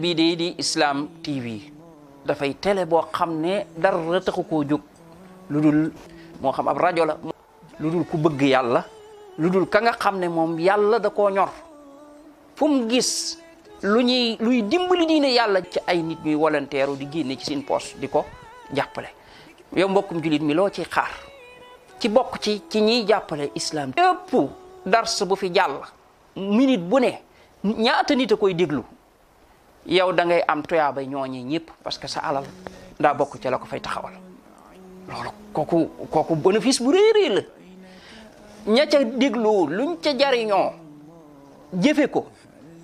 bi de di islam tv dafay télé boo xam ne dara taxu koo juk lu mo xam ab radio la lu ku bëgg yalla lu ka nga xam ne yalla da ko ñor fum gis luñuy luy dimbali diine yalla ci ay nit ñuy volontaire di génne ci seen poste diko jappalé yow mbokum julit mi lo ci xaar ci bok ci ci ñi jappalé islam yépp dars bu fi jàll minute bu ne ñaata nit koy déglu yow da ngay am tuyaaba ñooñi ñëpp parce que sa alal daa bokk ci la ko fay taxawal loolu kooku kooku bénéfice bu rëy rëy la ña ca déglu luñ ca jariñoo jëfe ko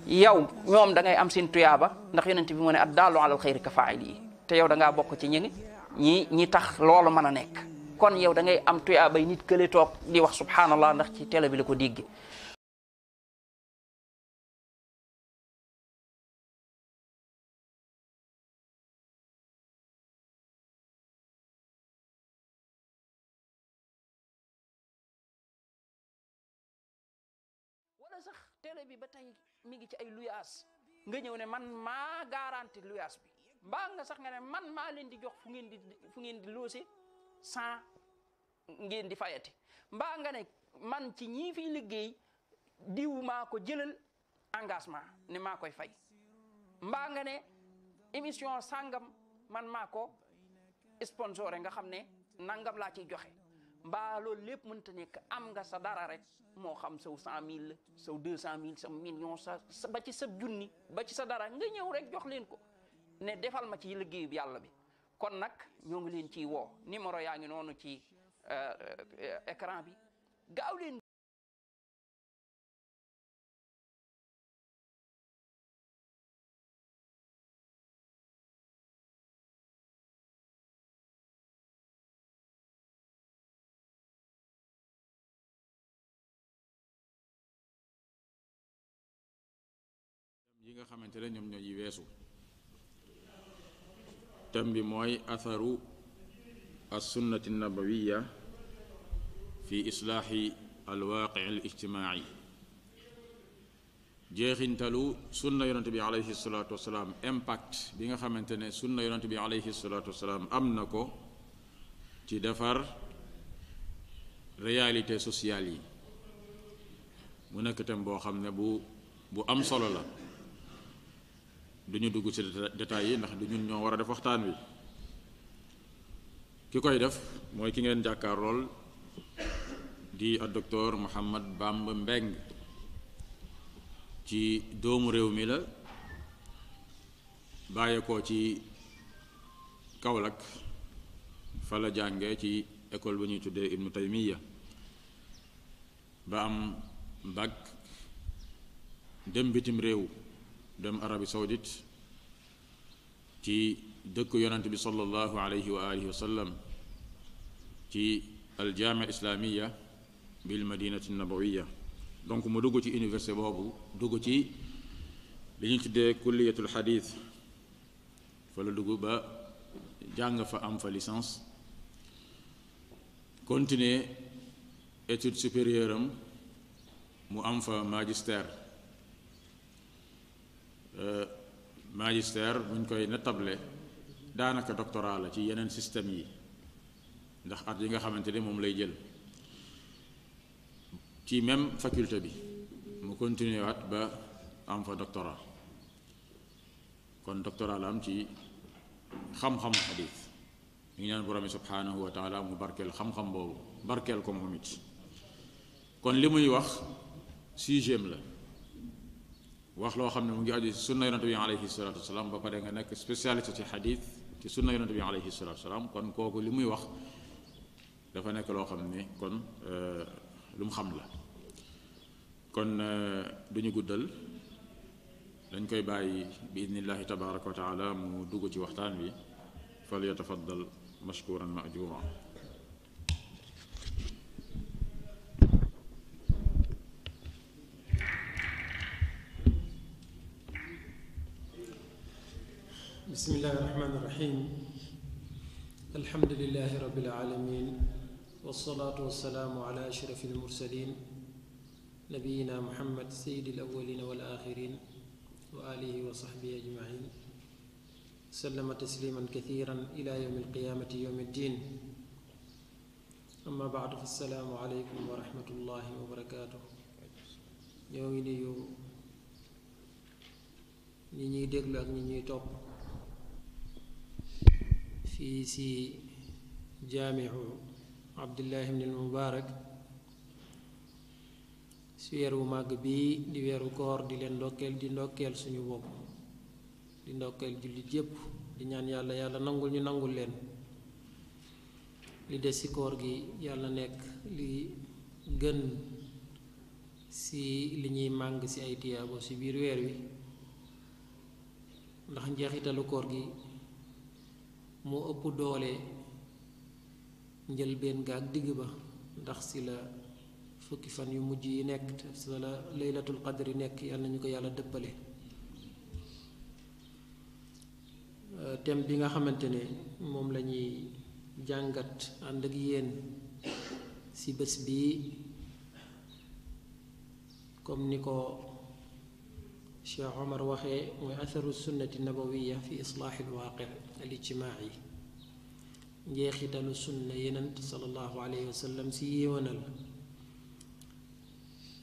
yow ñoom da ngay am seen tuyaaba ndax yonent bi mu ne ad daalu alal xayri ka faa'il yi te yow da ngaa bokk ci ñi ñi ñi tax loolu mën a nekk kon yow da ngay am tuyaabay nit kële toog di wax subhanallah ndax ci télé bi la ko dégg xale bi ba tey mi ngi ci ay luyaas nga ñëw ne man maa garanti luyaas bi mbaa nga sax nga ne man maa leen di jox fu ngeen di fu ngeen di loose sans ngeen di fayati mbaa nga ne man ci ñii fiy liggéey diw maa ko jëlal engagement ne maa koy fay mbaa nga ne émission sàngam man maa ko sponsoré nga xam ne nangam laa ciy joxe mbaa loolu lépp mënta nekk am nga sa dara rek moo xam saw cent mille la saw deux cent mille sa million sa ba ci sa junni ba ci sa dara nga ñëw rek jox leen ko ne defal ma ci liggéey bi yàlla bi kon nag ñoo ngi leen ciy woo numéro yaa ngi noonu ci euh, euh, écran bi gaaw leen nga xamante ne ñoom ñoo yi weesu thème bi mooy atharu as-sunnati nabawiya fi islaaxi alwaaqi alijtimaai jeexintalu sunna yonent bi alayhi salaatu wasalaam impact bi nga xamante ne sunna yonent bi alayhi salaatu wasalaam am na ko ci defar réalité sociale yi mu nekk thème boo xam ne bu bu am solo la duñu dugg ci detaay yi ndax duñu ñoo war a def waxtaan wi ki koy def mooy ki ngeen di Dom docteur Mila, Bamba Mbeng ci doomu réew mi la bàyyeekoo ci kawlak fa la jàngee ci école bu ñuy tuddee Ibnu Taymiya ba am dem bitim réew dem arabie saoudite ci dëkk yonent bi sallallahu alayhi wa alihi wa sallam ci aljaami islamia bil madinati nabawiya donc mu dugg ci université boobu dugg ci li ñu tuddee kulliyatul xadith fa la dugg ba jàng fa am fa licence continuer étude supérieure am mu am fa magistère magistère buñ koy nettable daanaka doctorat la ci yeneen système yi ndax at yi nga xamante ne moom lay jël ci même faculté bi mu continuer waat ba am fa doctorat kon doctorat la am ci xam-xamu xadis ñu ngi ñaan borom bi subhanahu wa taala mu barkeel xam-xam boobu barkeel ko moom it kon li muy wax sixième la wax loo xam ne mu ngi aju ci sunna yonente bi alayhi salatu wasalaam ba pare nga nekk spécialité ci xadis ci sunna yonente bi alayhi salatu wasalaam kon kooku li muy wax dafa nekk loo xam ne kon lu mu xam la kon duñu guddal dañ koy bàyyi bi idnillahi tabaraka wa taala mu dugg ci waxtaan wi fal yatafaddal mashkuran majura بسم الله الرحمن الرحيم الحمد لله رب العالمين والصلاة والسلام على أشرف المرسلين نبينا محمد سيد الأولين والآخرين وآله وصحبه أجمعين سلم تسليما كثيرا إلى يوم القيامة يوم الدين أما بعد فالسلام عليكم ورحمة الله وبركاته يوم يو ñi ñuy déglu ak ñi ñuy topp fii si jaamiu abdullahi ibn al-mubarak si weer wu màgg di weeru koor di leen ndokkeel di ndokkeel suñu bopp di ndokkeel jullit yépp di ñaan yàlla yàlla nangul ñu nangul leen li des ci koor gi li gën si li ñuy màng si ay tiyaabo si biru weer wi ndax njeexitalu koor gi moo ëpp doole njëlbéen ga ak digg ba ndax si la fukki fan yu mujj yi nekk si la laylatul qadri nekk yàlla nañu ko yàlla dëppale euh, thème bi nga xamante ne moom la ñuy jàngat ànd ak yéen si bés bii comme ni ko Cheikh Omar waxee mooy atharu sunnati nabawiya fi islaaxil waaqi alijtimaayi njeexitalu sunna yenent sallallahu alayhi wa si yéewanal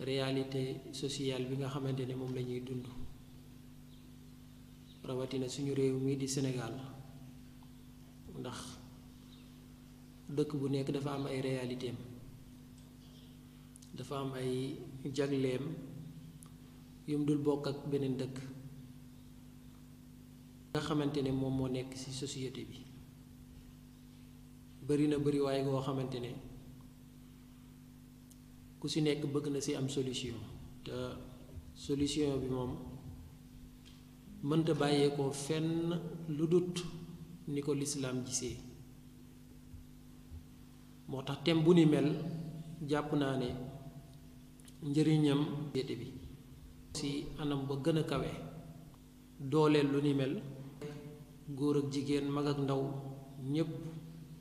réalité sociale bi nga xamante ne moom la ñuy dund rawatina suñu réew mii di Sénégal ndax dëkk bu nekk dafa am ay réalité am dafa am ay jagleem yum dul bokk ak beneen dëkk nga xamantene mom mo nek ci société bi bari na bari way go xamantene ku ci nek bëgg na ci am solution te solution bi ta bayé ko fenn lu dut ni ko lislaam gisee moo tem bu ni mel japp na ne njëriñam bi ci anam ba gëna kawé kawe lu ni mel góor ak jigéen mag ak ndaw ñépp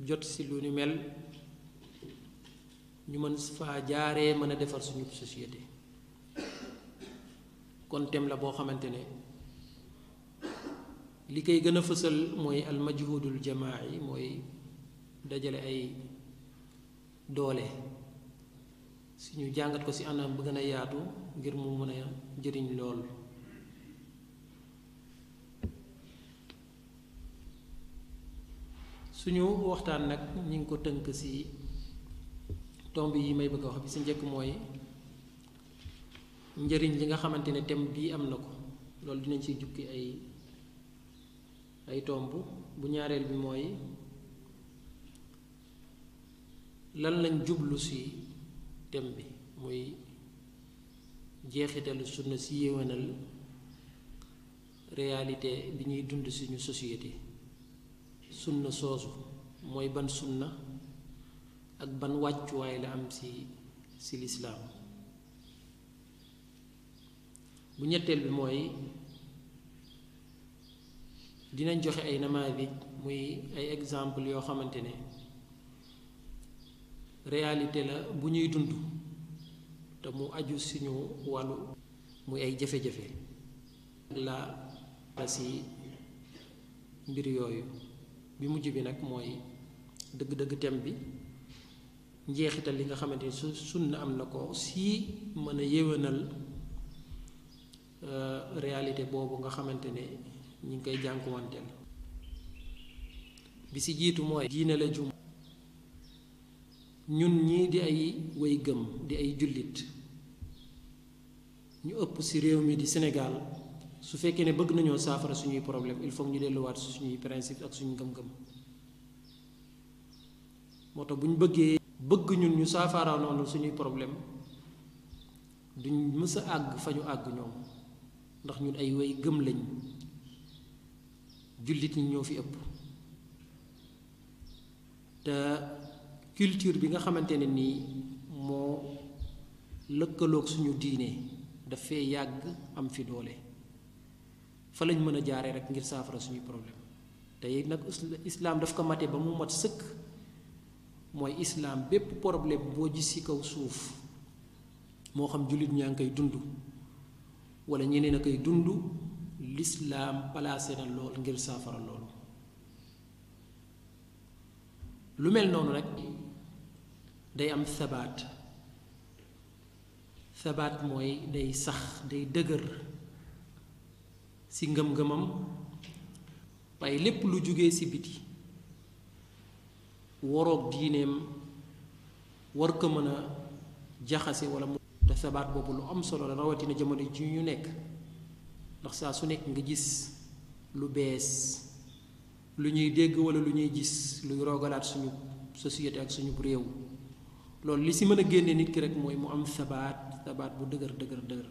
jot ci lu ni mel ñu mën faa jaaree mën a defar suñu société kon thème la boo xamante ne li kay gën a fësal mooy almajhudul jamaa yi mooy dajale ay doole suñu jàngat ko ci anam bu gën a yaatu ngir mu mën a jëriñ lool suñu waxtaan nag ñu ngi ko tënk si tomb yi may bëgg a wax bi si njëkk mooy njëriñ li nga xamante ne thème bii am na ko loolu dinañ si jukki ay ay tomb bu ñaareel bi mooy lan lañ jublu si thème bi muy jeexitalu sunna si yéwénal réalité bi ñuy dund suñu société sunna soosu mooy ban sunna ak ban wàccuwaay la am ci ci lislaam bu ñetteel bi mooy dinañ joxe ay namaadi muy ay exemple yoo xamante ne réalité la bu ñuy dund te mu aju suñu wàllu muy ay jafe-jafe la la si mbir yooyu bi mujj bi nag mooy dëgg-dëgg tem bi njeexital li nga xamante ni sunna am na ko si mën a yéwénal euh, réalité boobu nga xamante ne ñi ngi koy jànkuwanteel bi si jiitu mooy diine la jum ñun ñii di ay way gëm di ay jullit ñu ëpp si réew mi di Sénégal su fekkee ne bëgg nañoo saafara suñuy problème il faut ñu delluwaat suñuy principe ak suñu ngëm-ngëm moo tax bu ñu bëggee bëgg ñun ñu saafara noonu suñuy problème duñ mës a àgg fa ñu àgg ñoom ndax ñun ay way gëm lañ jullit ñi ñoo fi ëpp te culture bi nga xamante ne nii moo lëkkaloog suñu diine dafay yàgg am fi doole fa lañ mën a jaaree rek ngir saafara suñu problème te nag islaam daf ko mate ba mu mat sëkk mooy islaam bépp problème boo gis ci kaw suuf moo xam jullit ñaa ngi koy dund walla ñeneen a koy dund lislaam placé na lool ngir saafara loolu lu mel noonu rek day am sabaat sabaat mooy day sax day dëgër ci ngëm-ngëmam waaye lépp lu jógee ci biti waroog diineem war ko mën a jaxase wala mu te sabaat boobu lu am solo la rawatina jamono ji ñu nekk ndax saa su nekk nga gis lu bees lu ñuy dégg wala lu ñuy gis luy roogalaat suñu société ak suñu réew loolu li si mën a génne nit ki rek mooy mu am sabaat sabaat bu dëgër dëgër dëgër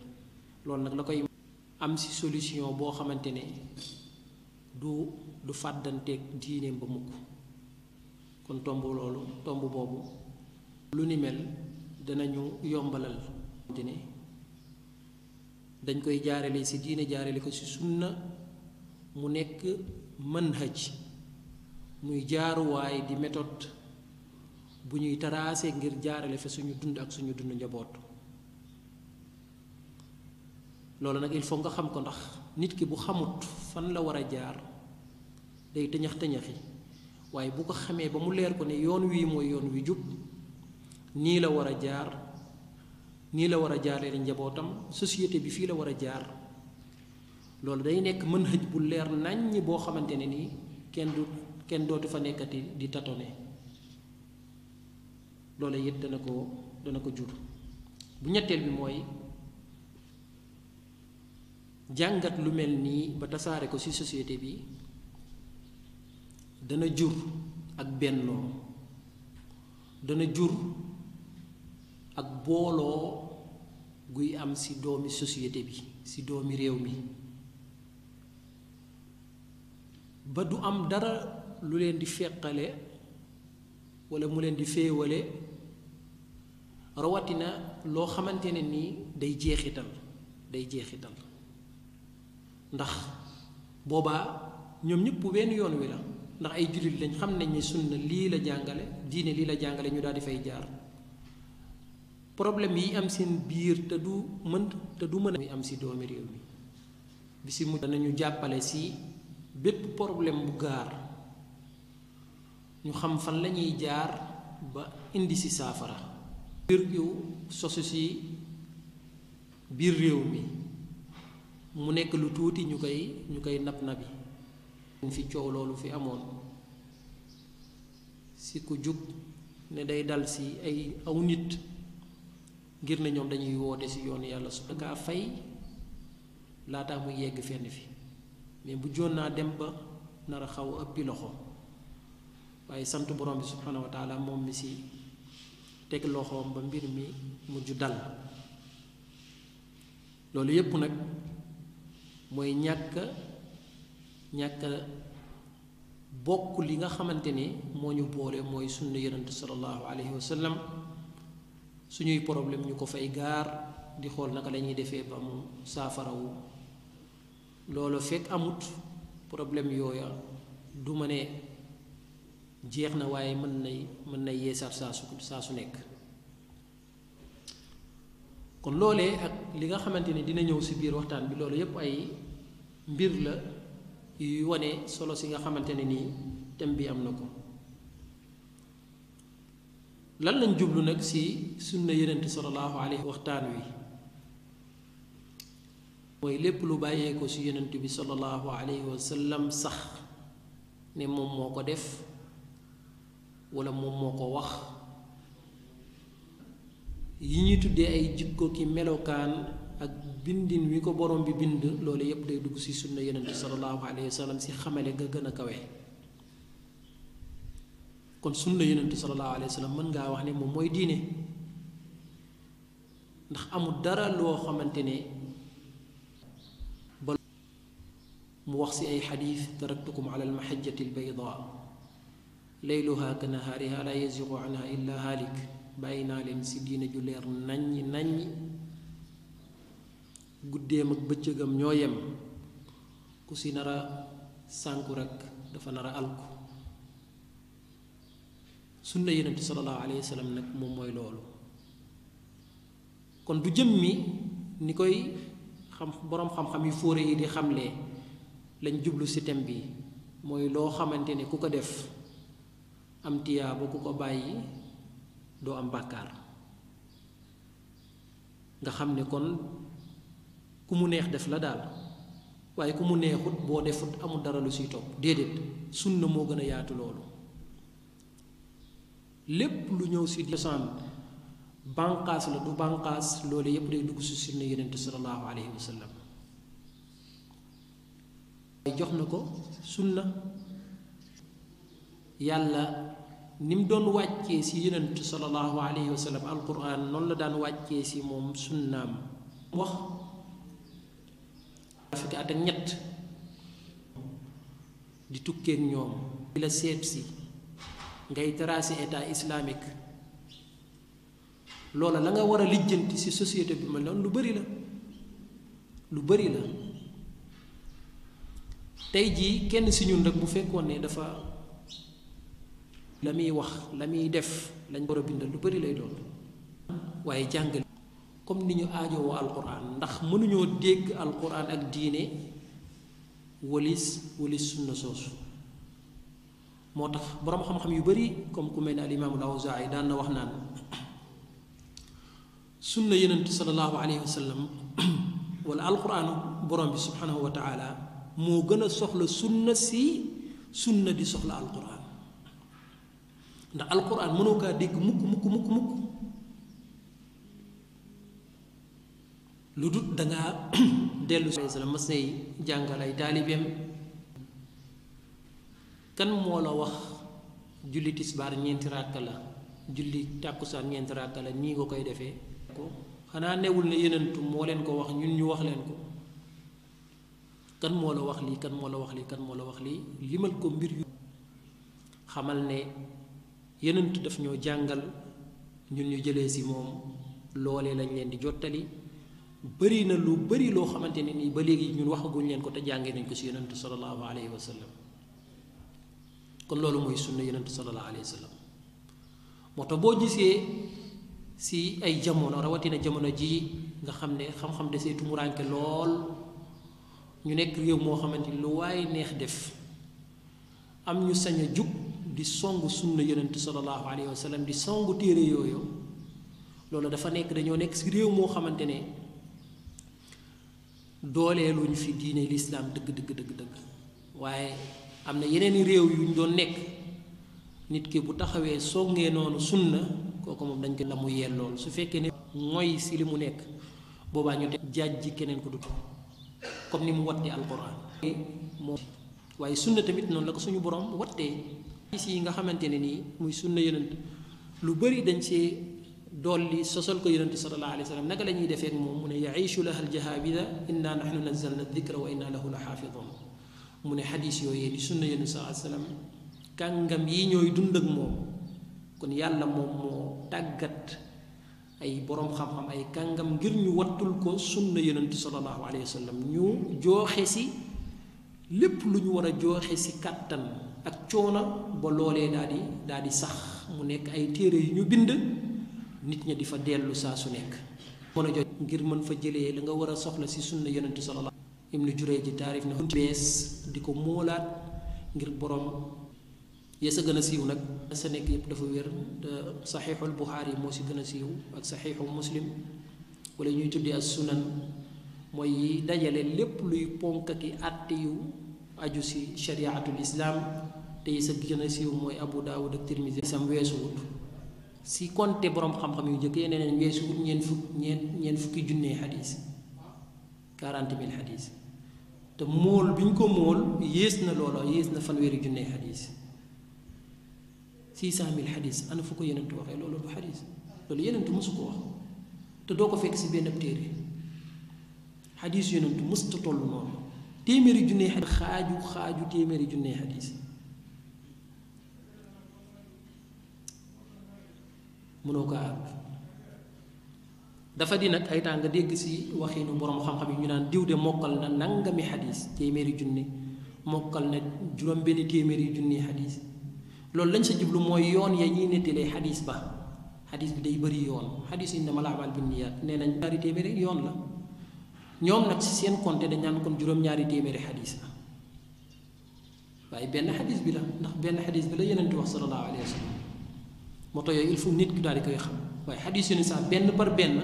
loolu nag la koy am ci solution boo xamante ne du du fàddanteeg diineem ba mukk kon tomb loolu tomb boobu lu ni mel danañu yombalal xamante dañ koy jaarale si diine jaarale ko si sunna mu nekk manhaj muy jaaruwaay di méthode bu ñuy taraase ngir jaarale fa suñu dund ak suñu dund njaboot loolu nak il faut nga xam ko ndax nit ki bu xamut fan la war a jaar day tëñax tëñaxi waaye bu ko xamee ba mu leer ko ne yoon wii mooy yoon wi jub nii la war a jaar nii la war a jaaree njabootam société bi fii la war a jaar loolu day nekk mën hëj bu leer nañ boo xamante ne nii kenn du kenn dootu fa nekkati di tatone lola it dana ko dana ko jur bu ñetteel bi mooy jàngat lu mel nii ba tasaare ko ci société bi dana jur ak bennoo dana jur ak booloo guy am ci doomi société bi ci doomi réew mi ba du am dara lu leen di feqale wala mu leen di féewale rawatina loo xamante ne nii day jeexital day jeexital ndax ñom ñep bu wenn yoon wi la ndax ay julit lañ xam nañ ni sunna li la jàngale diine li la jàngale ñu daal di fay jaar problème yi am seen biir te du mën te du mën am si doomi réew mi bi si mujj nañu jàppale si bépp problème bu gaar ñu xam fan lañuy jaar ba indi si saafara biir yu sosu si biir mi mu nekk lu tuuti ñu koy ñu koy nab nabi fi coow loolu fi amoon si ku jug ne day dal si ay aw nit ngir na ñoom dañuy woote si yoonu yàlla su kaa fay laataa mu yegg fenn fi mais bu joon naa dem ba nar a xaw a ëppi loxo waaye sant borom bi subhanahu wa moom mi si teg loxoom ba mbir mi mujj dal loolu yépp nag moy ñak ñak bokku li nga xamanteni moñu boole moy sunna yonent sallallahu alayhi wa sallam suñuy problème ñuko fay gar di xol naka lañuy ñuy ba mu wu lolo fek amut problème yoya du mané jeexna waye mën nay mën nay yeesar sa su sa su nek kon lolé ak li nga xamanteni dina ñëw ci biir waxtaan bi yépp ay mbir la yu wane solo si nga xamante ne nii thème bi am na ko lan lañ jublu nag si sunna yonent sallallahu alayhi waxtaan wi mooy lépp lu bàyyee ko si yonent bi sallallahu alayhi wa sallam sax ne moom moo ko def wala moom moo ko wax yi ñuy tuddee ay jikko ki melokaan ak bindin wi ko borom bi bind loolu yépp day dugg si sunna yonent bi salallahu alayhi wa sallam si xamale nga gën a kawe kon sunna yonent bi salallahu alayhi wa sallam mën ngaa wax ne moom mooy diine ndax amul dara loo xamante ne ba mu wax si ay xadiis taraktukum ala almahajjati albayda layluha ka nahaariha la yazigu anha illa haalik bàyyi naa leen si diine ju leer naññ naññ guddeem ak bëccëgam ñoo yem ku si nara sànku rek dafa nara alku sunna yonent Sallallahu alayhi Wasallam nak mom moy lolu kon du mi ni koy xam borom xam-xam yi fóore yi di xamle lañ jublu si tem bi moy lo ne ku def am tiya bu ko bayyi do am bakar nga kon ku mu neex def la daal waaye ku mu neexut boo defut amul dara lu siy topp déedéet sunna moo gën a yaatu loolu lépp lu ñëw si cosaan bànqaas la du bànqaas loolu yépp day dugg si sunna yonent sallallahu alayhi wa jox na ko sunna yàlla ni mu doon wàccee si yonent sallallahu alayhi wa sallam alquran noonu la daan wàccee si moom sunnaam wax te ada ak ñett di tukkeeg ñoom di la seet si ngay tracé état islamique loola la nga war a lijjanti si société bi mel lu bëri la lu bëri la tey jii kenn si ñun rek bu fekkoon ne dafa la muy wax la muy def lañ war a bindal lu bëri lay doon waaye jàngal comme ni ñu aajowoo alquran ndax mënuñoo dégg alquran ak diine walis walis sunna soosu moo tax boroom xam-xam yu bari comme ku mel ne al imaamul awzaay daan na wax naan sunna yenent sallallahu alayhi wa sallam wala alquraanu borom bi subhanahu wa taala moo gën a soxla sunna si sunna di soxla alquran ndax alquran mënoo kaa dégg mukk mukk mukk mukk lu dut dangaa dellu sallam mas nay jàngal ay taalibeem kan moo la wax julli tisbaar ñeenti ràkk la julli tàkkusaan ñeenti ràkk la nii nga koy defee ko xanaa newul ne yenentu moo leen ko wax ñun ñu wax leen ko kan moo la wax lii kan moo la wax lii kan moo wax lii limal ko mbir yu xamal ne yenentu daf ñoo jàngal ñun ñu jële si moom loole lañ leen di jottali bëri na lu bëri loo xamante ne nii ba léegi ñun waxaguñ leen ko te jàngee nañ ko si yonentu sallallahu alayhi wa sallam kon loolu mooy sunna yonentu sallallahu alayhi wa sallam moo tax boo gisee si ay jamono rawatina jamono ji nga xam ne xam-xam desee tumuraanke lool ñu nekk réew moo xamante ni lu waaye neex def am ñu sañ a di songu sunna yonentu sallallahu alayhi wa sallam di songu téere yooyu loolu dafa nekk dañoo nekk si réew moo xamante ne dooleeluñ fi diine lislaam dëgg dëgg dëgg dëgg waaye am na yeneen réew yuñ doon nekk nit ki bu taxawee songee noonu sunna kooku moom dañ ko la mu yellool su fekkee ne mooy si li mu nekk boobaa ñu te jaaj keneen ku dut comme ni mu wattee alquran moom waaye sunna tamit noonu la ko suñu borom wattee si yi nga xamante ne nii muy sunna yonent lu bari dañ see دولي سوسول كو يونت صلى الله عليه وسلم نغلا ني ديفيك موم من يعيش له الجهابيدا انا نحن نزلنا الذكر وانا له لحافظون من حديث يوي دي سنه يونس صلى الله عليه وسلم كان غام يي نوي دوندك موم كون يالا موم مو تاغات اي بوروم خام خام اي كان غير ني واتول كو سنه يونس صلى الله عليه وسلم ني جوخي سي لب لو ني ورا جوخي سي كاتان اك تيونا بو لولي دادي دادي صح مو نيك اي تيري ني بيند nit ñi di delu sa su nek mën a ngir mën fa jëlé la nga wara soxla ci sunna yonente sallallahu ibnu ji tarif na bees di diko ngir borom ya sa gëna siiw nak ya sa nek yëpp dafa wër te saxiixul buxaari moo siiw ak muslim wala ñuy tuddi as sunan moy yi dajale lepp luy ponk ki atti yu aju si shariatul islam te yi sa gëna siiw moy abu daud ak tirmidhi sam wessu si konte boroom xam-xam yu njëkk yeneen nañ weesu ñeent fukk ñeent ñeent fukki junnee xadis quarante mille xadis te mool bi ñu ko mool yées na loola yées na fanweeri junnee xadis six cent mille xadis ana fu ko yenentu waxee loolu du xadis loolu yenentu mosu ko wax te doo ko fekk si benn téere xadis yenentu mos ta toll noonu téeméeri junnee xadis xaaju xaaju téeméeri junnee xadis mënoo ko àgg dafa di nag ay temps nga dégg si waxinu borom xam-xam yi ñu naan diw de mokkal na nangami xadis téeméeri junni mokkal na juróom benn téeméeri junni xadis loolu lañ sa jublu mooy yoon ya ñuy nettalee xadis ba xadis bi day bëri yoon xadis yi dama la amal binniyaat nee nañ ñaari téeméeri yoon la ñoom nag si seen compte dañ naan kon juróom-ñaari téeméeri xadis la waaye benn xadis bi la ndax benn xadis bi la yeneen wax sallallahu alayhi wa sallam moo tax yooyu il faut nit ki daal di koy xam waaye xadis yu sax benn par benn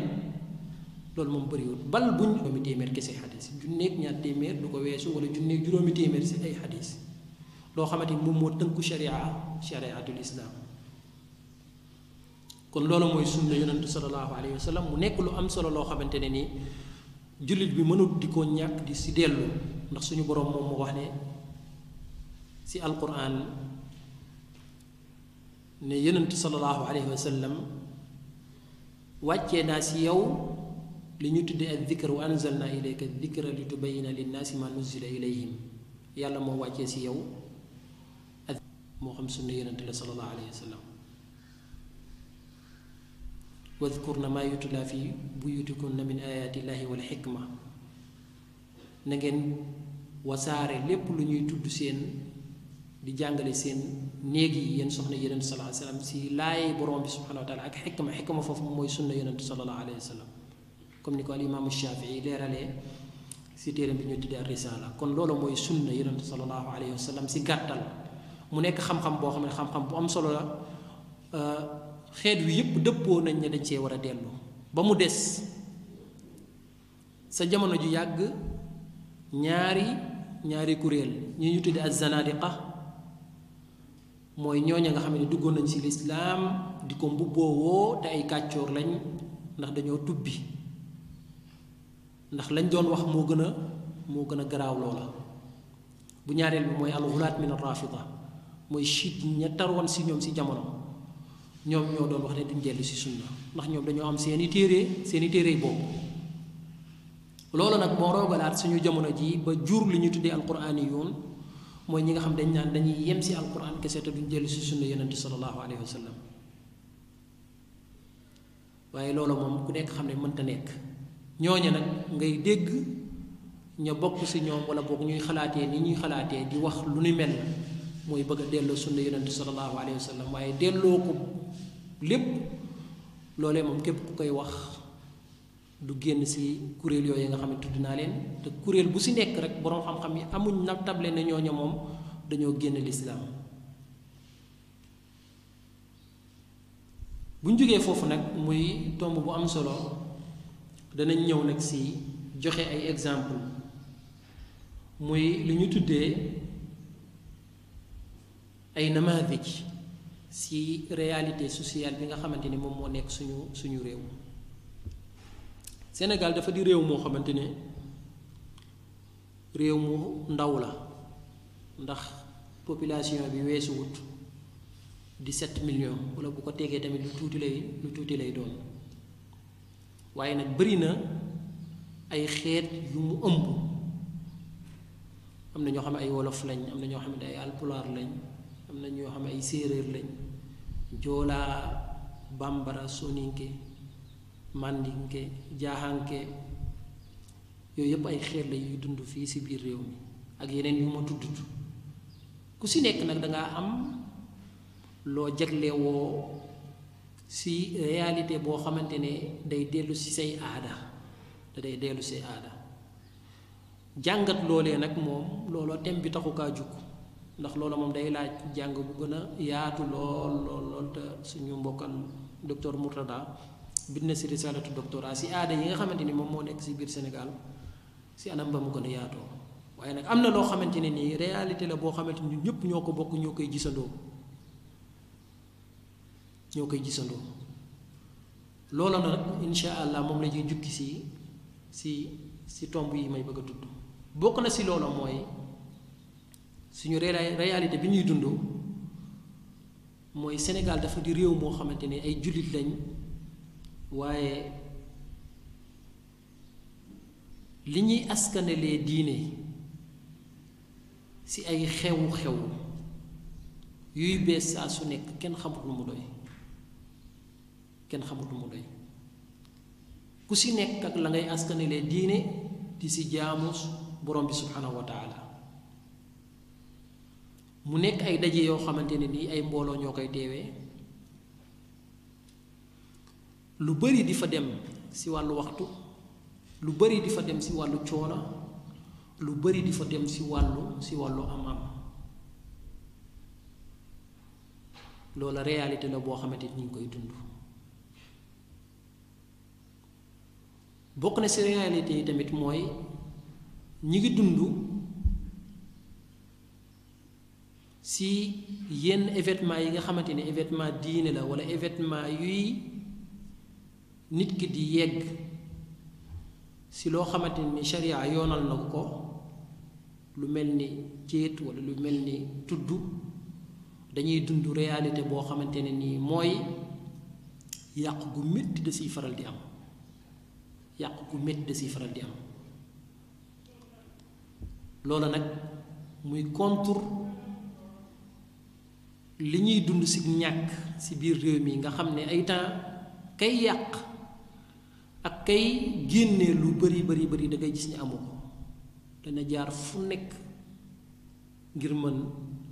loolu moom bëriwul bal buñ juróomi téeméer kese xadis junneeg ñaar téeméer du ko weesu wala junneeg juróomi téeméer si ay xadis loo xamante ni moom moo tënku sharia shariatul islam kon loolu mooy sunna yonentu sallallahu alayhi wa sallam mu nekk lu am solo loo xamante ne nii jullit bi mënul di ko ñàkk di si dellu ndax suñu borom moom moo wax ne si alquran ne yonent sallallahu alayhi wa sallam wacce na si yow li ñu tuddé ak dhikr wa anzalna ilayka dikra li lin nasi ma nuzila ilayhim yàlla mo wacce si yow mo xam sunna yonent la sallallahu alayhi wa sallam واذكرن ما يتلى في بيوتكن من آيات الله والحكمة نجن وساري لب لنيو تدسين di jàngale seen néeg yi yéen soxna yonent sallallahu alayhi wa si laaye borom bi subhanahu wa taala ak xikma xikma foofu mooy sunna yonent sallallahu alayhi wa sallam comme ni ko al imaamu Shafii leeralee si téeram bi ñu tuddee Risaala kon loolu mooy sunna yonent sallallahu alayhi wa sallam si gàttal mu nekk xam-xam boo xam ne xam-xam bu am solo la xeet wi yëpp dëppoo nañ ne dañ cee war a dellu ba mu des sa jamono ju yàgg ñaari ñaari kuréel ñu ñu tuddee az-Zanaadiqa mooy ñooña nga xam ne duggoon nañ si lislaam di ko mbubboowoo te ay kàccoor lañ ndax dañoo tubbi ndax lañ doon wax moo gën a moo gën a garaaw loola bu ñaareel bi mooy alxulaat min arrafida mooy chit ña si ñoom si jamono ñoom ñoo doon wax ne duñ dellu si sunna ndax ñoom dañoo am seeni téere seeni téere boobu loolu nag moo roogalaat suñu jamono ji ba jur li ñu tuddee mooy ñi nga xam dañ naan dañuy yem si alquran kese te duñ jël si sunna yonente sallallahu alayhi wa sallam waaye loolu moom ku nekk xam ne mënta nekk ñooña nag ngay dégg ña bokk si ñoom wala boog ñuy xalaatee ni ñuy xalaatee di wax lu ni mel mooy bëgg a delloo sunna yonente sallallahu alayhi wa sallam waaye delloo ko lépp loolee moom képp ku koy wax du génn si kuréel yooyu nga xam ne tudd naa leen te kuréel bu si nekk rek boroom xam-xam yi amuñ na table na ñooñu moom dañoo génn lislaam bu ñu jógee foofu nag muy tomb bu am solo danañ ñëw nag si joxe ay exemple muy li ñu tuddee ay namaadij si réalité sociale bi nga xamante ni moom moo nekk suñu suñu réew Sénégal dafa di réew moo xamante ne réew mu ndaw la ndax population bi weesuwut dix-sept millions wala bu ko tegee tamit lu tuuti lay lu tuuti lay doon waaye nag bari na ay xeet yu mu ëmb am na ñoo xam ne ay wolof lañ am na ñoo xam ne ay lañ am na ñoo xam ne ay séeréer lañ joolaa bambara soninke mandinke ke yooyu yep ay xeet la yu dund fi si bir rew mi ak yeneen yu ma tudd ku si nekk nag da am loo jaglewoo si réalité boo xamante ne day dellu si say aada da day dellu lo aada jàngat loolee nag moom looloo tem bi taxu kaa jukk ndax loola moom day laaj jàng bu gën a yaatu lool lool lool te suñu mbokkal docteur Murtada bind na si risalatu doctorat si aada yi nga xamante ni moom moo nekk si biir Sénégal si anam ba mu gën a yaatoo waaye nag am na loo xamante ne nii réalité la boo xamante ni ñëpp ñoo ko bokk ñoo koy gisandoo ñoo koy gisandoo loola nag insha allah moom la ñuy jukki si si si tomb yi may bëgg a tudd bokk na si loola mooy suñu réalité bi ñuy dund mooy Sénégal dafa di réew moo xamante ne ay jullit lañ. waaye li ñuy askanelee diine ci ay xewu-xew yuy bees saa su nekk kenn xamut lu mu doy kenn xamut lu mu doy ku ci nekk ak la ngay askanelee diine di ci jaamu borom bi subhanahu wa mu nekk ay daje yoo xamante ne nii ay mbooloo ñoo koy teewee lu bari di fa dem si wàllu waxtu lu bari di fa dem si wàllu coono lu bari di fa dem si wàllu si wàllu am-am loola réalité la boo xamante ni ñu ngi koy dund bokk na si réalité yi tamit mooy ñi ngi dund si yenn événement yi nga xamante ni événement diine la walla événement yuy nit ki di yegg si loo xamante ni sharia yoonal na ko lu mel ni céet walla lu mel ni tudd dañuy dund réalité boo xamante ne nii mooy yàq gu métti da siy faral di am yàq gu métti da siy faral di am loolu nag muy contour li ñuy dund si ñàkk ci biir réew mi nga xam ne ay temps kay yàq ak kay génne lu bari bari bari da ngay gis ni amu ko dana jaar fu nekk ngir man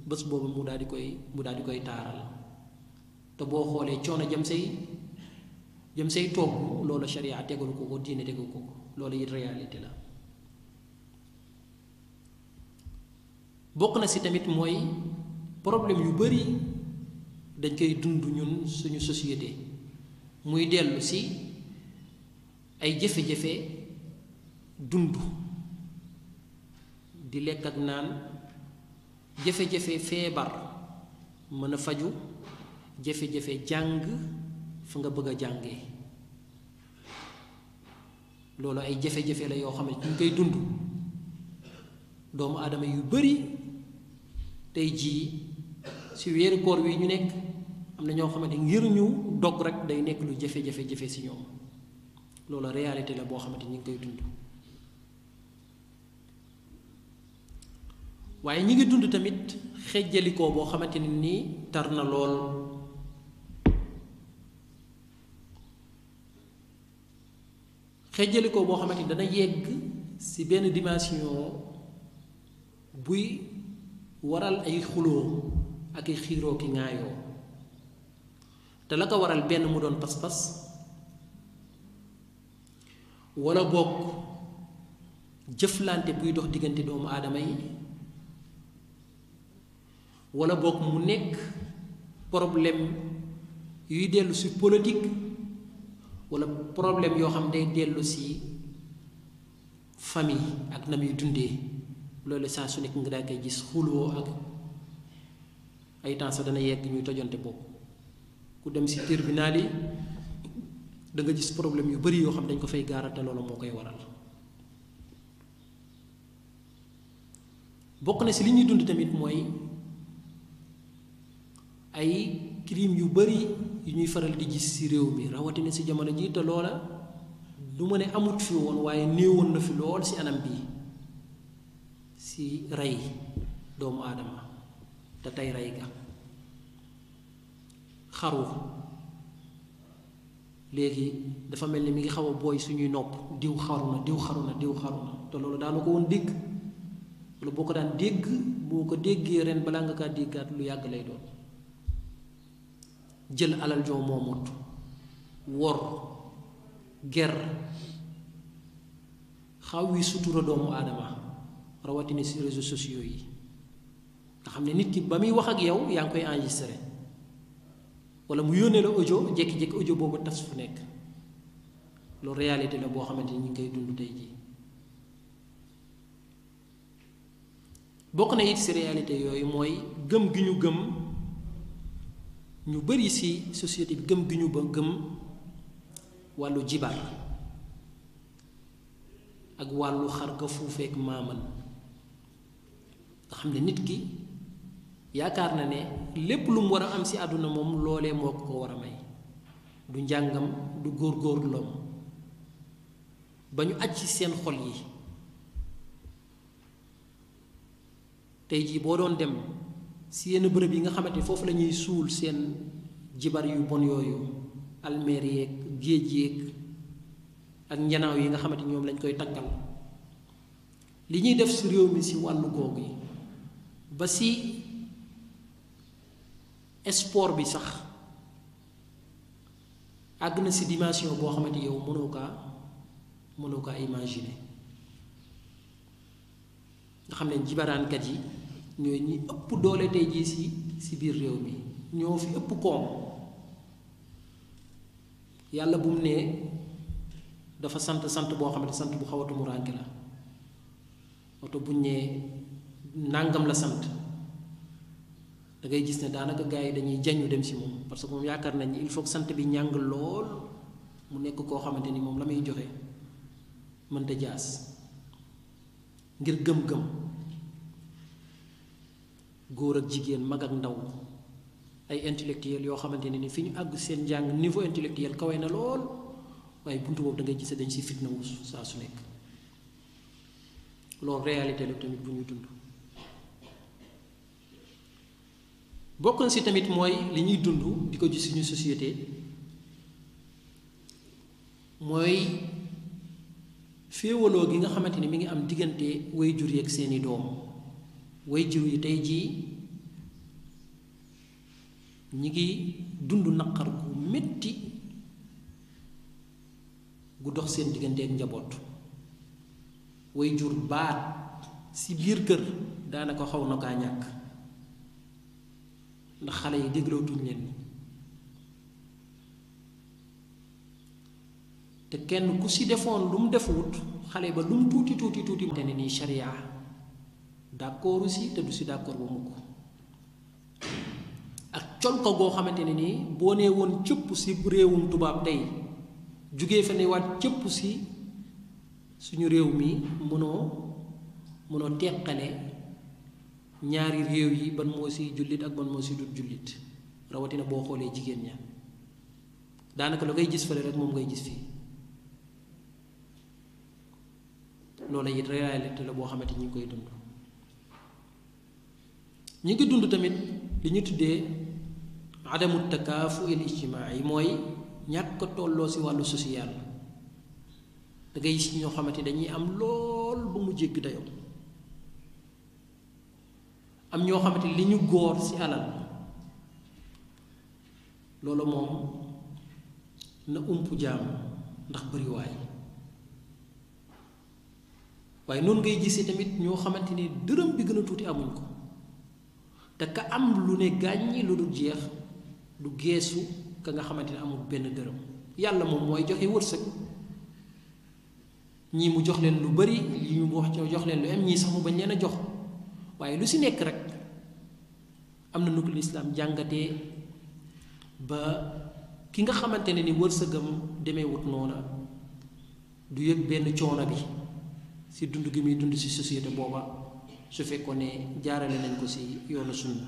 bés boobu mu daal di koy mu daal di koy taaral te boo xoolee coono jam say jam say togg loolu sharia tegalu ko ko diine tegalu ko ko loolu it réalité la bokk na si tamit mooy problème yu bari dañ koy dund ñun suñu société muy dellu si ay jafe-jafe dund di lekk ak naan jafe-jafe feebar mën a faju jafe-jafe jàng fa nga bëgg a jàngee loolu ay jafe-jafe la yoo xam ne ñu koy dund doomu aadama yu bari tey jii si weeru koor wi ñu nekk am na ñoo ne ngir ñu dog rek day nekk lu jafe-jafe jafe si ñoom loola réalité la boo xamante ñi ngi koy dund waaye ñi ngi dund tamit xejjalikoo boo xamante ne nii tar na lool xejjalikoo boo xamante ni dana yegg si benn dimension buy waral ay xuloo ak ay xiiroo ki ŋaayoo te la ko waral benn mu doon pas-pas wala bokk jëflante buy dox diggante doomu aadama yi wala bokk mu nekk problème yuy dellu si politique wala problème yoo xam day dellu si famille ak na muy dundee loolu saa su nekk nga daa koy gis xuloo ak ay temps dana yegg ñuy tojante bopp ku dem si tribunal yi danga nga gis problème yu bari yoo xam dañ ko fay gaarante loolu moo koy waral bokk na si li ñuy dund tamit mooy ay kirim yu bari yu ñuy faral di gis si réew mi rawatina si jamono ji te loola du ma ne amut fi woon waaye néewoon na fi lool si anam bii si rey doomu aadama te tey rey ga xaru léegi dafa mel ni mi ngi xaw a booy suñuy nopp diw xaruna diw xaruna diw xaruna te loolu daanu ko woon dégg lu boo ko daan dégg boo ko déggee ren bala nga kaa déggaat lu yàgg lay doon jël alal joo moomut wor ger xaw wi sutura doomu aadama rawatini si réseaux sociaux yi nga xam ne nit ki ba muy wax ak yow yaa koy enregistré wala mu yónnee la audio jékki-jékki audio boobu tas fu nekk loolu réalité la boo xamante ni ñu ngi koy dund tey ji bokk na it si réalité yooyu mooy gëm gi ñu gëm ñu bari si société gëm gi ñu ba gëm wàllu jibaar ak wàllu xar ga fuufeek maamal nga xam ne nit ki yaakaar na ne lépp lu mu war a am ci àdduna moom loolee moo ko ko war a may du njàngam du góorgóorloom ba ñu aj ci seen xol yi tey jii boo doon dem si yenn bërëb yi nga xamante foofu lañuy suul seen jibar yu bon yooyu almeer yeeg géej yeeg ak njanaaw yi nga xamante ñoom lañ koy takkal li ñuy def si réew mi si wàllu googu yi ba si sport bi sax àgg na si dimension boo xamante yow mënoo kaa mënoo kaa imaginer nga xam ne jibaraankat yi ñooy ñi ëpp doole tey jii si biir réew mi ñoo fi ëpp koom yàlla bu mu nee dafa sant sant boo xamante sant bu xaw a tumuraanke la oto buñ nee nàngam la sant da ngay gis ne daanaka gars yi dañuy jañu dem si moom parce que moom yaakaar nañ il faut que sant bi ñàng lool mu nekk koo xamante ni moom la muy joxe mënta jaas ngir gëm-gëm góor ak jigéen mag ak ndaw ay intellectuel yoo xamante ni fi ñu àgg seen niveau intellectuel kawe na lool waaye buntu boobu da ngay gis dañ si fitna wu saa su nekk loolu réalité la tamit bu ñu dund bokk si tamit mooy li ñuy dund di ko ji suñu société mooy féewaloo gi nga xamante ni mi ngi am diggante way jur yi ak seeni doom way jur yi tey jii ñi ngi dund naqar gu metti gu dox seen diggante ak njaboot way jur baat si biir kër daanaka xaw na kaa ñàkk ndax xale yi déglootuñ leen te kenn ku si defoon lu mu defuwut xale ba lu mu tuuti tuuti tuuti te ne nii sharia d'accordu si te du si d'accord ba mukk ak colka goo xamante ne nii boo nee woon cëpp si réewum tubaab tey jugee fa cëpp si suñu réew mi mënoo mënoo teqale ñaari réew yi ban moo si jullit ak ban moo si dut jullit rawatina boo xoolee jigéen ña daanaka la ngay gis fële rek moom ngay gis fii loola it réalité la boo xamante ñi ngi koy dund ñi ngi dund tamit li ñu tuddee adamu takaafu il ijtimaa yi mooy ñàkk ko tolloo si wàllu social da ngay gis ñoo xamante dañuy am lool bu mu jégg dayoo am ñoo xamante li ñu góor ci alal loolu moom na ump jaam ndax bariwaay waaye noonu ngay gisee tamit ñoo xamante ni dërëm bi gën a tuuti amuñ ko te ka am lu ne gàññi lu dul jeex du geesu ka nga xamante ne amul benn dërëm yàlla moom mooy joxe wërsëg ñii mu jox leen lu bari ñii mu wax jox leen lu am ñii sax mu bañ leen a jox waaye lu si nekk rek am na nu ko lislaam jàngatee ba ki nga xamante ne ni wërsëgam demeewut noona du yëg benn coono bi si dund gi muy dund si société booba su fekkoon ne jaarale nañ ko si yoona sunna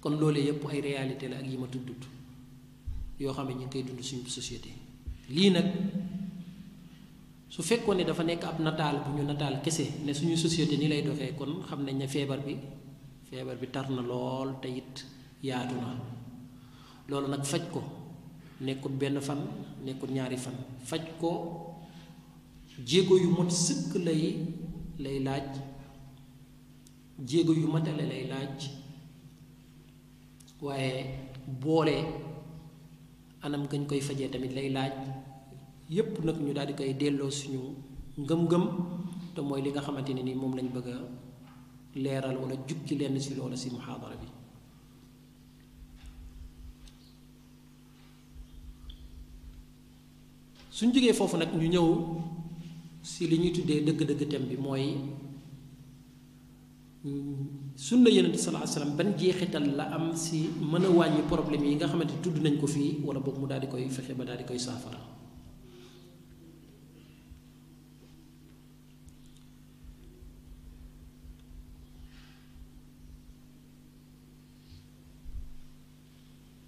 kon loolee yépp ay réalité la ak yi ma tudd yoo xam ne ñu ngi koy dund suñu société lii nag su fekkoon ne dafa nekk ab nataal bu ñu nataal kese ne suñu société ni lay doxee kon xam nañ ne feebar bi feebar bi tar na lool te it yaatu na loolu nag faj ko nekkut benn fan nekkut ñaari fan faj ko jéego yu mat sëkk lay laaj jéego yu matale lay laaj waaye boole anam gañ koy fajee tamit lay laaj yépp nag ñu daal di koy delloo suñu ngëm-ngëm te mooy li nga xamante ni moom lañ bëgg a leeral wala jukki lenn si loola si muhaadara bi suñ jógee foofu nag ñu ñëw si li ñuy tuddee dëgg-dëgg tem bi mooy sunna yonente ban jeexital la am si mën a wàññi problème yi nga xamante tudd nañ ko fii wala boog mu daal di koy fexe ba daal di koy saafara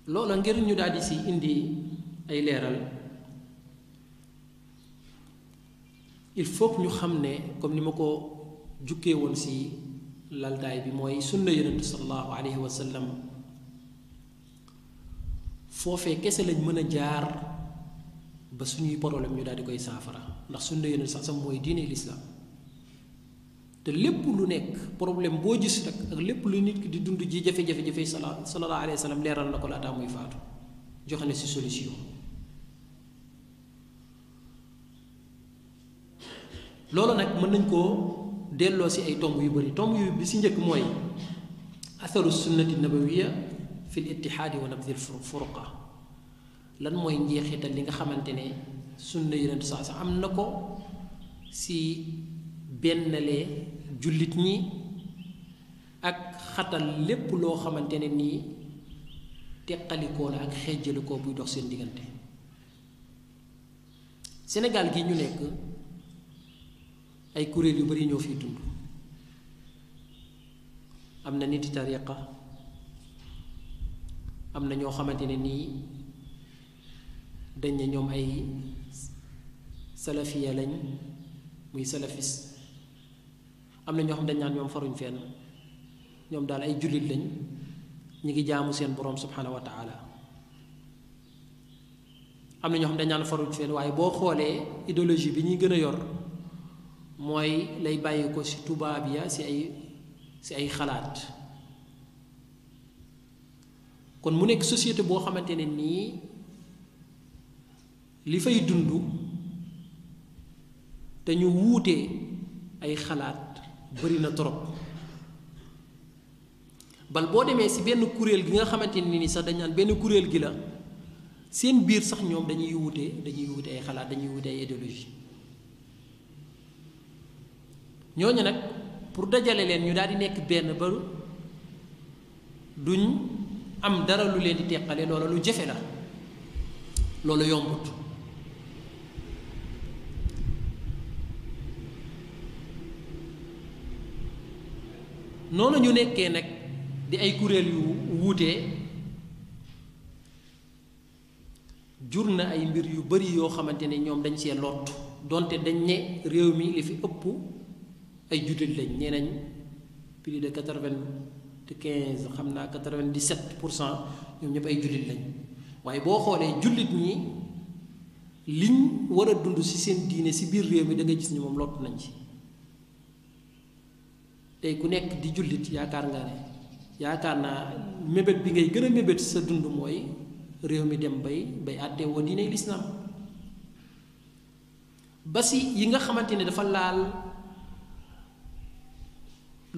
loola ngir ñu daal di si indi ay leeral il faut ñu xam ne comme ni ma ko jukkee woon si laltaay bi mooy sunna yonent sallallahu alayhi wa sallam foofee kese lañ mën a jaar ba suñuy problème ñu daal di koy saafara ndax sunna yonent sax mooy diine l'islam te lépp lu nekk problème boo gis rek ak lépp lu nit ki di dund ji jafe-jafe jafe sala sallallahu alayhi wa sallam leeral na ko laataa muy faatu joxe na si solution loolu nag mën nañ koo delloo si ay tomb yu bëri tomb yu bi si njëkk mooy atharu sunnati nabawiya fi l ittihaadi wa nabdil furuqa lan mooy njeexital li nga xamante ne sunna yonent saa sa am na ko si bennalee jullit ñi ak xatal lépp loo xamante ne nii teqalikoo la ak xejjalikoo buy dox seen diggante senegal gi ñu nekk ay kuréel yu bari ñoo fi dund am na niti tariqa am na ñoo xamante ne nii dañ ne ñoom ay salafiya lañ muy salafis amna na ñoo xam dañ naan ñoom faruñ fenn ñoom daal ay julit lañ ñi ngi jaamu seen borom subhanahu wa taala amna na ñoo xam dañ naan faruñ fenn waye bo xolé idéologie bi ñi gëna yor moy lay bayé ko si bi ya si ay si ay xalaat kon mu nek société bo xamantene ni li fay dundu te ñu wuté ay xalaat bëri na trop bal boo demee si benn kuréel gi nga xamante ni ni sax dañ naan benn kuréel gi la seen biir sax ñoom dañuy wute dañuy wute ay xalaat dañuy wute ay idéologie ñooñu nag pour dajale leen ñu daal di nekk benn ba duñ am dara lu leen di teqale loola lu jëfe la loola yombut noonu ñu nekkee nag di ay kuréel yu wuutee jur na ay mbir yu bari yoo xamante ne ñoom dañ see lott donte dañ ne réew mi li fi ëpp ay jullit lañ nee nañ plus de quatre-vingt-quinze xam naa quatre-vingt-dix-sept pour cent ñoom ñëpp ay jullit lañ waaye boo xoolee jullit ñi liñ war a dund ci seen diine ci biir réew mi da gis ñi moom lott nañ ci. tey ku nekk di jullit yaakaar nga ne yaakaar naa mébét bi ngay gën a mébét sa dund mooy réew mi dem bay bay àtte woo diiney lislaam ba si yi nga xamante ne dafa laal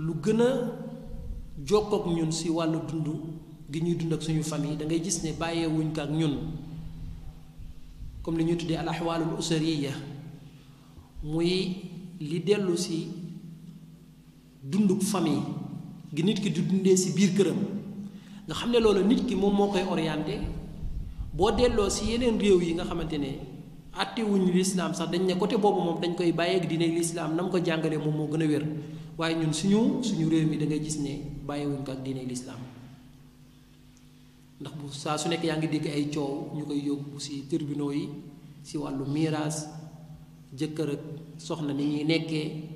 lu gën a jokkook ñun si wàllu dund gi ñuy dund ak suñu famille dangay gis ne bàyyeewuñ ko ak ñun comme li ñuy tuddee al axwaalul usariya muy li dellusi dunduk famille gi nit ki du dundee si biir këram nga xam ne loolu nit ki moom moo koy orienté boo delloo si yeneen réew yi nga xamante ne àttewuñu lislaam sax dañ ne côté boobu moom dañ koy bàyyeeg diine lislaam na ko jàngalee moom moo gën a wér waaye ñun suñu suñu réew mi da ngay gis ne bàyyiwuñ ko ak diine lislaam ndax bu saa su nekk yaa ngi dégg ay coow ñu koy yóbbu si tribunaux yi si wàllu miraas jëkkër ak soxna ni ñuy nekkee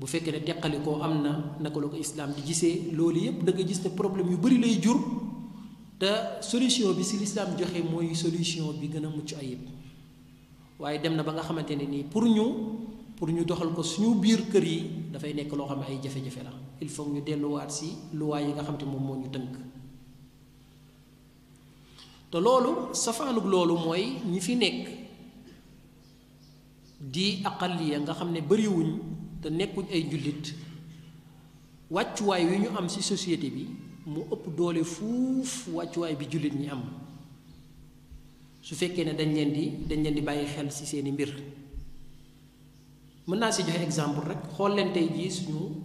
bu fekkee ne teqalikoo am na naka la ko islaam di gisee loolu yépp da gis ne problème yu bari lay jur te solution bi si lislaam joxe mooy solution bi gën a mucc ayib waaye dem na ba nga xamante ne nii pour ñu pour ñu doxal ko suñu biir kër yi dafay nekk loo xam ne ay jafe-jafe la il faut ñu delluwaat si luwaa yi nga xam ne moom moo ñu tënk te loolu safaanug loolu mooy ñi fi nekk di aqal nga xam ne bariwuñ te nekkuñ ay njullit wàccuwaay wi ñu am ci société bi mu ëpp doole fuuf wàccuwaay bi jullit ñi am su fekkee ne dañ leen di dañ leen di bàyyi xel ci seeni mbir mën naa si joxe exemple rek xool leen tey jii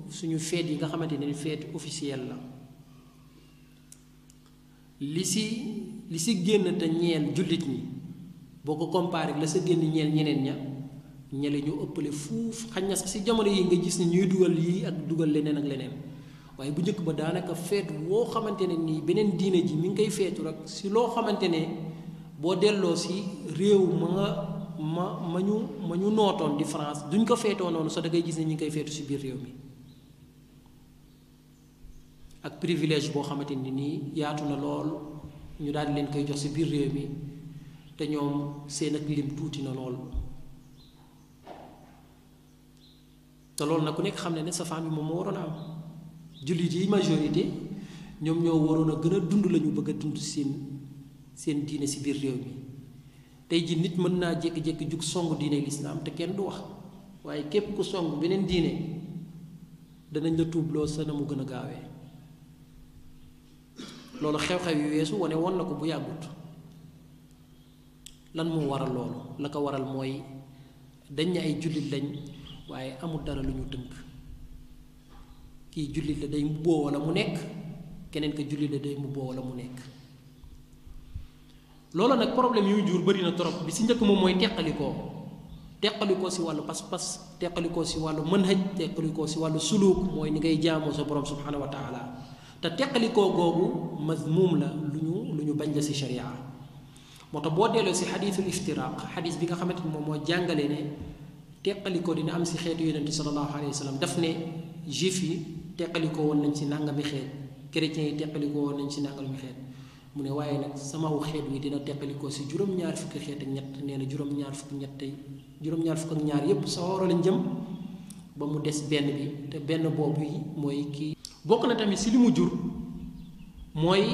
suñu feet yi nga xamante ne feet officiel la li si li si génn te ñeel jullit ñi boo ko comparé la sa génn ñeel ñeneen ña ñele ñu ëppale fuuf xañ na si jamono yi nga gis ni ñuy dugal yii ak dugal leneen ak leneen waaye bu njëkk ba daanaka feet woo xamante ne nii beneen diine ji mi ngi koy feetu rek si loo xamante ne boo delloo si réew ma ma ma ñu nootoon di duñ ko feetoo noonu sax da gis ne ñu koy feetu si biir réew mi ak privilège boo xamante ni nii yaatu na lool ñu daal leen koy jox si biir réew mi te ñoom seen ak lim tuuti na lool. te loolu nag ku nekk xam ne ne safaan bi moom moo waroon a am jullit yi majorité ñoom ñoo waroon a gën a dund lañu bëgg a dund seen seen diine si biir réew mi tey ji nit mën naa jékki-jékki jug songu diine lislaam te kenn du wax waaye képp ku songu beneen diine danañ la tuubloo sa na mu gën a gaawee loolu xew-xew yu weesu wane woon na ko bu yàggut lan moo waral loolu la ko waral mooy dañ ne ay jullit lañ waaye amul dara lu ñu tënk kii jullit la day mbubboo walla mu nekk keneen ka jullit la day mbubboo walla mu nekk loolu nag problème yuy jur bari na trop bi si njëkk moom mooy teqalikoo teqalikoo si wàllu pas-pas teqalikoo si wàllu manhaj teqalikoo si wàllu suluuk mooy ni ngay jaamoo sa borom subhanahu wa taala te teqalikoo googu mazmuum la lu ñu lu ñu bañ la si sharia moo tax boo delloo si xadiisul iftiraaq xadiis bi nga xamante ni moom moo jàngale ne teqalikoo dina am si xeetu yonente sallallahu alayhi wa sallam daf ne juif yi teqalikoo woon nañ si nàngami xeet chrétiens yi teqalikoo woon nañ si nàngami xeet mu ne waaye nag samawu xeet wi dina teqalikoo si juróom-ñaar xeet ak ñett nee na juróom-ñaar fukki fukk ak ñaar yépp sa woro lañ jëm ba mu des benn bi te benn boobu yi mooy kii bokk na tamit si li mu jur mooy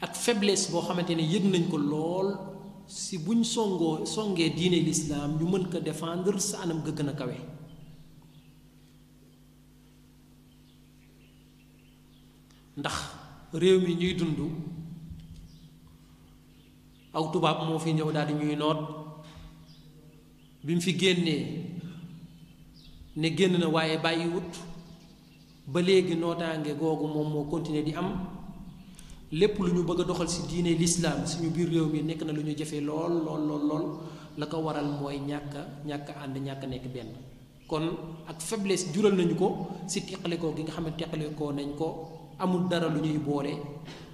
ak faiblesse boo xamante ne yëg nañ ko lool si buñ songoo songee diine lislaam ñu mën ko défendre sa anam ga gën kawe ndax réew mi ñuy dund aw tubaab moo fi ñëw daal di ñuy noot bi mu fi génnee ne génn na waaye bàyyiwut ba léegi nootaange googu moom moo continuer di am lépp lu ñu bëgg a doxal si diine lislaam suñu biir réew mi nekk na lu ñu jafee lool lool lool la ko waral mooy ñàkk ñàkk ànd ñàkk nekk benn kon ak faiblesse jural nañu ko si teqalikoo gi nga xam ne teqalikoo nañ ko amul dara lu ñuy boole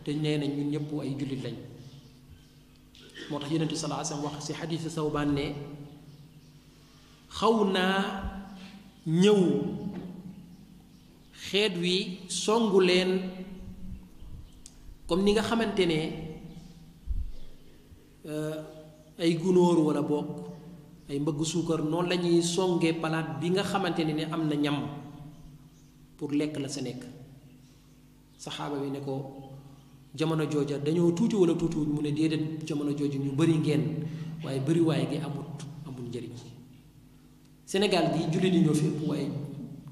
te nee nañ ñun ñëpp ay jullit lañ moo tax yonent bi sallallahu alayhi wasallam wax si sa Sawbaan ne xaw naa ñëw xeet wi songu leen comme ni nga xamante ne euh, ay gunóor wala boog ay mbëgg suukar noonu lañuy ñuy songee palaat bi nga xamante ne ne am na ñam pour lekk la sa nekk saxaaba bi ne ko jamono jooja dañoo tuuti wala tuutiwuñ mu ne déedéet jamono jooju ñu bari ngeen waaye bariwaay gi amut amul njëriñ Sénégal gi jullit yi ñoo fi waaye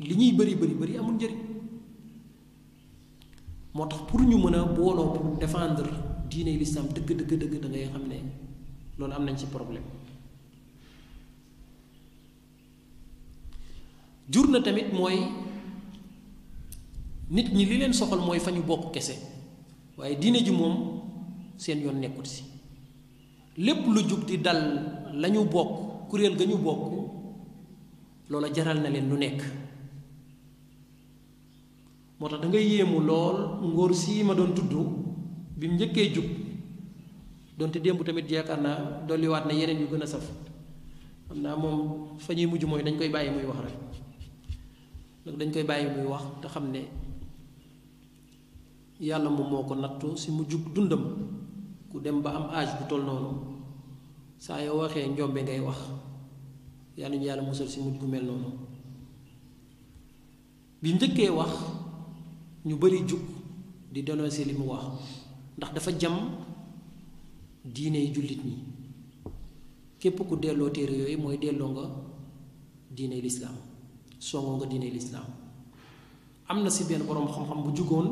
li ñuy bari bari bari amul njëriñ moo tax pour ñu mën a booloo pour défendre diine l'islam dëgg dëgg dëgg da xam ne loolu am nañ ci problème jur na tamit mooy nit ñi li leen soxal mooy fa ñu bokk kese waaye diine ji moom seen yoon nekkut si lépp lu jug di dal lañu bokk kuréel ga ñu bokk loola jaral na leen lu nekk moo tax da ngay yéemu lool ngóor sii ma doon tudd bi mu njëkkee jub donte démb tamit yaakaar naa dolliwaat na yeneen yu gën a saf xam naa moom fa ñuy mujj mooy dañ koy bàyyi muy wax rek donc dañ koy bàyyi muy wax te xam ne yàlla moom moo ko nattu si mu jub dundam ku dem ba am âge bu toll noonu saa yoo waxee njombe ngay wax yàlla yàlla musal si mujj gu mel noonu bi njëkkee wax ñu bari juk di dénoncer li mu wax ndax dafa jam diiné julit ñi képp ku delloo téere yooyu mooy delloo nga diine lislaam songo nga diine lislaam am na si benn borom xam-xam bu jugoon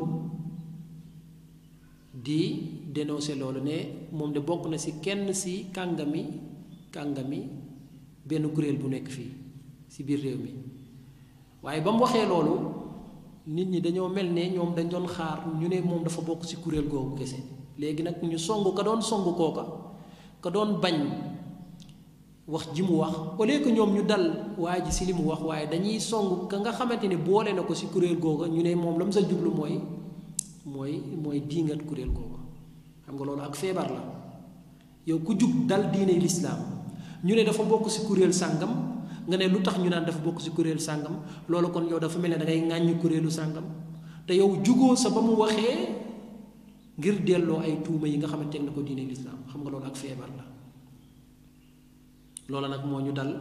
di dénoncer loolu ne moom de bokk na si kenn si kàngami kàngami benn kuréel bu nekk fii si biir réew mi waaye ba mu waxee loolu nit ñi dañoo mel ne ñoom dañ doon xaar ñu ne moom dafa bokk ci kuréel googu kese léegi nag ñu song ka doon songu kooka ka doon bañ wax ji mu wax au lieu ñoom ñu dal waa ji si li mu wax waaye dañuy songu ka nga xamante ne boole na ko ci kuréel googa ñu ne moom la mu sa jublu mooy mooy mooy diingat kuréel googa xam nga loolu ak feebar la yow ku jug dal diine lislaam ñu ne dafa bokk ci kuréel sàngam nga ne lutax ñu naan dafa bokk ci kureel sangam loolu kon yow dafa mel ne da ngay ŋàññ kureelu sangam te yow jugoo sa ba mu waxee ngir delloo ay tuuma yi nga xam ne ko diine lislaam xam nga loolu ak feebar la loola nag moo ñu dal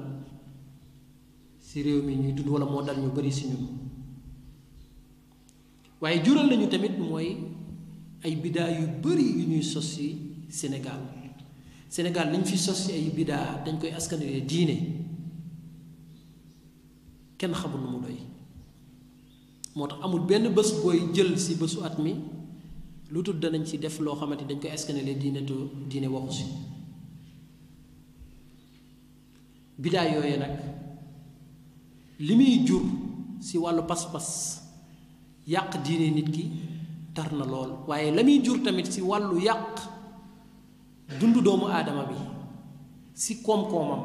si réew mi ñuy dund wala moo dal ñu bari si ñun waaye jural nañu tamit mooy ay bidaa yu bari yu ñuy sos si sénégal sénégal liñ fi sos si ay bidaa dañ koy askanale diine kenn xamul nu mu doy moo tax amul benn bés booy jël si bésu at mi lu tudd danañ ci def loo xamante dañ ko escanele diine tu diine waxu si bidaa yooyee nag li muy jur si wàllu pas-pas yàq diine nit ki tar na lool waaye la muy jur tamit si wàllu yàq dundu doomu aadama bi si koom-koomam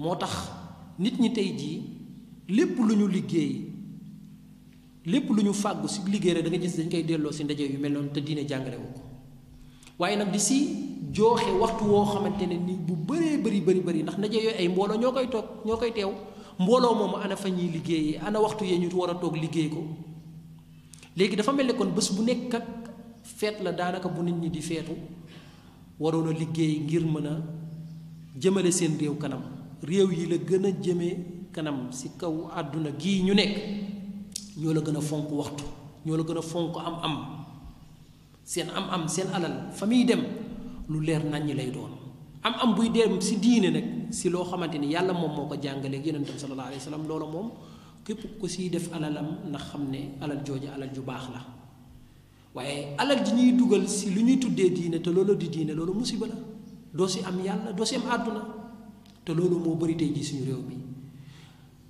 moo tax nit ñi tey jii lépp lu ñu liggéey lépp lu ñu fàggu si liggéey rek da nga gis dañ koy delloo si ndaje yu mel noonu te diine jàngale ko waaye nag di si jooxe waxtu woo xamante ne ni bu bëree bari bëri bari ndax ndaje yooyu ay mbooloo ñoo koy toog ñoo koy teew mbooloo moomu ana fa ñuy liggéeyee ana waxtu yee ñu tu war a toog liggéey ko léegi dafa mel ne kon bés bu nekk ak feet la daanaka bu nit ñi di feetu waroon a liggéey ngir mën a jëmale seen réew kanam réew yi la gën a jëmee. kanam si kaw aduna gi ñu nek ñoo la gën waxtu ñoo la am am seen am am seen alal fami dem lu leer naññi lay doon am am buy dem si diine nag si loo xamante ni yàlla moom moo ko sallallahu alayhi wa def alalam na xam ne alal jooju alal ju la waaye alal ji dugal si lu ñuy tuddee diine te loolu di diine loolu musiba la do si am yàlla do si am aduna te loolu moo bëri ji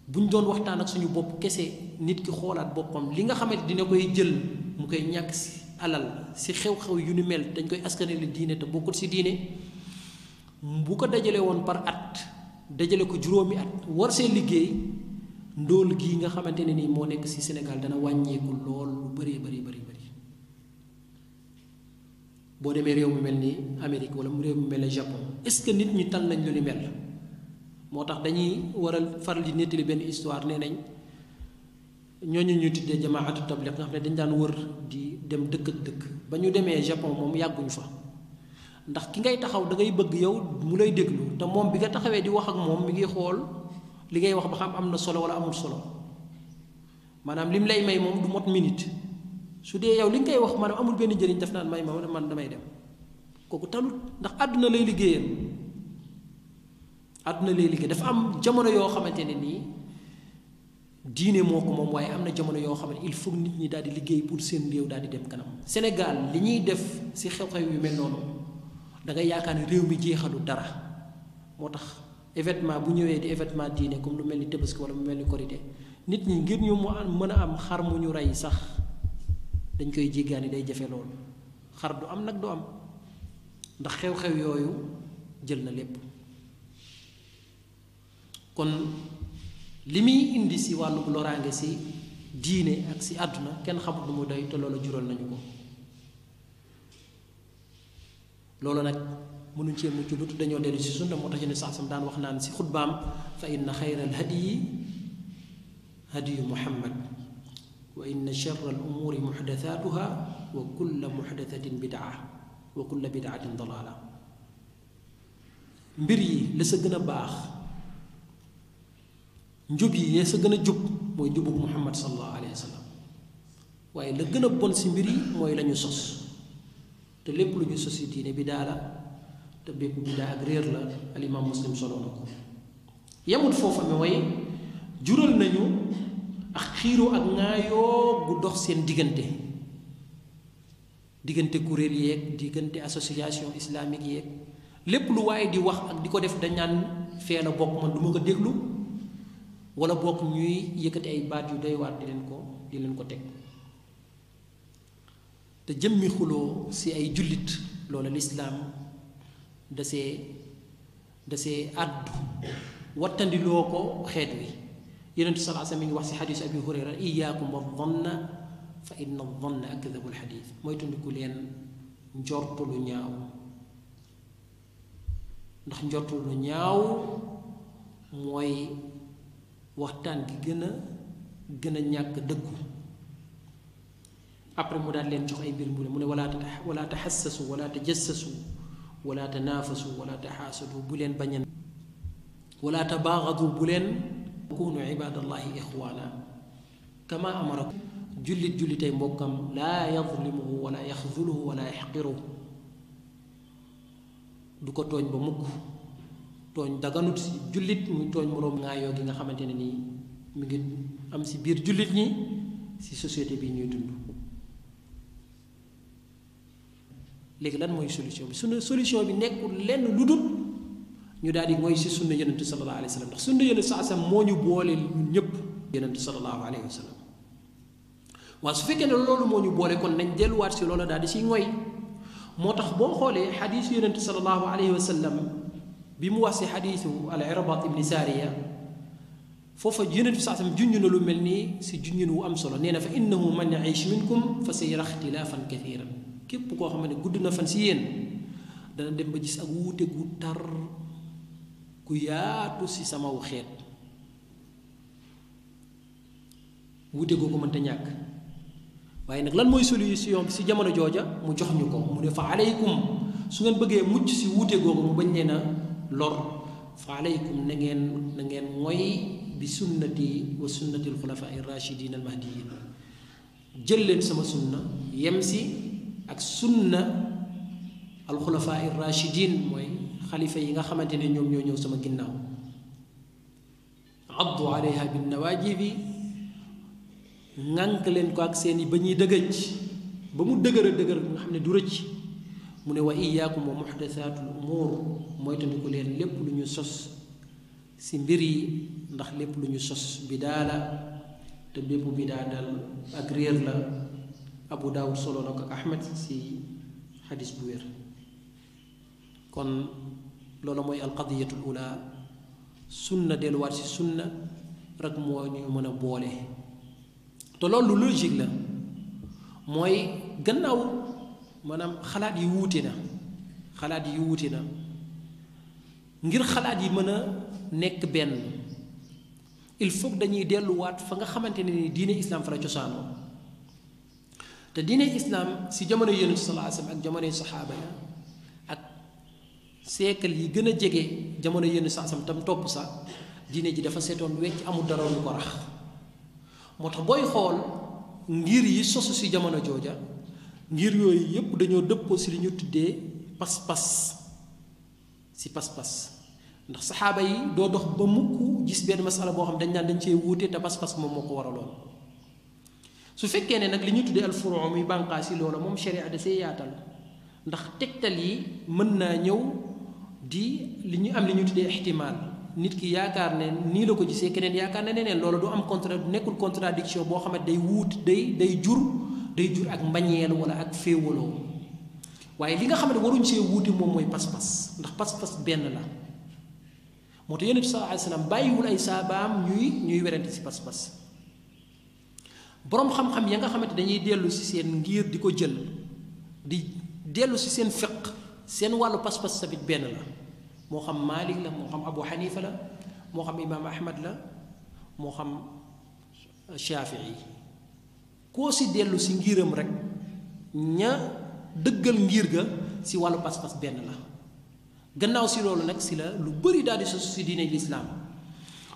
bu ñu doon waxtaan ak suñu bopp kese nit ki xoolaat boppam li nga xamante dina koy jël mu koy ñàkk si alal si xew-xew yu ni mel dañ koy askanale diine te bokkul si diine bu ko dajale woon par at dajale ko juróomi at war see liggéey ndóol gii nga xamante ne nii moo nekk si Sénégal dana wàññeeku lool lu bëree bëri bëri boo demee réew mu mel ni Amérique wala réew mu mel ni Japon est-ce que nit ñi tal nañ lu ni mel. moo tax dañuy waral faral di nettali benn histoire nee nañ ñooñu ñu tuddee jamaatu tabliq nga xam ne dañ daan wër di dem dëkk ak dëkk ba ñu demee Japon moom yàgguñ fa ndax ki ngay taxaw dangay bëgg yow mu lay déglu te moom bi nga taxawee di wax ak moom mi ngi xool li ngay wax ba xam am na solo wala amul solo maanaam li mu lay may moom du mot minute su dee yow li nga koy wax maanaam amul benn njëriñ daf naan may ma man damay dem kooku talut ndax àdduna lay liggéeyal. aduna lay liggéey dafa am jamono yoo xamante ne nii diine moo ko moom waaye am na jamono yoo xam il faut nit ñi daal di liggéey pour seen réew daal di dem kanam Sénégal li ñuy def si xew-xew yu mel noonu da nga yaakaar ne réew mi jeexalu dara moo tax événement bu ñëwee di événement diine comme lu mel ni Tabaski wala mu mel ni Korité nit ñi ngir ñu mu am mën a am xar mu ñu rey sax dañ koy jéggaani day jafe loolu xar du am nag du am ndax xew-xew yooyu jël na lépp kon limi muy indi si wàllu lorange si diine ak si aduna ken xamut du mu doy te loolu jural nañu ko loolu nak munu ci mu lu dañu delu ci sunna mo taxene sax sam daan wax naan si khutbam fa inna xayra al hadi hadiyu muhammad wa inna sharra al umuri muhdathatuha wa kullu muhdathatin bid'ah wa kullu bid'atin dalalah mbir yi la sa gëna bax njub yi yee sa gën a jub mooy jubu muhammad Sallallahu Alaihi Wasallam. sallam waaye la gën a bon si mbir yi mooy la ñu sos te lépp lu ñu sos diine bi daa te bépp bi daa ak réer la muslim solo na ko yamut foofa mi waye jural nañu ak xiiroo ak ŋaayoo gu dox seen diggante diggante kuréel yeeg diggante association islamique yeeg lépp lu waaye di wax ak di ko def dañ naan fee la bokk ko déglu wala bokk ñuy yëkkati ay baat yu doy waar di leen ko di leen ko teg te jëmmi xuloo si ay jullit loola lislaam da see da see àddu wattandiloo ko xeet wi yonente sala sallam mi ngi wax si xadiis abi hurayra iyaakum wa dhanna fa inna dhanna akdabul xadiis mooy tundiku leen njortu lu ñaaw ndax njortu lu ñaaw mooy waxtaan gi gën a gën a ñàkk dëggu après mu daal leen jox ay mbir mu ne mu ne wala wala taxassasu wala tajassasu wala tanaafasu wala taxaasadu bu leen bañan wala tabaaxadu bu leen kunu ibadallahi ixwaana kama amara jullit jullitay mbokkam laa yadlimuhu wala yaxzuluhu wala yaxqiruhu du ko tooñ ba mukk tooñ daganut si jullit muy tooñ moroom ngaayoo gi nga xamante ne nii mu ngi am si biir jullit ñi si société bi ñuy dund léegi lan mooy solution bi sunu solution bi nekkul lenn lu dul ñu daal di mooy si sunna yonentu sallallahu alayhi wa sallam ndax sunna yonentu sa sam moo ñu boole ñun ñëpp yonentu sallallahu alayhi wa sallam waaw su fekkee ne loolu moo ñu boole kon nañ delluwaat si loolu daal di si ngoy moo tax boo xoolee xadiis yonentu sallallahu alayhi wa sallam bi mu wax si xadiisu al Irbaat ibni Saariya foofa yonent bi sax tam junj lu mel nii si junjin wu am solo nee na fa innahu man yaish minkum fa sayara ixtilaafan kathiran képp koo xam ne gudd na fan si yéen dana dem ba gis ak wuute gu tar gu yaatu si samaw xeet wuute goo ko mënta ñàkk waaye nag lan mooy solution bi si jamono jooja mu jox ñu ko mu ne fa aleykum su ngeen bëggee mucc si wuute googu mu bañ nee na lor fa aleykum na ngeen na ngeen mooy bi sunnati wa sunnati alxulafa irrachidin almahdiyin jël leen sama sunna yem si ak sunna alxulafa irrachidin mooy xalifa yi nga xamante ne ñoom ñoo ñëw sama ginnaaw addu aleyha binnawajibi ngànk leen ko ak seen yi ba ñuy dëgëj ba mu dëgër a nga xam ne du rëcc mu ne wa iyaakum wa muxdasaatu l umuur moytandiku leen lépp lu ñu sos si mbir yi ndax lépp lu ñu sos bidaa la te bépp bidaa dal ak réer la abu daawud solo na ko ak ahmed si xadis bu wér kon loolu mooy alqadiyatu l ula sunna delluwaat si sunna rek moo ñu mën a boole te loolu lu logique la mooy gannaaw maanaam xalaat yi wuute na xalaat yi wuuti na ngir xalaat yi mën a nekk benn il faut dañuy delluwaat fa nga xamante ne ni diine islam fa la cosaanoo te diine islam si jamono yonent sallallahu alayhi ak jamonoy saxaaba ya ak siècle yi gën a jege jamono yonent sallallahu alayhi tam topp sax diine ji dafa seetoon wecc amul dara bu ko moo tax booy xool ngir yi sosu si jamono jooja ngir yooyu yëpp dañoo dëppoo si li ñu tuddee pas-pas si pas-pas ndax saxaaba yi doo dox ba mukk gis benn masala boo xam dañ naan dañ cee wutee te pas-pas moom moo ko waraloon su fekkee ne nag li ñu tuddee alfuroo muy bànqaas yi loola moom sharia da see yaatal ndax tegtal yi mën naa ñëw di li ñu am li ñu tuddee ixtimaal nit ki yaakaar ne nii la ko gisee keneen yaakaar ne neneen loola du am contra nekkul contradiction boo xam ne day wuut day day jur day jur ak mbañeel wala ak féewaloo waaye li nga xam ne waruñ see wuti moom mooy pas-pas ndax pas-pas benn la moo tax yonent bi sallallahu alayhi wasallam bàyyiwul ay saabaam ñuy ñuy werante si pas-pas borom xam-xam ya nga xamante dañuy dellu si seen ngir di ko jël di dellu si seen fiq seen wàllu pas-pas tamit benn la moo xam Malik la moo xam Abu Hanifa la moo xam Imam Ahmad la moo xam Shafii koo si dellu si ngiram rek ña dëggal ngir ga si wàllu pas-pas benn la gannaaw si loolu nag si la lu bëri daal di sos si diine lislaam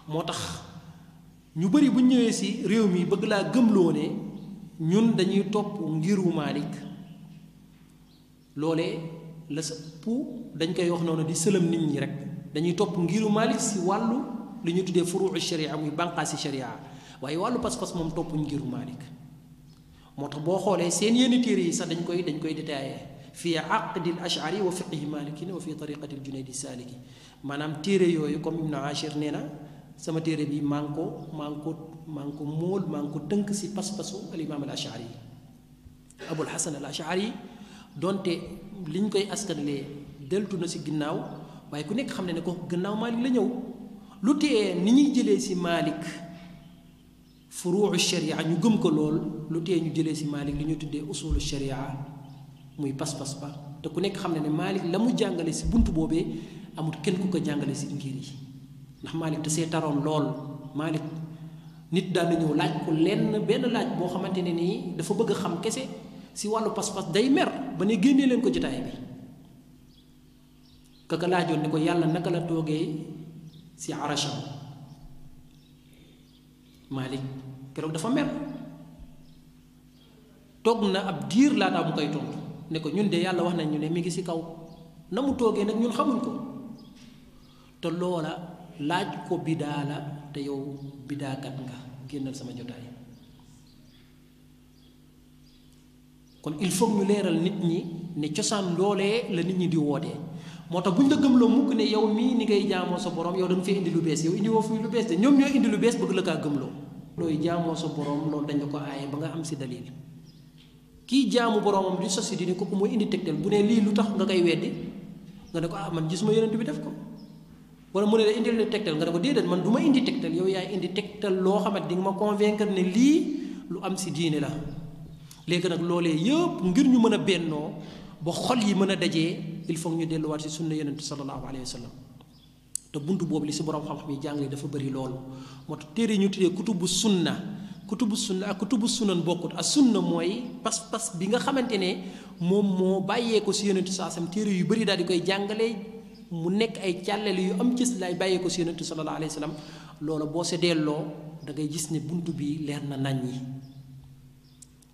moo tax ñu bëri bu ñëwee si réew mi bëgg laa gëmloo ne ñun dañuy topp ngiru Maalik loolee la sëpp dañ koy wax noonu di sëlëm nit ñi rek dañuy topp ngiru Maalik si wàllu li ñu tuddee furuu sharia muy bànqaasi sharia waaye wàllu pas-pas moom toppuñ ngiru Maalik moo tax boo xoolee seen yenn téere yi sax dañ koy dañ koy détaillé fii aqdil ashari wa fiqihi malikina wa fii tariqati l junaydi saaliki maanaam téere yooyu comme ibnu achir na sama téere bi maa ngi ko maa ngi ko si pas-pasu al imaam al ashari abul hasan donte liñ koy askanlee deltu na si ginnaaw waaye ku nekk xam ne ne ko gannaaw maalik la ñëw lu téye ni ñuy jëlee si maalik furuucu sharia ñu gëm ko lool lu tee ñu jëlee si Malik li ñu tuddee usulu sharia muy pas-pas ba te ku nekk xam ne ne Malik la mu jàngale si bunt boobee amul kenn ku ko jàngale si ngir yi ndax Malik da see taroon lool Malik nit daan na ñëw laaj ko lenn benn laaj boo xamante ne nii dafa bëgg a xam kese si wàllu pas-pas day mer ba ne génnee leen ko jotaay bi kaka laajoon ni ko yàlla naka la toogee si arasham Malik keroog dafa mer toog na ab diir laataa mu koy tontu ne ko ñun de yàlla wax nañ ñu ne mi ngi ci kaw na mu toogee nag ñun xamuñ ko te loola laaj ko biddaa la te yow biddaakat nga génnal sama jotaay kon il faut ñu leeral nit ñi ne cosaan loolee la nit ñi di wootee moo tax bu ñu la gëmloo mukk ne yow mii ni ngay jaamoo sa borom yow da nga fi indi lu bees yow indi woo fi lu bees de ñoom ñoo indi lu bees bëgg la kaa gëmloo looy jaamoo sa boroom loolu dañ ko aaye ba nga am si dalil kii jaamu boroomam di sosi di ko kooku mooy indi tegtal bu ne lii lu tax nga koy weddi nga ne ko ah man gisuma yonent bi def ko wala mu ne la indil la tegtal nga ne ko déedéet man du ma indi tegtal yow yaay indi tegtal loo xamante di nga ma convaincre ne lii lu am si diine la léegi nag loolee yëpp ngir ñu mën a bennoo ba xol yi mën a dajee il faut ñu delluwaat si sunna yonent sallallahu alayhi wa sallam te bunt boobu li si borom xam-xam yi jàngale dafa bari loolu moo tax téere ñu tuddee kutubu sunna kutubu sunna ak kutubu sunan bokkut ak sunna mooy pas-pas bi nga xamante ne moom moo bàyyee ko si yonentu saasam téere yu bari daal di koy jàngale mu nekk ay càllale yu am cës laay bàyyee ko si yonentu sallallahu alayhi wa loola boo se delloo da ngay gis ne bunt bi leer na nañ yi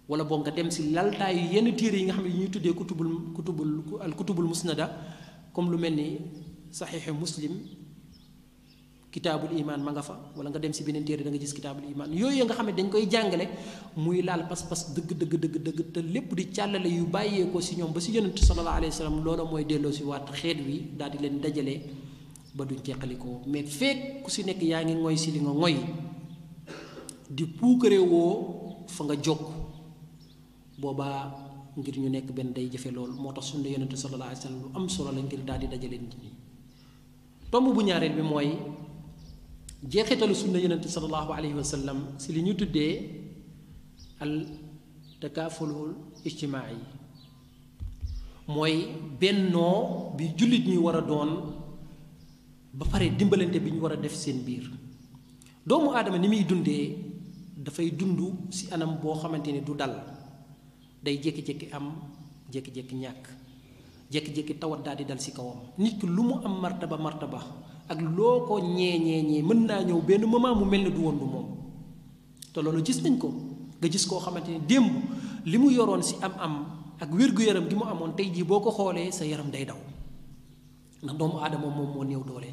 wala boo dem si laltaayu yenn téere yi nga xam ne ñuy tuddee kutubul kutubul al kutubul musnada comme lu mel ni saxiixu muslim kitabul iman ma nga fa wala nga dem ci benen téere da nga gis kitabul iman yooyu nga xamé dañ koy jàngale muy laal pas-pas deug deug deug deug te lepp di càllale yu ko ci ñom ba ci sallallahu alayhi wa sallam moy délo ci wat xéet wi daal di leen dajalé ba duñ teqalikoo mais feek ku ci nek yaangi ngoy ci li nga ngoy di poukéré wo fa nga jokk boba ngir ñu nek ben day jëfé lool motax sunu sallallahu alayhi wasallam am solo la ngir daal di dajalé nit ñi bu ñaarel bi moy jeexitalu sunna yonente salallahu alayhi wa sallam si li ñu tuddee al takaafulul ijtimaa yi mooy bennoo bi jullit ñuy war a doon ba pare dimbalante bi ñu war a def seen biir doomu aadama ni muy dundee dafay dund si anam boo xamante ne du dal day jékki-jékki am jékki-jékki ñàkk jékki-jékki tawat daal di dal si kawam nit ki lu mu am martaba martaba ak loo ko ñee ñee ñee mën naa ñëw benn moment mu mel ne du woon du moom te loolu gis nañ ko nga gis koo xamante ni démb li mu yoroon si am-am ak wér yaram gi mu amoon tey jii boo ko xoolee sa yaram day daw ndax doomu aadama moom moo néew doole.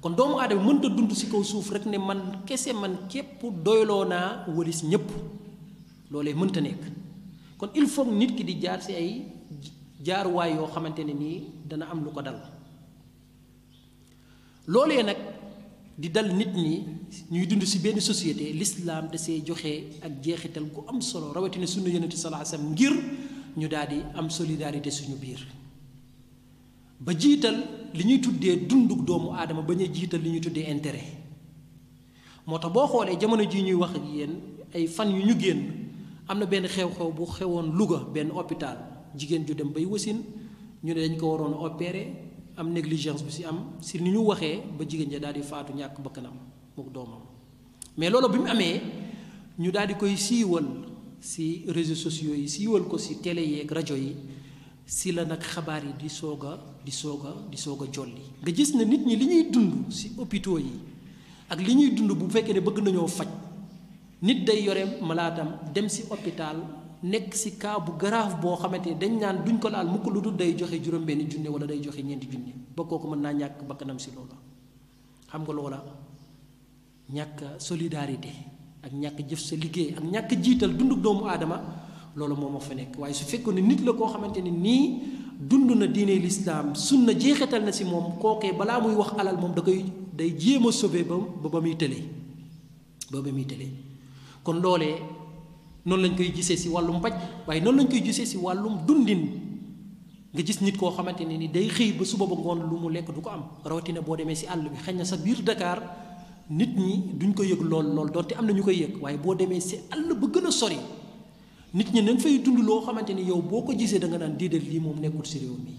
kon doomu aadama mënta dund si kaw suuf ne man kese man képp doyloo naa walis ñëpp loolee mënta nekk kon il faut nit ki di jaar si ay jaaruwaay yoo xamante ne nii dana am lu ko dal. loolee nag di dal nit ñi ñuy dund ci benn société lislaam da see joxe ak jeexital gu am solo rawatina sunna yonent bi sallallahu ngir ñu daal di am solidarité suñu biir ba jiital li ñuy tuddee dunduk doomu aadama ba ñu jiital li ñuy tuddee intérêt moo tax boo xoolee jamono jii ñuy wax ak yéen ay fan yu ñu génn am na benn xew-xew bu xewoon Louga benn hôpital jigéen ju dem bay wasin ñu ne dañ ko waroon opeere am négligence bu si am si ni ñu waxee ba jigéen ja daal di faatu ñàkk bakkanam mook doomam mais loolu bi mu amee ñu daal di koy siiwal si réseau sociaux yi siiwal ko si télé yeeg rajo yi si la nag xabaar yi di soog a di soog a di soog a jolli nga gis na nit ñi li ñuy dund si hôpitaux yi ak li ñuy dund bu fekkee ne bëgg nañoo faj nit day yore malaatam dem si hôpital nekk si cas bu grave boo xamante ne dañ naan duñ ko laal mukk lu dul day joxe juróom-benn junne wala day joxe ñeenti junne ba kooku mën naa ñàkk bakkanam si loola. xam nga loola ñàkk solidarité ak ñàkk jëf sa liggéey ak ñàkk jiital dundu doomu aadama loolu moom moo fa nekk waaye su fekkoon ne nit la koo xamante ne nii dund na diine lislaam sunna jeexital na si moom kookee balaa muy wax alal moom da koy day jéem a sauver ba ba muy tëlee ba kon loolee. noonu lañ koy gisee si wàllum paj waaye noonu lañ koy gisee si wàllum dundin nga gis nit koo xamante ne ni day xëy ba suba ba ngoon lu mu lekk du ko am rawatina boo demee si àll bi xëy na sa biir Dakar nit ñi duñ ko yëg lool lool donte am na ñu koy yëg waaye boo demee si àll ba gën a sori nit ñi nañ fay dund loo xamante ni yow boo ko gisee da nga naan déedéet lii moom nekkul si réew mi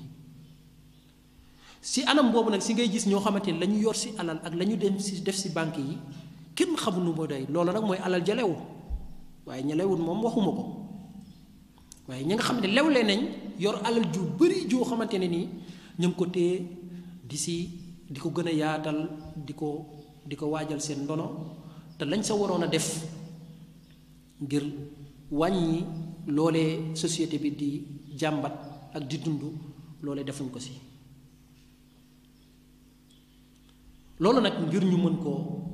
si anam boobu nag si ngay gis ñoo xamante ni lañu yor si alal ak la ñu dem si def si banque yi kenn nu moo day loolu nag mooy alal jalew waaye ña moom waxuma ko waaye ñi nga xam ne lewle nañ yor alal ju bari joo xamante ne nii ñu ngi ko téye di si di ko gën a yaatal di ko di ko waajal seen ndono te lañ sa waroon a def ngir wàññi loole société bi di jàmbat ak di dund loole defuñ ko si loolu nag ngir ñu mën koo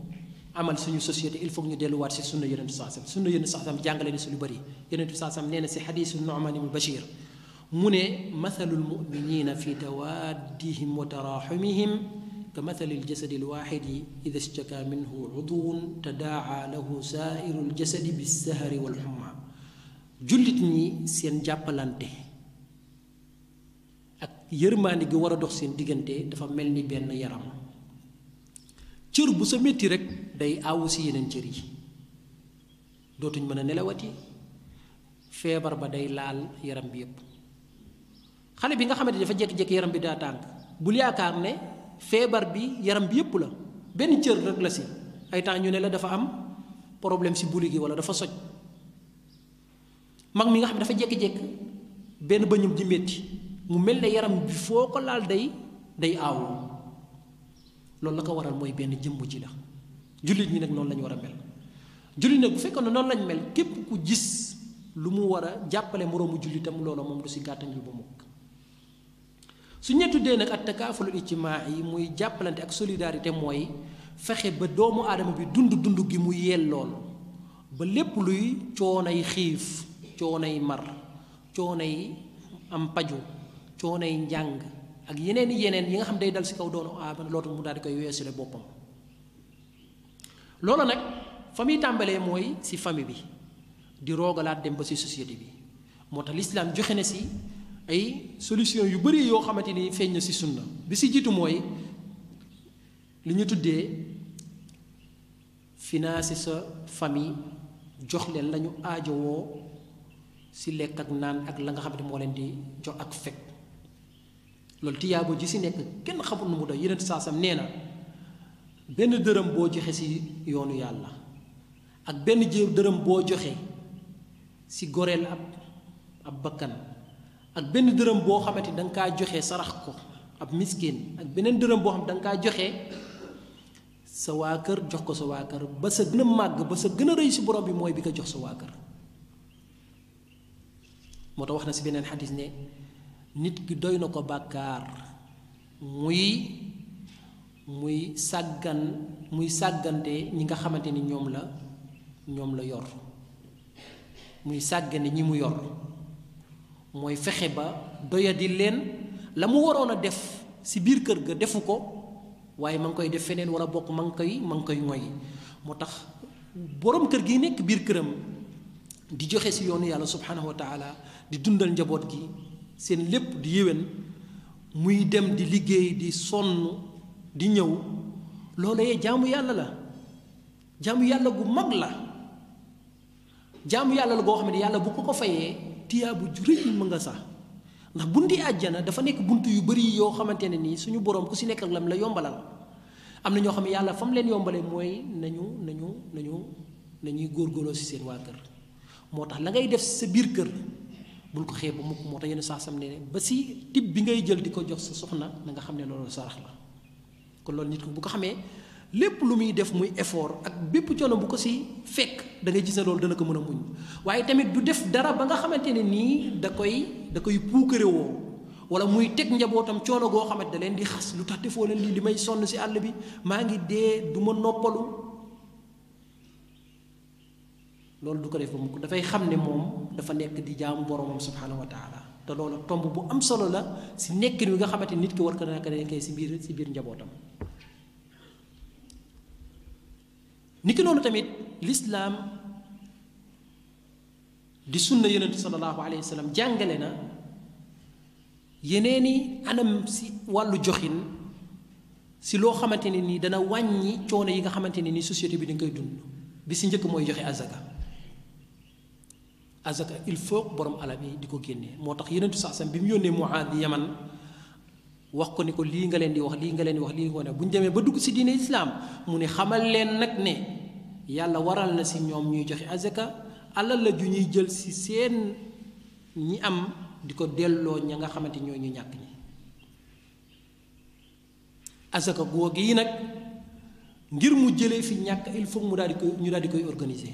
amal suñu société il faut ñu déllu delluwaat si sunna yonent saa sam sunna yonent saa sam jàngale ni si lu bëri yonent saa sam neena ci si xadiisu Nu'man ibn Bashir mune mathalul muminina fi tawaddihim wa tarahumihim كمثل الجسد الواحد إذا اشتكى منه عضو تداعى له سائر الجسد بالسهر والحمى جلتني سين جابلانتي أك jàppalante ak yërmaande gi war a dox seen diggante dafa mel cër bu sa metti rek day awu si yeneen cër yi dootuñ mën a nelawati feebar ba day laal yaram bi yépp xale bi nga xamante dafa jékki-jékki yaram bi daa tànk bul yaakaar ne feebar bi yaram bi yépp la benn cër rek la si ay temps ñu ne la dafa am problème si buli gi wala dafa soj mag mi nga xam dafa jek jékki benn bañum di metti mu mel yaram bi foo laal day day aawul loolu la ko waral mooy benn jëmm ji la jullit ñi nag noonu lañu ñu war a mel jullit nag bu fekkoon ne noonu lañu mel képp ku gis lu mu war a jàppale moroomu jullitam loola moom du si gàttanlu ba mukk su ñee tuddee nag ak takaafulul ijtimaa yi muy jàppalante ak solidarité mooy fexe ba doomu aadama bi dund dund gi mu yeel lool ba lépp luy coonay xiif coonay mar coonay am paju coonay njàng ak yeneen yeneen yi nga xam day dal si kaw doomu aadama lootu mu daal di koy weesule boppam loolu nag fa tàmbalee mooy si famille bi di roogalaat dem ba si société bi moo tax lislaam joxe na si ay solution yu bëri yoo xamante ni feeñ na si sunna bi si jiitu mooy li ñu tuddee financer sa famille jox leen lañu ñu aajowoo si lekk ak naan ak la nga xam ne moo leen di jox ak fekk loolu tiyaabo ji si nekk kenn xamul nu mu doy yeneen saasam nee na benn dërëm boo joxe si yoonu yàlla ak benn jé dërëm boo joxe si goreel ab ab bakkan ak benn dërëm boo xamante ni da kaa joxe sarax ko ab miskin ak beneen dërëm boo xam da nga kaa joxe sa waa kër jox ko sa waa kër ba sa gën a màgg ba sa gën a rëy si borom bi mooy bi ko jox sa waa kër moo tax wax na si beneen xadis ne. nit ki doy na ko bakar muy muy saggan muy sàggante ñi nga xamanteni ñom la ñom la yor muy saggane ñi mu yor moy fexé ba doya lamu len lamu warona def si bir kër ga defuko waye mang koy def fenen wala bokk mang koy mang koy ngoy motax borom kër gi nek bir këram di joxe ci yoonu yalla subhanahu wa taala di dundal njabot gi seen lépp di yéwén muy dem di liggéey di sonn di ñëw loolu yee jàmm yàlla la jaamu yàlla gu mag la jàmm yàlla la goo xam ne yàlla bu ko ko fayee tiyaabu ju rëy mën nga sax ndax bunti àjjana dafa nekk bunt yu bari yoo xamante ne nii suñu boroom ku si nekk ak lam la yombalal am na ñoo xam ne yàlla fam leen yombalee mooy nañu nañu nañu nañuy góor góorgóorloo si seen waa kër moo tax la ngay def sa biir kër bul ko xeebu mukk moo tax yenn saa sam ne ba si tib bi ngay jël di ko jox sa soxna na nga xam ne loolu sarax la kon loolu nit ko bu ko xamee lépp lu muy def muy effort ak bépp coono bu ko si fekk da ngay gis ne loolu dana ko mën a muñ waaye tamit du def dara ba nga xamante ne nii da koy da koy puukarewoo wala muy teg njabootam coono goo xamante leen di xas lu tax defoo leen lii li may sonn si àll bi maa ngi dee du ma noppalu loolu du ko def dafay xam ne moom dafa nekk di jaamu boromam subhaanahu wa taala te loolu tomb bu am solo la si nekkin wi nga xamante nit ki war ko naka nekkee si biir si biir njabootam niki noonu tamit lislaam di sunna yonent sallallahu alayhi wa sallam jàngale na yeneeni anam si wàllu joxin si loo xamante ne nii dana wàññi coono yi nga xamante ne nii société bi dañ koy dund bi si njëkk mooy joxe azaka azaka il faut borom bi di ko génne moo tax yenentu sax sam bi yaman wax ko ni ko lii nga len di wax li nga len wax li démé ba dugg ci diiné islam mune xamal Ya nak né yalla waral na ci ñom ñuy joxe azaka alal la ju ñuy jël ci seen ñi am di ko delloo ña nga xamanti ñoo ñu ñak ñi azaka googu nak ngir mu jëlé fi ñak il faut mu di koy ñu di koy organiser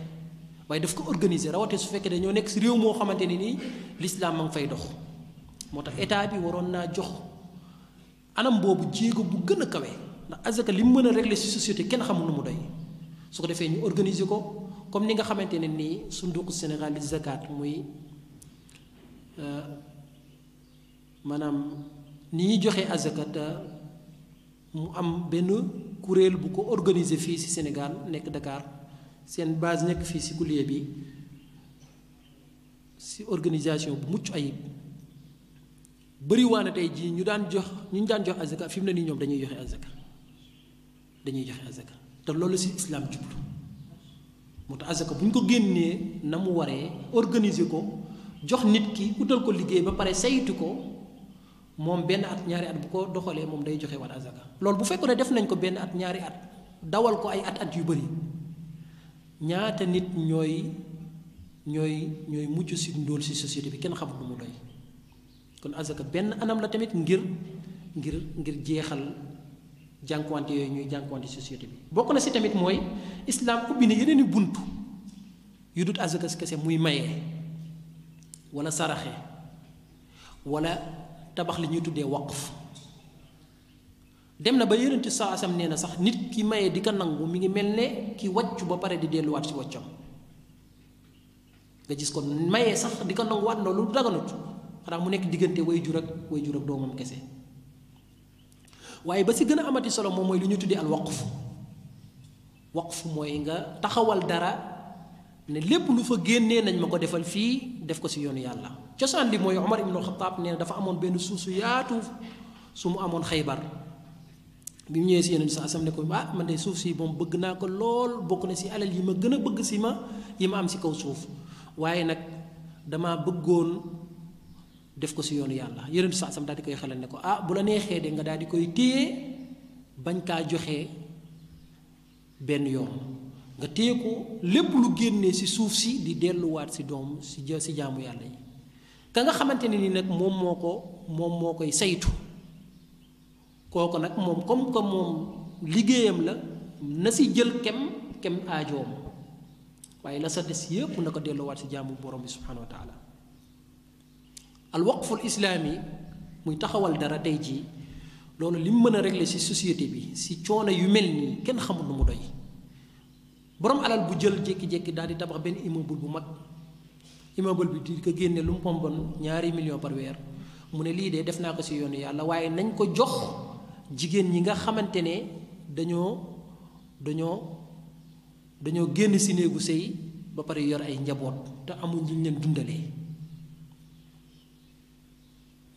waaye daf ko organiser rawatee su fekkee dañoo nekk si réew moo xamante ne nii lislaam ma ngi fay dox moo tax état bi waroon naa jox anam boobu jéego bu gën a kawe ndax azaka li mu mën a regle si société kenn xamul nu mu doy su ko defee ñu organiser ko comme ni nga xamante ne nii sunduqu Sénégal di zakat muy euh, maanaam ni ñuy joxe azaka te mu am benn kuréel bu ko organiser fii si Sénégal nekk Dakar. seen base nekk fii si kulier bi si organisation bu mucc ayib bëriwaane tey jii ñu daan jox ñu ñu daan jox azaka fim mu ni nii ñoom dañuy joxe azaka dañuy joxe azaka te loolu si islam jublu moo tax azaka bu ñu ko génnee na mu waree organiser ko jox nit ki utal ko liggéey ba pare saytu ko moom benn at ñaari at bu ko doxalee moom day joxe waat azaka loolu bu fekkoon ne def nañ ko benn at ñaari at dawal ko ay at at yu bari ñaata nit ñooy ñooy ñooy mujj si ndóol si société bi kenn xamul lu mu doy kon azaka benn anam la tamit ngir ngir ngir jeexal jànkuwante yooyu ñuy jànkuwante société bi bokk na si tamit mooy islaam ubbi na yeneen i bunt yu dut azaka kese muy maye walla saraxe wala tabax li ñuy tuddee waqf dem na ba yonent saa asam nee na sax nit ki maye di ko nangu mi ngi mel ne ki wàccu ba pare di delluwaat ci wàccam nga gis ko maye sax di ko nanguwaat loolu daganut xanaa mu nekk diggante way jur ak way jur ak doomam kese waaye ba si gën a amati solo moom mooy lu ñu tuddee al waqf waqf mooy nga taxawal dara ne lépp lu fa génnee nañ ma ko defal fii def ko si yoonu yàlla cosaan li mooy Omar ibnu Xataab nee na dafa amoon benn suuf su yaatu su mu amoon xaybar bi mu ñëwee si yeneen sax sam ne ko ah man de suuf si moom bëgg naa ko lool bokk na si alal yi ma gën a bëgg si yi ma am si kaw suuf waaye nag dama bëggoon def ko si yoonu yàlla yeneen sax sam di koy xelal ne ko ah bu la neexee de nga daal koy téye bañ kaa joxe benn yoon nga téye ko lépp lu génnee si suuf si di delluwaat si doom si si jaamu yàlla yi ka nga xamante ne nii nag moom moo ko moom moo koy saytu. kooku nag moom comme que liggéeyam la na si jël kem kem aajoom waaye la sa des yépp na ko delluwaat si jàmbu borom bi subhanahu wa taala al waqful islaami muy taxawal dara tey jii loolu li mu mën a regle si société bi si coono yu mel nii kenn xamul nu mu doy borom alal bu jël jekki jékki daal di tabax benn immeuble bu mag immeuble bi di ko génne lu mu pompon ñaari million par mu ne lii de def naa ko si yoonu yàlla waaye nañ ko jox jigéen ñi nga xamante ne dañoo dañoo dañoo génn si néegu sëy ba pare yor ay njaboot te amul ñu leen dundalee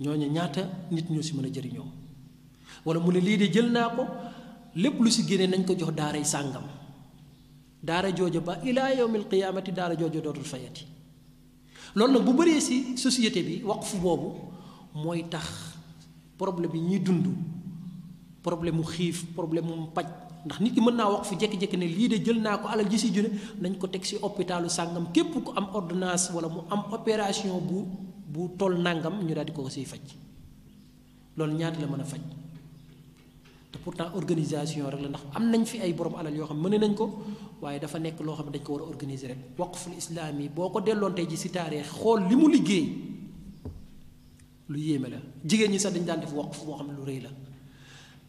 ñooñu ñaata nit ñoo si mën a jëriñoo wala mu ne lii de jël naa ko lépp lu si génne nañ ko jox daaray sàngam daara jooja ba ilaa yawmil qiyaamati daara jooja dootul fayati loolu nag bu bëree si société bi waqfu boobu mooy tax problème yi ñuy dund problème mu xiif problème mu paj ndax nit ki mën naa wax fu jékki-jékki ne lii de jël naa ko alal ji si junne nañ ko teg si hôpitalu sàngam képp ku am ordonnance wala mu am opération bu bu toll nàngam ñu daal ko siy faj loolu ñaata la mën a faj te pourtant organisation rek la ndax am nañ fi ay borom alal yoo xam ne mëne nañ ko waaye dafa nekk loo xam ne dañ ko war a organiser rek waqful islaam yi boo ko delloon tey ji si taaree xool li mu liggéey lu yéeme la jigéen ñi sax dañ daan def waqf moo xam lu rëy la.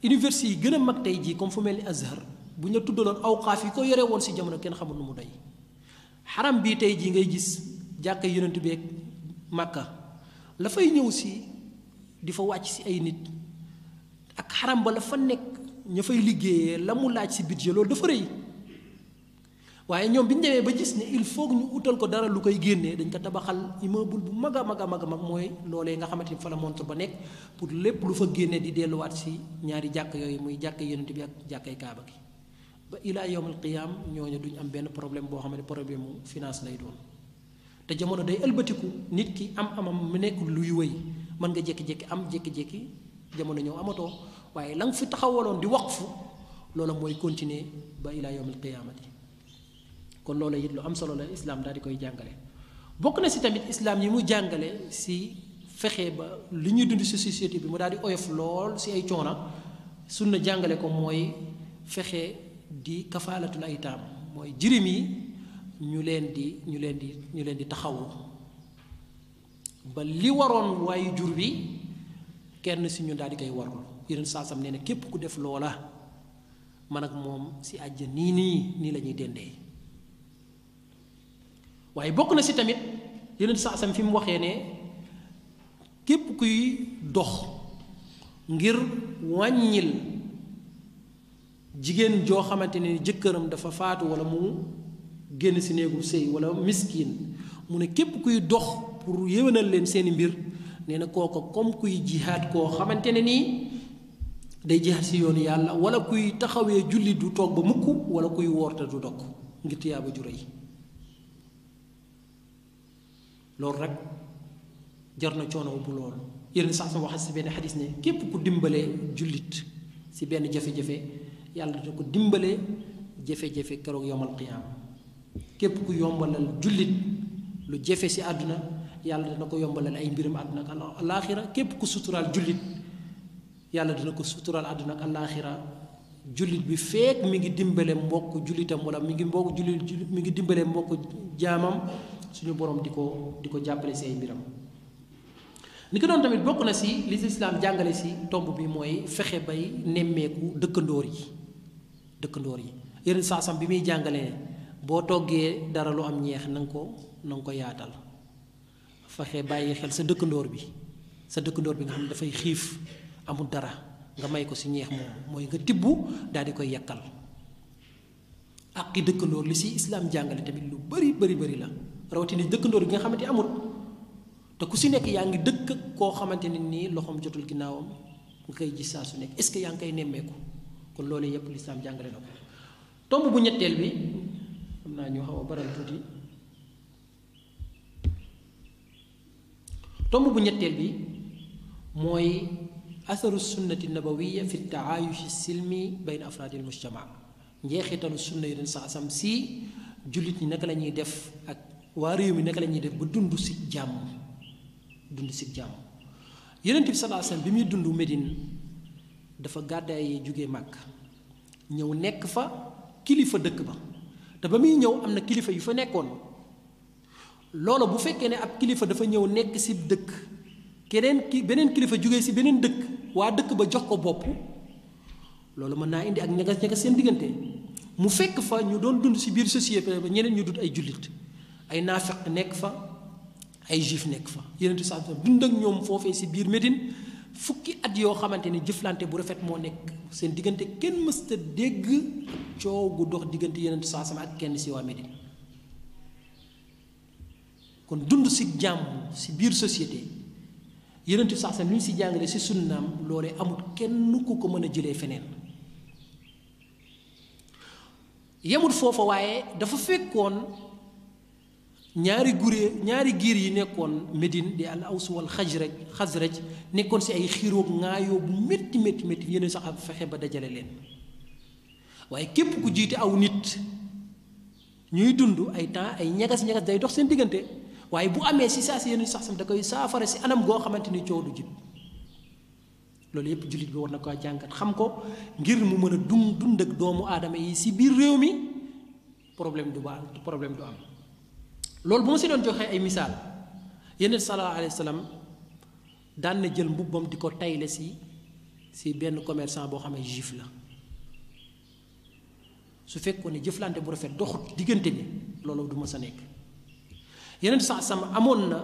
université yi gën a mag tey jii comme fu mel ni Azhar bu ñu la aw awqaaf yi ko yore woon si jamono kenn xamul nu mu doy xaram bii tey jii ngay gis jàkka yonent beeg màkka la ñëw si di fa wàcc si ay nit ak xaram ba la fa nekk ña fay liggéeyee la mu laaj si budget loolu dafa rëy. waaye ñoom bi ñu demee ba gis ne il faut ñu utal ko dara lu koy génnee dañ ko tabaxal immeuble bu mag a mag a mag a mag mooy loolee nga xamante ni fa la montre ba nekk pour lépp lu fa génnee di delluwaat si ñaari jàkk yooyu muy jàkk yonent bi ak jàkkay kaaba gi ba ilaa yowmal qiyaam ñooñu duñ am benn problème boo xam ne problème mu finance lay te jamono day ëlbatiku nit ki am amam mu nekk luy wéy mën nga jékki-jékki am jékki-jékki jamono ñëw amatoo waaye la nga fi taxawaloon di wax waqfu loola mooy continuer ba ilaa yowmal qiyaamati kon loolu it lu am solo la islaam daal di koy jàngale bokk na si tamit islaam yi mu jàngale si fexe ba li ñuy dund si société bi mu daal di oyof lool si ay coona sunna jàngale ko mooy fexe di kafaalatul ay taam mooy jirim yi ñu leen di ñu leen di ñu leen di taxawu ba li waroon waayu jur bi kenn si ñu daal koy warul yeneen saasam nee na képp ku def loola man ak moom si àjja nii nii nii la ñuy dendee waaye bokk na si tamit yeneen sax sam fi mu waxee ne képp kuy dox ngir wàññil jigéen joo xamante ne jëkkëram dafa faatu wala mu génn si néegu sëy wala miskin mu ne képp kuy dox pour yéwénal leen seeni mbir nee na kooka comme kuy jihaat koo xamante ne nii day jihaat si yoon yàlla wala kuy taxawee julli du toog ba mukk wala kuy woorta du dog ngir tiyaaba ju rëy loolu rek jar na coono bu loolu yéen sax sa waxat si benn xadis ne képp ku dimbalee jullit si benn jafe-jafe yàlla da ko keroog yomal képp ku yombalal jullit lu jafe si àdduna yàlla dana ko yombalal ay mbiram àdduna ak alaaxira képp ku suturaal jullit yàlla dina ko suturaal àdduna ak alaaxira jullit bi feek mi ngi dimbale mbokk jullitam wala mi ngi mbokk jullit mi ngi dimbale mbokk jaamam suñu borom di diko di sey mbiram li ko don tamit bokku na ci li islam jangalé si tombu bi moy fexé bay dekk ndor yi ndor yi sa saasam bi mi jangalé bo toggé dara lu am ñeex nang ko nang ko yaatal fexé bayyi xel sa ndor bi sa ndor bi nga xam da fay xif amu dara nga may ko ci ñeex moom moy nga tibbu dal di koy yakal ak dekk ndor li ci islam jangalé tamit lu bari bari bari la rawatina dëkkandoor gi nga xamante amul te ku si nekk yaa ngi dëkk koo xamante ne nii loxoom jotul ginnaawam nga koy gis saa su nekk est-ce que yaa ngi koy nemmeeku kon loolu yëpp lislaam jàngale na ko tomb bu ñetteel bi xam naa ñu xaw bu ñetteel bi mooy asaru sunnati nabawiya fi taayushi silmi bayna afraadil mujtama njeexitalu sunna yu den sax asam si jullit yi naka la ñuy def ak waa réew mi naka lañuy def ba dund si jàmm dund si jàmm yonent bi sallallahu bi muy dund Medine dafa gàddaay jóge Màkka ñëw nekk fa kilifa dëkk ba te ba muy ñëw am na kilifa yu fa nekkoon loolu bu fekkee ne ab kilifa dafa ñëw nekk si dëkk keneen ki beneen kilifa jóge si beneen dëkk waa dëkk ba jox ko bopp loolu mën naa indi ak ñagas ñagas seen diggante mu fekk fa ñu doon dund si biir société ba ñeneen ñu dut ay jullit ay naafeq nekk fa ay juif nekk fa yeneen saa dund ak ñoom foofee si biir Médine fukki at yoo xamante ne jëflante bu rafet moo nekk seen diggante kenn mësta dégg coow gu dox diggante yeneen saa sama ak kenn si waa Médine kon dund si jàmm si biir société yeneen saa sama ñu si jàngale si sunnaam loole amul kenn ku ko mën a jëlee feneen yemut foofa waaye dafa fekkoon. ñaari guree ñaari giir yi nekkoon Médine di al aws wal xaj xasraj nekkoon si ay xiiroog ŋaayoo bu métti métti métti yeneen sax ab fexe ba dajale leen waaye képp ku jiite aw nit ñuy dund ay temps ay ñagas-ñagas day dox seen diggante waaye bu amee si saa si yeneen sax sam da koy saafara si anam goo xamante ni coow du jib loolu yépp jullit bi war na ko jàngat xam ko ngir mu mën a dund dund ak doomu aadama yi si biir réew mi problème du baax problème du am loolu bu ma si doon joxee ay misaal yeneen sallallahu alayhi wa sallam daan na jël mbubbam di ko tayle si si benn commerçant boo xam ne juif la su fekkoon ne jëflante bu rafet doxut diggante bi loolu du ma sa nekk yeneen sa sama amoon na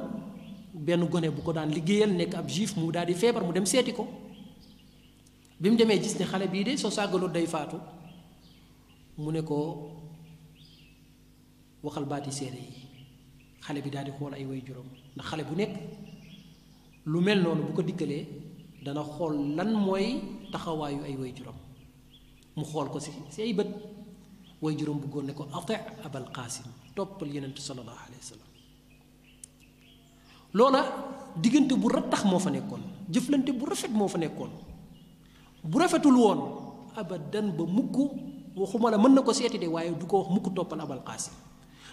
benn gone bu ko daan liggéeyal nekk ab juif mu daal di feebar mu dem seeti ko bi mu demee gis ne xale bii de soo sàggaloo day faatu mu ne ko waxal baati seere yi xale bi daal di xool ay way juróom ndax xale bu nekk lu mel noonu bu ko dikkalee dana xool lan mooy taxawaayu ay way juróom mu xool ko si si ay bët way juróom bu góor ne ko ate abal qaasim toppal yonent sallallahu alayhi wa sallam loola diggante bu rattax moo fa nekkoon jëflante bu rafet moo fa nekkoon bu rafetul woon abadan ba mukk waxuma la mën na ko seeti de waaye du ko wax mukk toppal abal qaasim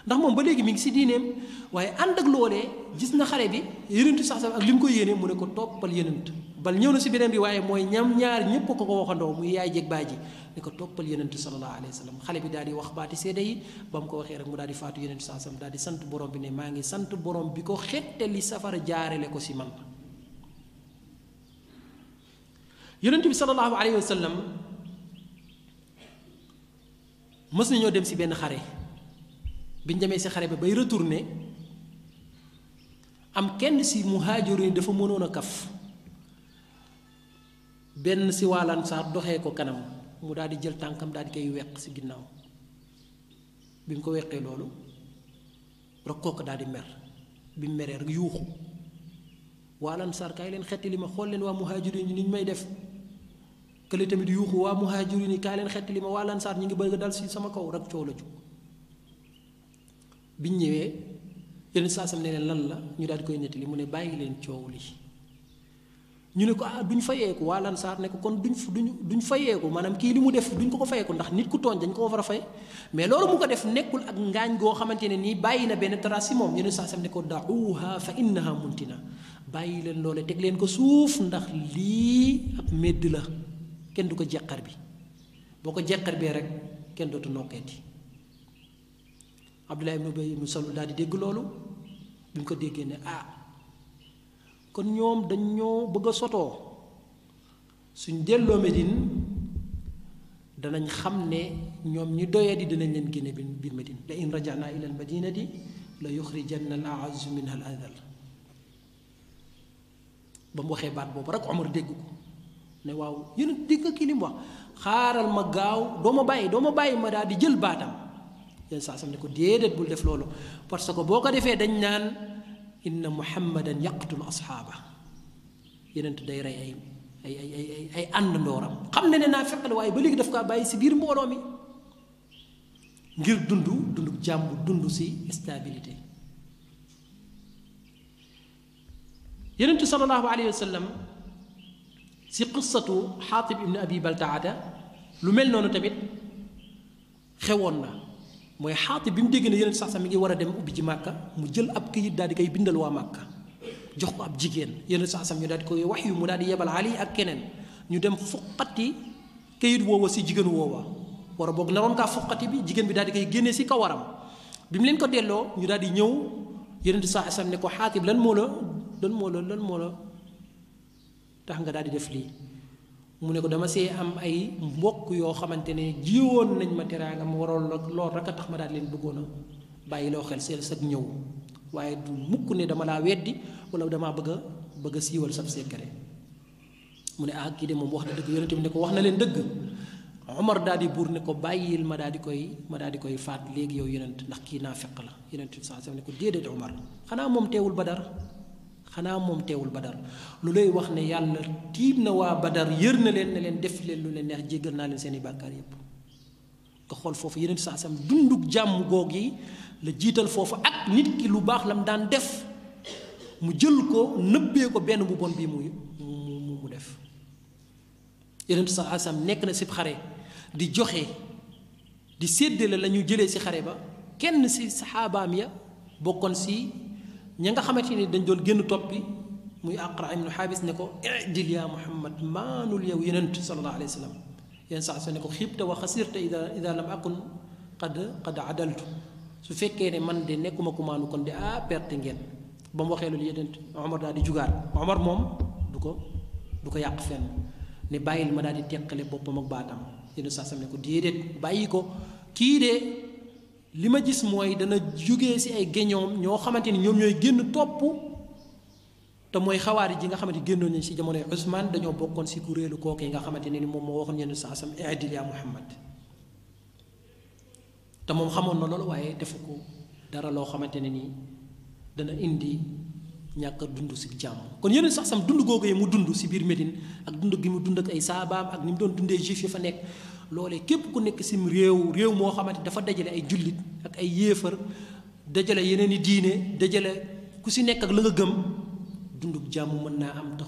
ndax moom ba léegi mi ngi si diineem waaye ànd ak loolee gis na xare bi yénentu sax sax ak li mu ko yéene mu ne ko toppal yénent bal ñëw na si beneen bi waaye mooy ñam ñaar ñëpp ko ko waxandoo muy yaay jeg baay ji ne ko toppal yonentu sallallahu alayhi wa sallam xale bi daal di wax baati seede yi ba mu ko waxee rek mu daal di faatu yonentu saa sallam daal di sant borom bi ne maa ngi sant borom bi ko xette li safara jaarele ko si man yonent bi sallallahu alayhi wa sallam mës nañoo si benn xare biñ demee si xare ba bay retourné am kenn si muhaajir dafa mënoon a kaf benn si waalaan saar doxee ko kanam mu daal di jël tànkam daal di koy weq si ginnaaw bi mu ko weqee loolu rek kooku daal di mer bi mu meree rek yuuxu waalaan saar kaay leen xetti li ma xool leen waa muhaajir yi ni ñu may def kële tamit yuuxu waa muhaajir yi kaay leen xetti li ma waalaan saar ñu ngi bëgg dal si sama kaw rek coow la jug biñ ñëwee yenn saa sam ne leen lan la ñu daal di koy nettali mu ne bàyyi leen coow li ñu ne ko ah duñ fayeeku waa lan saar ko kon duñ ñu duñ fayeeku maanaam kii li mu def duñ ko ko fayeeku ndax nit ku tooñ dañ ko war a fay mais loolu mu ko def nekkul ak ngaañ goo xamante ne nii bàyyi na benn trace si moom yenn saa sam ne ko da'uha fa innaha na bàyyi leen loole teg leen ko suuf ndax lii ab medd la kenn du ko jeqar bi boo ko jeqar bee rek kenn dootu nokkeeti Abdullah ibnu Ubay ibnu Salul daal di dégg loolu bi mu ko déggee ne ah kon ñoom dañ ñoo bëgg a sotoo suñ delloo Medine danañ xam ne ñoom ñu doya di danañ leen génne biir Medine la in rajana ila al madinati la yuxrijanna al a'azzu minha al adal ba mu waxee baat boobu rek Omar dégg ko ne waaw yéen a dégg nga kii mu wax xaaral ma gaaw doo ma bàyyi doo ma bàyyi ma daal di jël baatam yéen saa sam ne ko déedéet bul def loolu parce que boo ko defee dañ naan inna muhammadan yaqtul asxaaba yenent day rey ay ay ay ay ay ay ànd ndooram xam ne ne naa fekk la waaye ba léegi daf kaa bàyyi si biir mbooloo mi ngir dund dund jàmm dund si stabilité yenentu salallahu alayhi wa sallam si qissatu xaatib ibn abi baltaada lu mel noonu tamit xewoon na mooy xaati bi mu dégg ne yeneen sax sax mi ngi war a dem ubbi ji màkka mu jël ab kayit daal di koy bindal waa màkka jox ko ab jigéen yeneen sax sax ñu daal di koy wax yu mu daal di yebal Ali ak keneen ñu dem fuqati kayit woowa si jigéenu woowa war a boog naroon kaa fuqati bi jigéen bi daal di koy génnee si kawaram bi mu leen ko delloo ñu daal di ñëw yeneen sax asam ne ko bi lan moo la lan moo la lan moo la tax nga daal di def lii mu ne ko dama see am ay mbokk yoo xamante ne jiwoon nañ ma teraanga ma waroon lool rek a tax ma daal leen bëggoona a bàyyi loo xel seen sag ñëw waaye du mukk ne dama laa weddi wala damaa bëgg a bëgg a siiwal sab secret mu ne ah kii de moom wax na dëgg yonent bi ne ko wax na leen dëgg Omar daal di buur ne ko bàyyil ma daal di koy ma daal di koy faat léegi yow yonent ndax kii naa feq la yonent bi sax ne ko déedéet Omar xanaa moom teewul Badar xanaa moom teewul badar lu lay wax ne yàlla tiib na waa badar yër na leen ne leen def leen lu leen neex jéggal naa leen seen i bàkkaar yépp nga xool foofu yeneen saa sam dunduk jàmm goog yi la jiital foofu ak nit ki lu baax la daan def mu jël ko nëbbee ko benn bu bon bii muy mu mu def yeneen saa sam nekk na si xare di joxe di séddale la ñu jëlee si xare ba kenn si saxaabaam ya bokkoon si ña nga xamante dañ doon génn topp bi muy aqra ibn habis ne ko idil ya muhammad manul yaw yenent sallallahu alayhi wasallam yen yéen sax sa ne ko khibta wa khasirta idha idha lam akun qad qad adaltu su fekke ne man de nekuma ko manu kon de a perte ngeen bam waxe waxee yenent umar daal di jugaat omar moom du ko du ko yàq fenn ne bayil ma daal di teqale boppam ak batam yéen sax sa ne ko dedet bayiko ki de lima gis moy dana jógee si ay géñoom ño xamanteni ñom ñoy genn top te moy xawaari ji nga xamanteni génnoon ñu si jamono Ousmane dañoo bokkon ci ku reelu yi nga xamanteni mom ni waxon ñen saasam yenn ya Muhammad te mom xamoon na loolu waye defuko dara lo xamanteni ni dana indi ñaka dundu si jamm kon yeneen sax dundu dund mu dundu si bir Medine ak dundu gi mu dund ak ay ak nim doon dundé jif fa nek lolé képp ku nekk sim réew réew moo xamante dafa dajale ay jullit ak ay yéefar dajale yeneeni diine dajale ku si nekk ak la nga gëm dunduk jàmm mën naa am tax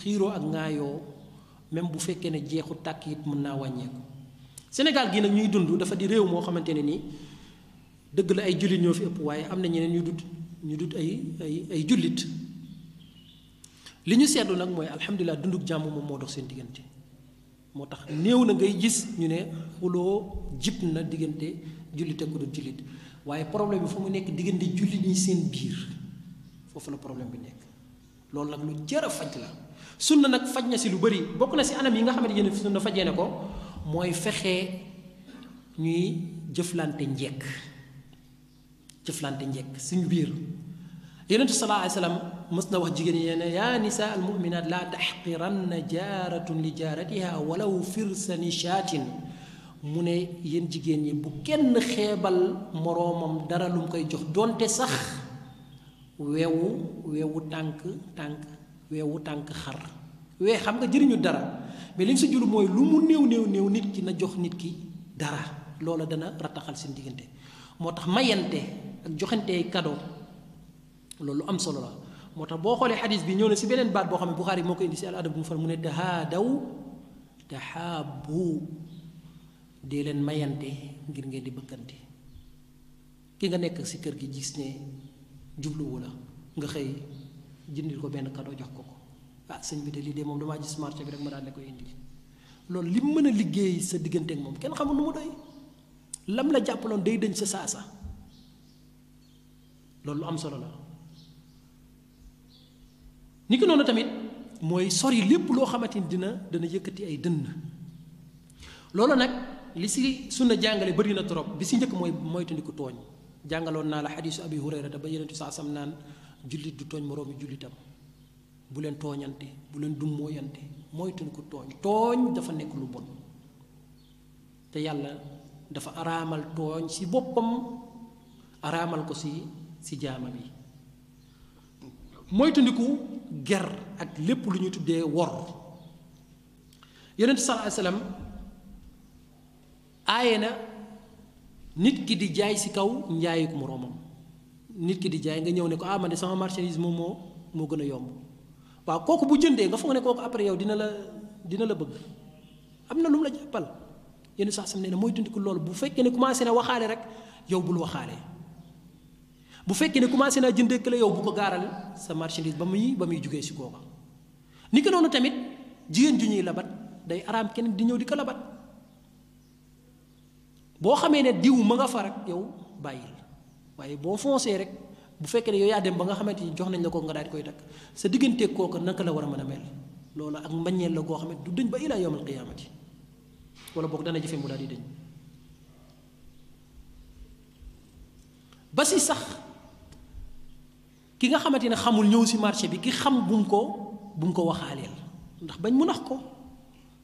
xiiroo ak ŋaayoo même bu fekkee ne jeexu tàkk it mën naa wàññeeku sénégal gi nag ñuy dund dafa di réew moo xamante ne nii dëgg la ay jullit ñoo fi ëpp waaye am na ñeneen ñu dut ñu dut ay ay ay jullit li ñu seetlu nag dunduk jàmm moom moo dox seen diggante moo tax néew na ngay gis ñu ne xuloo jib na diggante jullit ak ku dul jullit waaye problème bi fa mu nekk diggante jullit ñi seen biir foofu la problème bi nekk loolu nag lu jër a faj la sunna nag faj na si lu bari bokk na si anam yi nga xamante ne sunna fajee ne ko mooy fexe ñuy jëflante njekk jëflante njekk suñu biir yonent sallallahu alayhi wasallam mës na wax jigéen ñi ne yaa nisaa al muminat laa taxqiranna jaaratun li wu walaw firsani shaatin mu ne yéen jigéen ñi bu kenn xeebal moroomam dara lu mu koy jox donte sax weewu weewu tànk tànk weewu tànk xar wee xam nga jëriñu dara mais li ñu si mooy lu mu néew néew néew nit ki na jox nit ki dara loola dana rattaxal seen diggante moo tax mayante ak joxante kado cadeau loolu am solo la motax bo xolé hadith bi ñew na ci benen baat bo xamné bukhari moko indi ci al adab mu fal mu ne tahabu de len mayante ngir ngeen di bëkkante ki nga nek ci kër gi gis ne jublu wala nga xey jindil ko ben cadeau jox ko ko ah señ bi de li de mom dama gis marché bi rek ma dal ko indi lool lim meuna liggéey sa digënté ak mom kenn xamul nu mu doy lam la jappalon day deñ sa sa lool lu am solo la ni ko noonu tamit mooy sor yi lépp loo xamante ni dina dana yëkkati ay dënn loolu nag li si sunna jàngalee bari na trop bi si njëkk mooy moytandiku tooñ jàngaloon naa la xadiisu abi hurayrata ba yeneen saa sam naan jullit du tooñ moroomi jullitam bu leen tooñante bu leen dummooyante moytandiku tooñ tooñ dafa nekk lu bon te yàlla dafa araamal tooñ si boppam araamal ko si si jaamam yi moytandiku ger ak lépp lu ñuy tuddee wor yeneen sallallahu alayhi wasallam aaye na nit ki di jaay si kaw njaayiku moroomam nit ki di jaay nga ñëw ne ko ah man de sama marchandise moom moo moo gën a yomb waaw kooku bu jëndee nga foog ne kooku après yow dina la dina la bëgg am na lu mu la jàppal yenn saa sam nee ne mooy dund ko loolu bu fekkee ne commencé na waxaale rek yow bul waxaale. bu fekkee ne commencé naa jëndee kële yow bu ko gaaral sa marchandise ba muy ba muy jugee si kooka ni ko noonu tamit jigéen ju ñuy labat day araam kenn di ñëw di ko labat boo xamee ne diw ma nga fa rek yow bàyyil waaye boo foncé rek bu fekkee ne yow yaa dem ba nga xamante ni jox nañ la ko nga daal koy dakk sa digganteeg kooka naka la war a mën a mel loolu ak mbañeel la koo xamante du dëñ ba ilaa yawmal qiyaamati wala boog dana jafe mu daal di dëñ ba sax. ki nga xamantene xamul ñew ci marché bi ki xam bum ko bum ko waxalel ndax bañ mu nax ko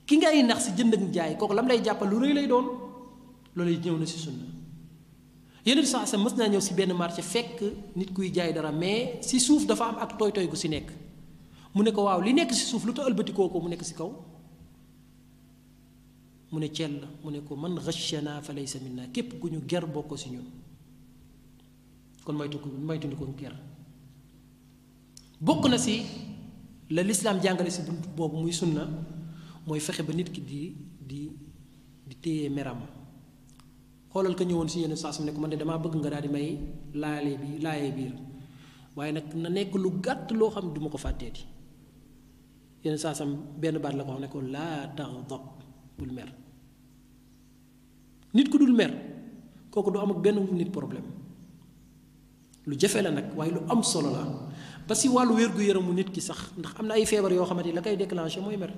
ki ngay nax ci jënd ak jaay koku lam lay jappal lu reey lay doon lolay ñew na ci sunna yeneen sa sa mësna ñew ci benn marché fekk nit kuy jaay dara mais ci suuf dafa am ak toy toy gu ci nekk mu ne ko waaw li nekk ci suuf lu ta ëlbati ko mu nekk ci kaw mu ne cell mu ne ko man ghashana fa laysa minna képp ku ñu ger bokko ci ñun kon moytu ko moytu ko ger bokk na si la lislaam jàngale si bunt boobu muy sunna mooy fexe ba nit ki di di di téye meram xoolal ko ñëwoon si yenn saa su ne ko man de damaa bëgg nga daal di may laale bi laaye biir waaye nag na nekk lu gàtt loo xam ne du ma ko fàtteeti yenn saa sam benn baat la ko xam ne ko laa taxdab bul mer nit ku dul mer kooku du am ak benn nit problème lu jafe la nag waaye lu am solo la ba si wàllu wér-gu-yaramu nit ki sax ndax am na ay feebar yoo xamante ni la koy déclenché mooy mer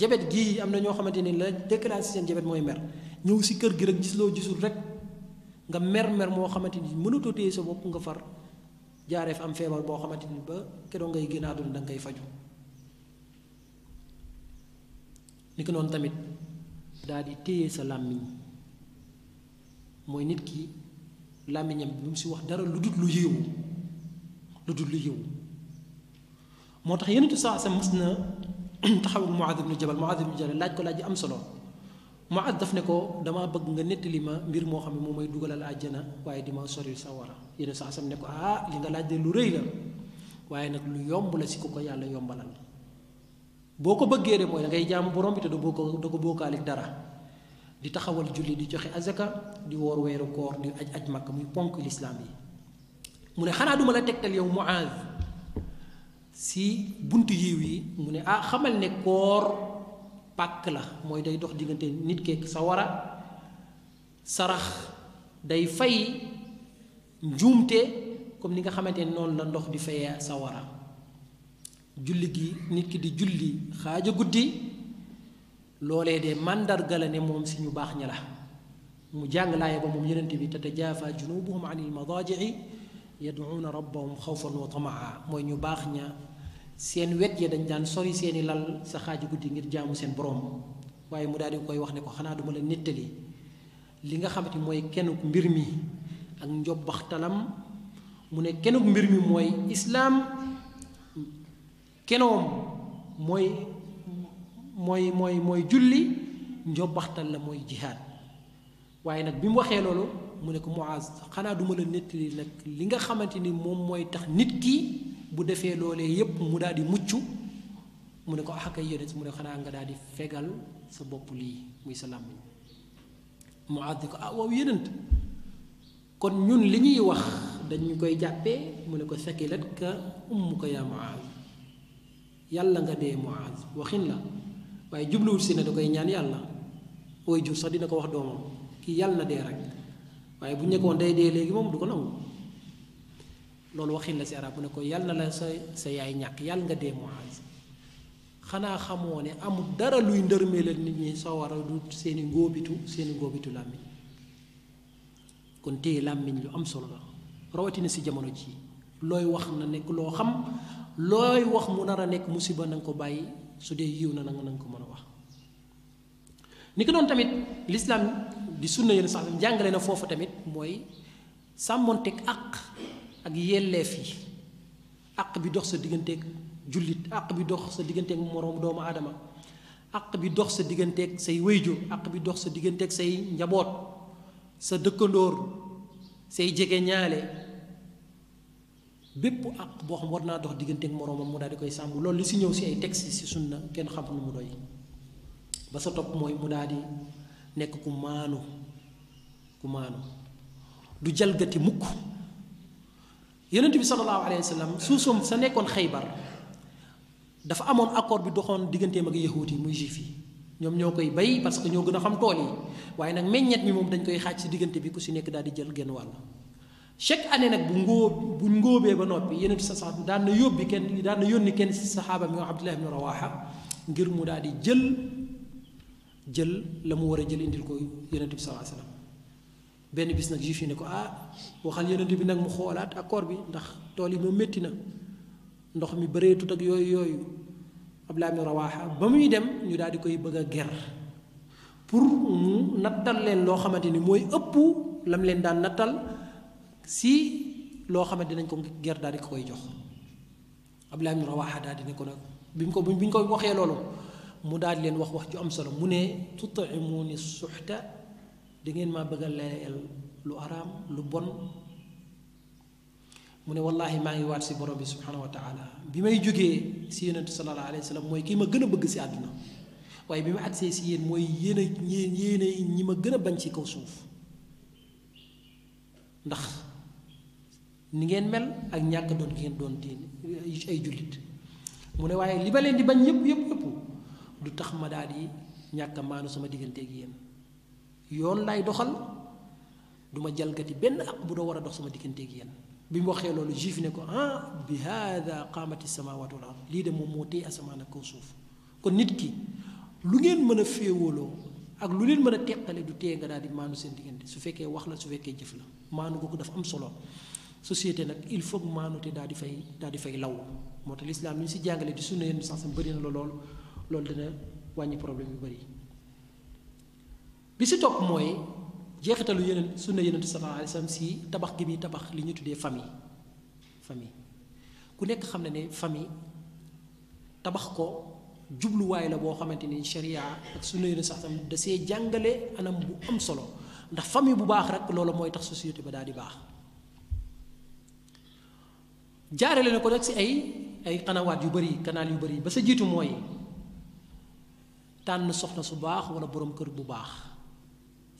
jabet gii am na ñoo xamante ni la déclenché seen jabet mooy mer ñëw si kër gi rek gis loo gisul rek nga mer mer moo xamante ni mënatoo téye sa bopp nga far jaaree fa am feebar boo xamante ni ba keroog ngay génn àdduna danga koy faju ni ko noonu tamit daal di téye sa làmmiñ mooy nit ki làmmiñam bi mu si wax dara lu dut lu yéewu lu dul lu yiw moo tax yenentu saa sa mës na taxaw ak Muaad ibnu Jabal Muaad ibnu Jabal laaj ko laaj ji am solo Muaad daf ne ko damaa bëgg nga nettali ma mbir moo xam ne moom may dugalal àjjana waaye di ma soril sa wara yeneen saa sam ne ko ah li nga laaj de lu rëy la waaye nag lu yomb la si ku ko yàlla yombalal boo ko bëggee de mooy da ngay jaamu borom bi te da boo ko da ko bookaalik dara di taxawal julli di joxe azaka di woor weeru koor di aj aj makk muy ponk lislaam yi mu ne xanaa duma la tegtal yow muaz si buntu yiw yi mu ne ah xamal ne koor pàkk la mooy day dox diggante nit sa wara sarax day fay njuumte comme ni nga xamante noonu la ndox di fayee sawara julli gi nit ki di julli xaaja guddi loolee de mandar la ne moom si ñu baax ña la mu jàng laaye ba moom yenente bi jaafa junubuhum anil madajii yad'una rabbahum khawfan wa tama'a mooy ñu baax ña seen wet ya dañ daan sori seeni lal sa xaaji guddi ngir jaamu seen borom waaye mu daal di koy wax ne ko xanaa duma la nettali li nga xamante mooy kenuk mbir mi ak njobbaxtalam mu ne kenuk mbir mi mooy islaam kenoom mooy mooy mooy mooy julli njobbaxtal la mooy jihaad waaye nag mu ne ko Muaz xanaa duma la nettali nag li nga xamante ni moom mooy tax nit ki bu defee loolee yépp mu daal di mucc mu ne ko ah kay yonent mu ne xanaa nga daal di fegal sa bopp lii muy sa làmmiñ Muaz ni ko ah waaw yonent kon ñun li ñuy wax dañu koy jàppee mu ne ko sakilat ka ummu ko yaa Muaz yàlla nga dee Muaz waxin la waaye jubluwul si ne da koy ñaan yàlla way jur sax dina ko wax doomam kii yàlla na dee rek waaye bu ñu nekkoon day dee léegi moom du ko nangu loolu waxin la si arab ne ko yal na la sa sa yaay ñàkk yàlla nga dee Muaaz xanaa xamoo ne amut dara luy ndërmee la nit ñi soo war a du seeni ngóobitu seeni ngóobitu làmmiñ kon téye làmmiñ lu am solo la rawatina si jamono ji looy wax na nekk loo xam looy wax mu nar a nekk musiba na nga ko bàyyi su dee yiw na na nga ko mën a wax ni ko noonu tamit lislaam di sunna yéen sax jàngale na foofu tamit mooy sàmmonteeg àq ak yelleef yi àq bi dox sa digganteeg jullit àq bi dox sa digganteeg moroom doomu aadama àq bi dox sa digganteeg say wéyjo àq bi dox sa digganteeg say njaboot sa dëkkandoor say jege ñaale bépp àq boo xam war naa dox digganteeg moroomam mu daal di koy sàmm lool li si ñëw si ay textes si sunna kenn xam nu mu doy ba sa topp mooy mu daal di nekk ku maanu ku maanu du jalgati mukk yonent bi sallallahu alayhi wa sallam suusam sa nekkoon xeybar dafa amoon accord bi doxoon digganteem ak yahuut yi muy juif yi ñoom ñoo koy bay parce que ñoo gën a xam tool yi waaye nag meññeet mi moom dañ koy xaaj si diggante bi ku si nekk daal di jël genn wàll chaque année nag bu ngóob bu ngóobee ba noppi yeneen sa sax daal na yóbbi kenn daal na yónni kenn si saxaaba mi nga Abdullah ibn Rawaha ngir mu daal di jël jël la mu war a jël indil ko yonent bi sallallahu alayhi benn bis nag juif yi ne ko ah waxal yonent bi nag mu xoolaat ak koor bi ndax tool yi moom métti na ndox mi bëreetut ak yooyu yooyu ab Abdullah ibn Rawaha ba muy dem ñu daal di koy bëgg a ger pour mu nattal leen loo xamante ni mooy ëpp lam leen daan nattal si loo xamante dinañ ko ger daal di ko koy jox Abdullah ibn Rawaha daal di ne ko nag bi mu ko bi ñu koy waxee loolu mu daal leen wax wax ju am solo mu ne tutimuuni suxta da ngeen maa bëgg a leel lu araam lu bon mu ne wallahi maa ngi waat si borom bi subhanahu wa taala bi may jógee si yonente salallahu alayhi wa sallam mooy kii ma gën a bëgg si àdduna waaye bi ma agsee si yéen mooy yéen a yéen yéen a ñi ma gën a bañ ci kaw suuf ndax ni ngeen mel ak ñàkk doon ngeen doon diin ay jullit mu ne waaye li ba leen di bañ yépp yépp yépp du tax ma daal di ñàkk a maanu sama digganteeg yéen yoon laay doxal du ma jalgati benn ak bu doo war a dox sama digganteeg yéen bi mu waxee loolu juif ne ko ah bi haada qaamati samaawaatu wal ard lii de moom moo téye asamaan ak kaw suuf kon nit ki lu ngeen mën a féewaloo ak lu leen mën a teqale du téye nga daal di maanu seen diggante su fekkee wax la su fekkee jëf la maanu ko dafa am solo société nag il faut maanu te daal di fay daal di fay law moo tax lislaam si jàngale di sunna yenn sax sam bëri lool loolu dina wàññi problème yu bari bi si topp mooy jeexitalu yeneen sunna yeneen sallallahu alayhi wasallam si tabax gi muy tabax li ñu tuddee famille famille ku nekk xam na ne famille tabax ko jubluwaay la boo xamante ni sharia ak sunna yeneen jàngale anam bu am solo ndax famille bu baax rek loolu mooy tax société ba daal di baax jaarale na ko rek si ay ay kanawaat yu bari kanaal yu bari ba sa jiitu mooy tànn soxna su baax wala borom kër bu baax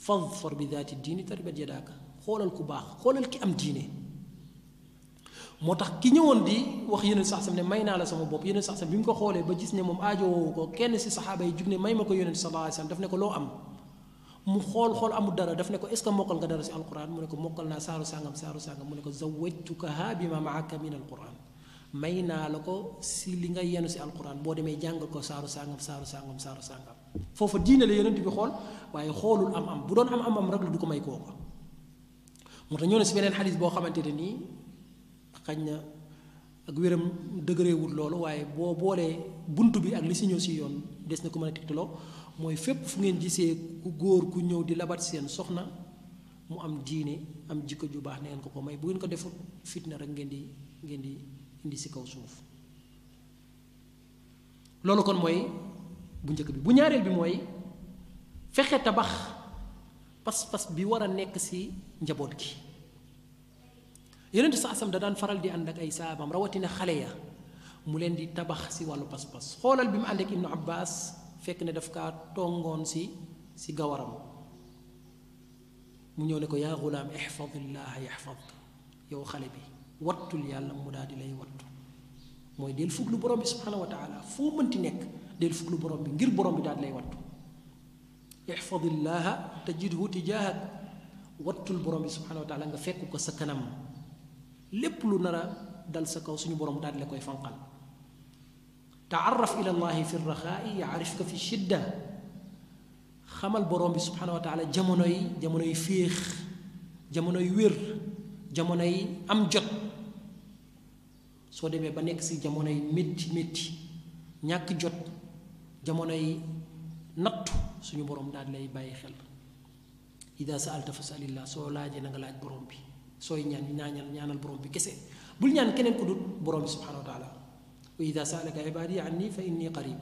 fadfar bi daati diini taribat yadaaka xoolal ku baax xoolal ki am diine moo tax ki ñëwoon di wax yeneen sax sam ne may naa la sama bopp yeneen sax sam bi mu ko xoolee ba gis ne moom aajowoowu ko kenn si saxaaba yi jug ne may ma ko yonent sallallahu alayhi wasallam daf ne ko loo am mu xool xool amu dara daf ne ko est ce que mokkal nga dara si alquran mu ne ko mokkal naa saaru sàngam saaru sàngam mu ne ko zawajtukaha bima maaka min alquran may naa la ko si li nga yenu si alquran boo demee jàngal ko saaru sàngam saaru sàngam saaru sàngam foofa diine la yonent bi xool waaye xoolul am am bu doon am am am rek la du ko may kooku tax ñëw si beneen xadis boo xamante ne nii xañ na ak wéram dëgëreewul loolu waaye boo boolee bunt bi ak li si ñëw si yoon des na ko mën a tegtaloo mooy fépp fu ngeen gisee ku góor ku ñëw di labat seen soxna mu am diine am jikko ju baax na ngeen ko ko may bu ngeen ko deful fitna rek ngeen di ngeen di indi si kaw suuf loolu kon mooy bu njëkk bi bu ñaareel bi mooy fexe tabax pas-pas bi war a nekk si njaboot gi yeneen sa asam da daan faral di ànd ak ay saabam rawatina xale ya mu leen di tabax si wàllu pas-pas xoolal bi mu ànd ak ibnu abbas fekk ne daf kaa tongoon si si gawaram mu ñëw ne ko yaa gulaam ixfadillah yaxfadka yow xale bi wattul yàlla mu daal di lay wattu mooy del fuglu borom bi subhanahu wa taala foo mënti nekk del fuglu borom bi ngir borom bi daal di lay wattu ixfadillaha tajidhu tijahak wattul borom bi subhanahu wa taala nga fekk ko sa kanam lépp lu nar a dal sa kaw suñu borom daal di la koy fanqal تعرف إلى الله في الرخاء يعرفك في الشدة خمل بروم سبحانه وتعالى wa taala فيخ yi وير yi féex jamono soo demee ba nekk si jamonoy métti métti ñàkk jot jamonoy nattu suñu borom daal lay bàyyi xel ida saalta fasalillah soo laajee na nga laaj borom bi sooy ñaan ñaanal ñaanal borom bi kese bul ñaan keneen ku dul borom bi subhanahu wa taala wa ida saalaka ibadi anni fa inni qarib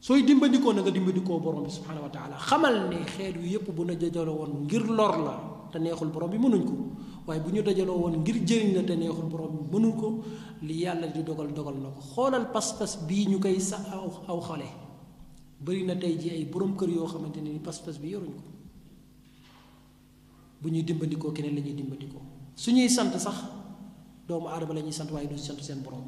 sooy dimbandikoo na nga dimbandikoo borom bi subhanahu wa taala xamal ne xeet yu yépp bu na jajalo woon ngir lor la te neexul borom bi mënuñ ko waaye bu ñu dajaloo woon ngir jëriñ la te neexul borom mënul ko li yàlla di dogal dogal na ko xoolal pas-pas bii ñu koy sa aw aw xale bari na tey ji ay borom kër yoo xamante pas-pas bi yoruñ ko bu ñuy dimbandikoo keneen la ñuy dimbandikoo su sant sax doomu aadama la ñuy sant waaye du sant seen borom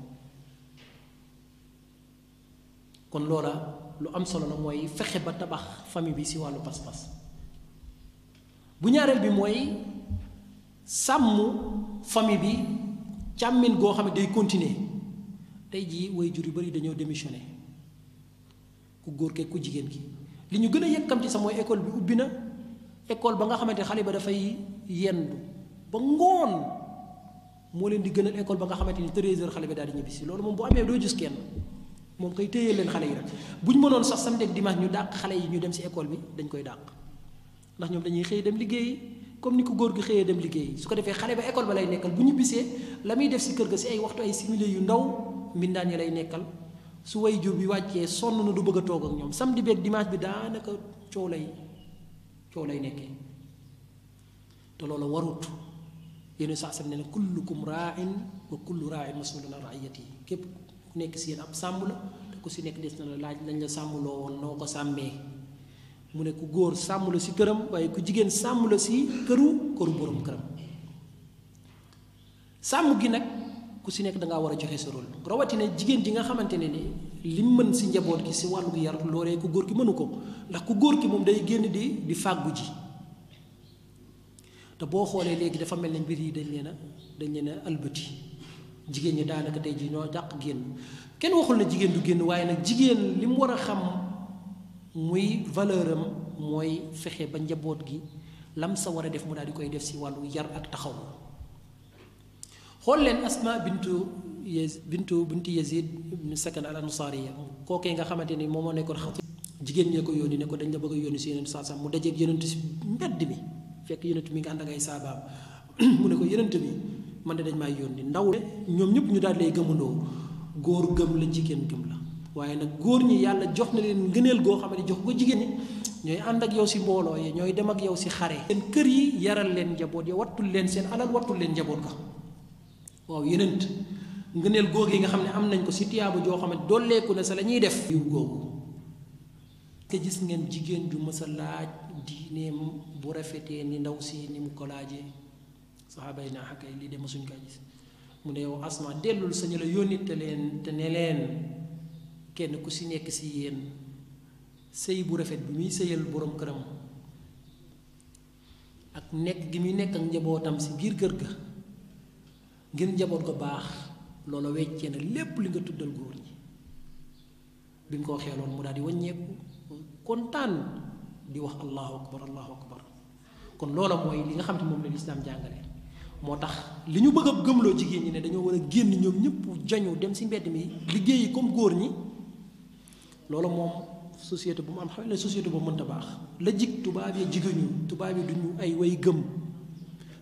kon loola lu am solo la mooy fexe ba tabax famille bi si wàllu pas-pas bu ñaareel bi mooy sàmm famille bi càmmin goo xam ne day continuer tey jii jur yu bari dañoo démissionné ku góor ke ku jigéen ki li ñu gën a yëkkam ci sa mooy bi ubbi na école ba nga xamante xale ba dafay yendu ba ngoon moo leen di gënal école ba nga xamante ni treize heures xale bi daal di ñibbisi loolu moom bu amee doo gis kenn moom koy téyeel leen xale yi rek bu ñu mënoon sax samedi ak dimanche ñu dàq xale yi ñu dem si école bi dañ koy dàq ndax ñoom dañuy xëy dem liggéey comme ni ko góor gi xëyee dem liggéey su ko defee xale ba école ba lay nekkal bu ñu bisee la muy def si kër ga si ay waxtu ay simili yu ndaw mbindaan yi lay nekkal su way jur bi wàccee sonn na du bëgg a toog ak ñoom samedi beeg dimanche bi daanaka coow lay coow lay nekkee te loolu warut yéen saa sam ne ne kullukum raain wa kullu raain masulun an raiyati képp ku nekk si yéen ab sàmm la te ku si nekk des na la laaj lañ la sàmmloo woon noo ko sàmmee mu ne ku góor sàmm la si këram waaye ku jigéen sàmm la si këru këru borom këram sàmm gi nag ku si nekk da ngaa war a joxe sa rôle rawatina jigéen ji nga xamante ne ni li mën si njaboot gi si wàllu yar loolee ku góor ki mënu ko ndax ku góor ki moom day génn di di fàggu ji te boo xoolee léegi dafa mel na mbir yi dañ leen a dañ leen a albati jigéen ñi daanaka tey ji ñoo dàq génn kenn waxul na jigéen du génn waaye nag jigéen li mu war a xam. muy valeur am mooy fexe ba njaboot gi lam sa war a def mu daal di koy def si wàllu yar ak taxaw xool leen asma bintu bintu bintu yazid ibn sakan al ansaariya kookee nga xamante ni moom moo nekkoon xatu jigéen ñee ko yónni ne ko dañ la bëgg a yónni si saa saa mu dajeeg yonent si mbedd mi fekk yonent mi nga ànd ak ay saabaam mu ne ko yonent bi man de may yoon yónni ndaw ñoom ñëpp ñu daal lay gëmandoo góor gëm la jigéen gëm la waaye nag góor ñi yàlla jox na leen ngëneel goo xam ne jox ko jigéen ñi ñooy ànd ak yow si mbooloo yi ñooy dem ak yow si xare seen kër yi yaral leen njaboot ya wattul leen seen alal wattul leen njaboot ka waaw yenent ngëneel googu yi nga xam ne am nañ ko si tiyaabu joo xam ne dolleeku na sa la ñuy def yiw googu te gis ngeen jigéen ju mës a laaj diineem bu rafetee ni ndaw si ni mu ko laajee saxaaba yi ah lii de mësuñ kaa gis mu ne yow asma dellul sañu la yónni te leen te ne leen kenn ku si nekk si yéen sëy bu rafet bi muy sëyal borom këram ak nekk gi muy nekk ak njabootam si biir kër ga ngir njaboot ko baax loola weccee na lépp li nga tuddal góor ñi bi mu ko waxee loolu mu daal di wàññeeku kontaan di wax allahu akbar allahu akbar kon loola mooy li nga xam ne moom la lislaam jàngale moo tax li ñu bëgg a gëmloo jigéen ñi ne dañoo war a génn ñoom ñëpp jañu dem si mbedd mi liggéeyi comme góor ñi loolu moom société bu mu am xel la société bu mënta baax la jig tubaab yi jiguñu tubaab yi duñu ay way gëm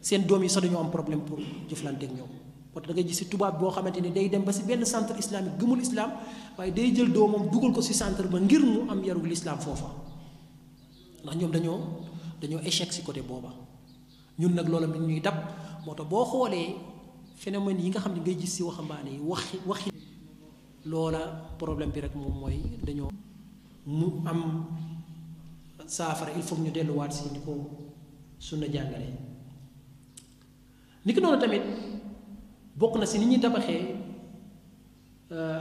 seen doom yi sax dañoo am problème pour jëflante ak ñoom parce que da ngay gis si tubaab boo xamante ni day dem ba si benn centre islamique gëmul islam waaye day jël doomam dugal ko si centre ba ngir mu am yarul islam foofa ndax ñoom dañoo dañoo échec si côté booba ñun nag loola mi ñuy dab moo tax boo xoolee phénomène yi nga xam ne ngay gis si waxambaane yi wax waxi loola problème bi rek moom mooy dañoo mu am saafara il faut ñu delluwaat si ni ko sunna jàngale ni ki noonu tamit bokk na si ni ñuy tabaxee euh,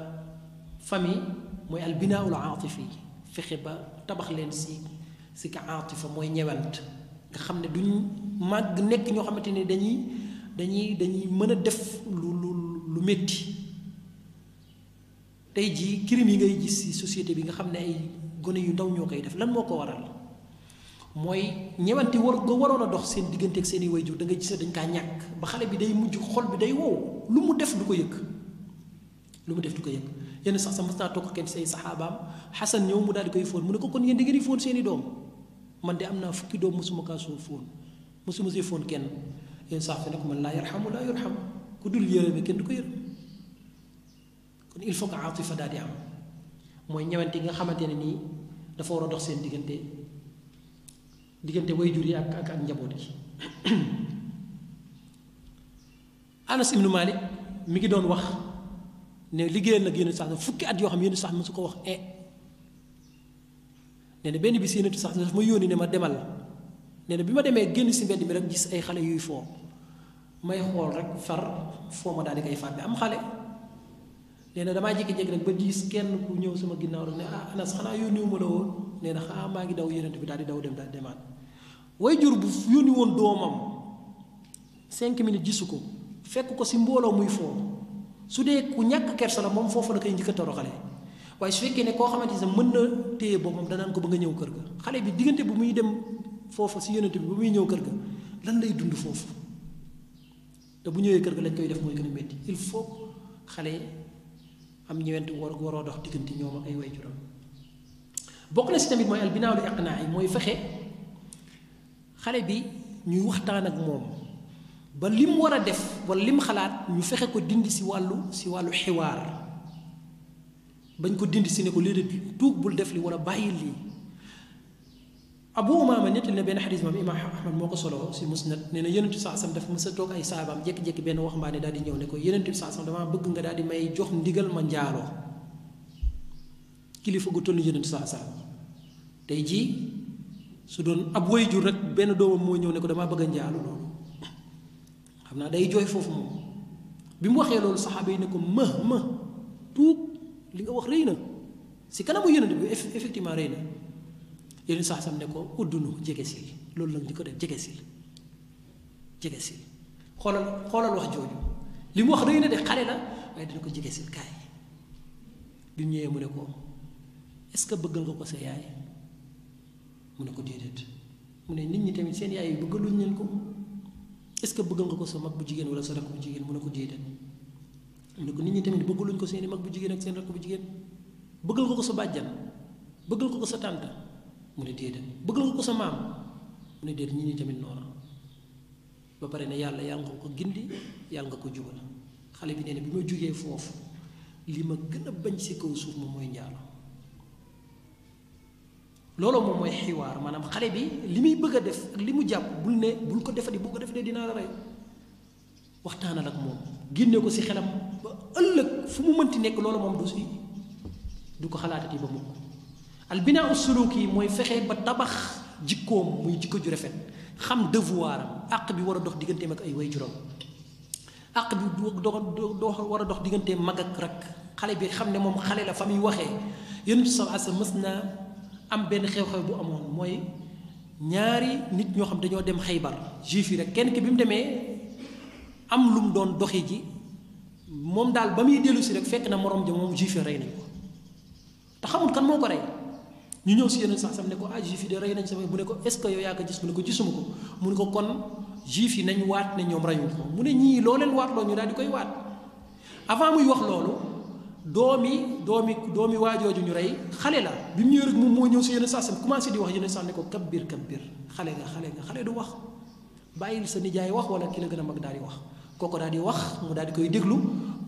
famille mooy al binaaul aatifi fexe ba tabax leen si si ka aatifa mooy ñewant nga xam ne duñ màgg nekk ñoo xamante ni dañuy dañuy dañuy mën a def lu lu lu métti tey jii crime yi ngay gis ci société bi nga xam ne ay gone yu ndaw ñoo koy def lan moo ko waral mooy ñewante war nga waroon a dox seen diggante ak seen i wayjur da ngay gis ne dañ kaa ñàkk ba xale bi day mujj xol bi day wow lu mu def du ko yëg lu mu def du ko yëg yenn sax sa mas naa toog kenn say saxaabaam xasan ñëw mu daal di koy fóon mu ne ko kon yéen da ngeen di fóon seen doom man de am naa fukki doom mosuma kaa soo fóon mosuma see fóon kenn yenn sax fi ne ko man laa ya laa yarxam ku dul yërëme kenn du ko yërëm kon il faut que aatifa daal am mooy ñewante yi nga xamante ne nii dafa war a dox seen diggante diggante wayjur yi ak ak ak njaboot gi Anas ibnu Malik mi ngi doon wax ne liggéeyal na yéen sax fukki at yoo xam yéen sax su ko wax e nee na benn bis yéen sax daf ma yónni ne ma demal nee na bi ma demee génn si mbedd mi rek gis ay xale yuy foo may xool rek far foo ma daal di koy far bi am xale. nee damaa jékki-jékki rek ba diis kenn ku ñëw sama ginnaaw rek ne ah Anas xanaa yónni wu ma la woon nee na maa ngi daw yonent bi daal di daw dem daal demaat way jur bu yónni woon doomam cinq minutes gisu ko fekk ko si mbooloo muy foo su dee ku ñàkk kersola moom foofu la koy njëkk a toroxale waaye su fekkee ne koo xamante ne mën na téye boppam danaan ko ba nga ñëw kër ga xale bi diggante bu muy dem foofu si yonent bi ba muy ñëw kër ga lan lay dund foofu te bu ñëwee kër ga lañ koy def mooy gën il faut xale am ñëwent war waroo dox digënti ñoom ak ay way juram bokk na ci tamit mooy al binaaw lu iqnaa yi mooy fexe xale bi ñuy waxtaan ak moom ba lim war a def wala lim xalaat ñu fexe ko dindi si wàllu si wàllu xiwaar bañ ko dindi si ne ko léegi tuug bul def li wala bàyyi lii abu umaama nettali na benn xadis moom imaam ahmad moo ko solo si musnad nee na yonent bi saa sam dafa mës a toog ay saabaam jékki-jékki benn waxambaane daal di ñëw ne ko yonent bi saa sam damaa bëgg nga daal di may jox ndigal ma njaaloo kilifa gu toll ni yonent tey jii su doon ab way jur rek benn doomam moo ñëw ne ko damaa bëgg a njaaloo loolu xam naa day jooy foofu moom bi mu waxee loolu saxaaba yi ne ko ma ma tuub li nga wax rëy na si kanamu yonent na yéen sax sam ne ko uddunu jege si loolu la ñu ko def jege si si xoolal xoolal wax jooju li mu wax rëy na de xale la waaye dina ko jege si kaay bi ñëwee mu ne ko est-ce que bëggal nga ko sa yaay mu ne ko déedéet mu ne nit ñi tamit seen yaay yi bëggaluñ leen ko est que bëggal nga ko sa mag jigéen wala sa rakk bu ne ko déedéet mu ne nit ñi tamit bëggaluñ ko seen mag bu jigéen ak seen rakk bu jigéen bëggal nga ko sa bàjjan bëggal nga ko sa tànta mu ne déedéet bëggal nga ko sa maam mu ne déedéet ñi ni tamit noona ba pare ne yàlla ya yàlla nga ko gindi yàlla nga ko jubal xale bi neene na bi ma jógee foofu li ma gën a bañ si kaw suuf moom ya mooy njaalo loolu moom mooy xiwaar maanaam xale bi li muy bëgg a def ak li mu jàpp bul ne bul ko defati bu ko def de dinaa la rey waxtaanal ak moom génne ko si xelam ba ëllëg fu mu mënti nekk loolu moom du si du ko xalaatati ba mukk البناء السلوكي موي فخي با تبخ جيكوم موي جيكو جو رافيت خام ديفوار اق بي ورا دوخ ديغنتي ماك اي واي جورم اق بي دوخ دوخ دوخ ورا دوخ ديغنتي ماك اك رك خالي بي خام موم خالي لا فامي وخه يونس صلى الله عليه وسلم مسنا ام بن خيو خيو بو امون موي ñaari nit ñoo xam dañoo dem xeybar jifi rek kenn ki bi mu demee am lum doon doxi ji moom daal ba muy dellu si rek fekk na morom ja moom jifi rey nañ ko te xamul ñu ñëw si yeneen sax sam ne ko ah juif yi de rey nañ sama mu ne ko est yow yaa ko gis mu ne ko juif yi nañ waat ne ñoom reyuñ ko mu ne ñii loo leen waat loo ñu daal di koy waat avant muy wax loolu doomi doomi doomi waajooju ñu rey xale la bi mu ñëw rek moom moo ñëw si yeneen sax sam commencé di wax yeneen sax ne ko kabbir kabbir xale nga xale nga xale du wax bàyyil sa nijaay wax wala kii la gën a mag daal di wax kooku daal di wax mu daal di koy déglu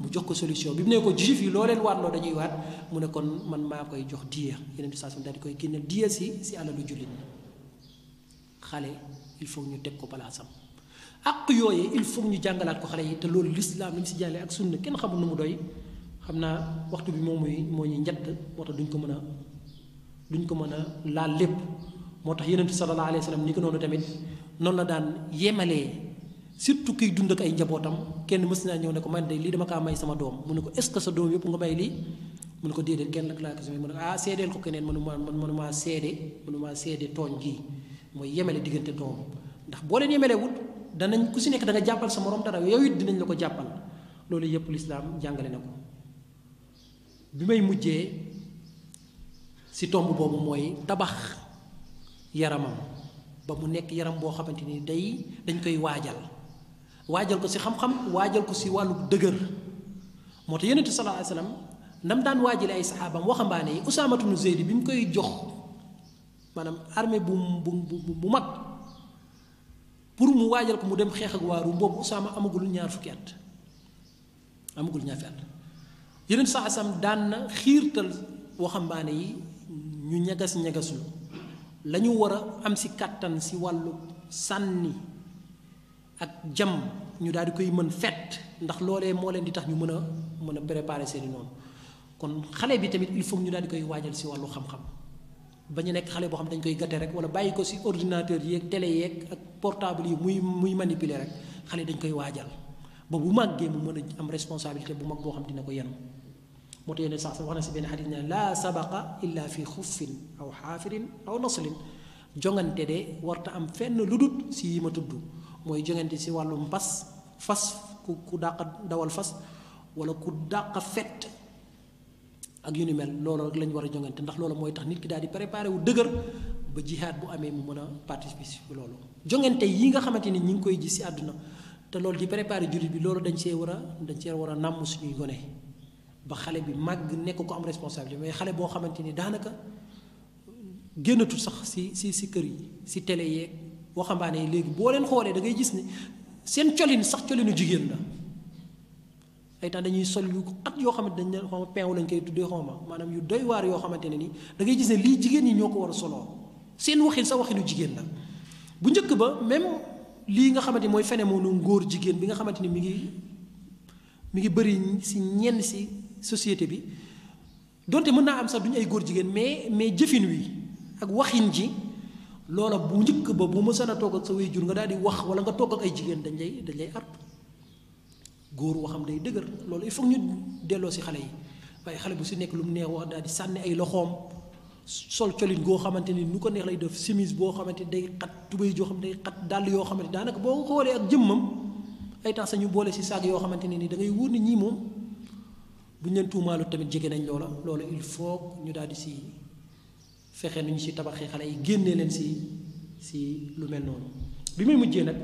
mu jox ko solution bi mu ne ko juif yi loo leen waat loo dañuy waat mu ne kon man maa koy jox diya yeneen saa daal di koy génne diya si si alalu julit xale il faut ñu teg ko palaasam ak yooyee il faut ñu jàngalaat ko xale yi te loolu lislaam li mu si jàllee ak sunna kenn xamul nu mu doy xam naa waxtu bi moom muy moo ñuy njett moo tax duñ ko mën a duñ ko mën a laal lépp moo tax yeneen sallallahu alayhi wa sallam ni ko noonu tamit noonu la daan yemalee surtout kuy dund ak ay njabootam kenn mës naa ñëw ne ko man day lii dama kaa may sama doom mu ne ko est ce que sa doom yëpp nga may lii mu ne ko déedéet kenn nag laa ko si mu ne ko ah seedeel ko keneen mënu maa man mënu maa seede mënu maa seede tooñ gii mooy yemele diggante doom ndax boo leen yemele wut danañ ku si nekk da nga jàppal sa morom dara yow it dinañ la ko jàppal loolu yëpp lislaam jàngale na ko bi may mujjee si tomb boobu mooy tabax yaramam ba mu nekk yaram boo xamante ni day dañ koy waajal waajal ko si xam-xam waajal ko si wàllu dëgër moo tax yonent sallallahu alayhi wasallam nam daan waxambaane yi Usaamatu nu bi mu koy jox maanaam armée bu mag pour mu waajal mu dem xeex ak waaru boobu Usaama amagul ñaar fukki at amagul ñaar fukki daan na xiirtal waxambaane yi ñu ñagas ñagaslu lañu war a am si kàttan si wàllu sànni ak jam ñu daal di koy mën fett ndax loolee moo leen di tax ñu mën a mën a préparer seeni noonu kon xale bi tamit il faut ñu daal di koy waajal si wàllu xam-xam ba ñu nekk xale boo xam dañ koy gàtte rek wala bàyyi ko si ordinateur yeeg télé yeeg ak portable yi muy muy manipuler rek xale dañ koy waajal ba bu màggee mu mën a am responsabilité bu mag boo xam dina ko yenu moo tax yeneen sax wax na si benn xadis ne laa sabaqa illaa fi xuffin aw xaafirin aw naslin jongante de warta am fenn lu dut si yi ma tudd mooy jongante si wàllum mbas fas ku ku dàq dawal fas wala ku dàq fett ak yu ni mel loolu rek lañ war a jongante ndax loolu mooy tax nit ki daal di préparé wu dëgër ba jihaad bu amee mu mën a participer si loolu jongante yi nga xamante ni ñi ngi koy gis si àdduna te loolu di préparé jullit bi loolu dañ see war a dañ see war a nàmm suñuy gone ba xale bi màgg nekk ko am responsabilité mais xale boo xamante ni daanaka génnatul sax si si si kër yi si télé yeeg waxambaane yi léegi boo leen xoolee da ngay gis ni seen colin sax colinu jigéen la ay temps dañuy sol yu at yoo xamante dañ ne xawma peew lañ koy tuddee xawma maanaam yu doy waar yoo xamante ne ni dangay ngay gis ne lii jigéen ñi ñoo ko war a soloo seen waxin sax waxinu jigéen la bu njëkk ba même lii nga xamante ni mooy phénomène ngóor jigéen bi nga xamante ni mu ngi mi ngi bari si ñenn si société bi donte mën naa am sax duñu ay góor jigéen mais mais jëfin wi ak waxin ji loola bu njëkk ba bu mësaan sana toog ak sa way jur nga daal di wax wala nga toog ak ay jigéen dañ lay dañ lay artu góor waxam day dëgër loolu il faut ñu delloo si xale yi waaye xale bu si nekk lu mu daal di sànni ay loxoom sol colin goo xamante ni nu ko neex lay def simis boo xamante day xat tubéy joo xam day xat dàll yoo xamante daanaka boo xoolee ak jëmmam ay temps sañu boole si saag yoo xamante ne ni da ngay wóor ni ñii moom bu leen tuumaalu tamit jege nañ loola loolu il faut ñu daal di si. fexe nuñ ci tabaxé xale yi génné len ci ci lu mel non bi muy mujjé nak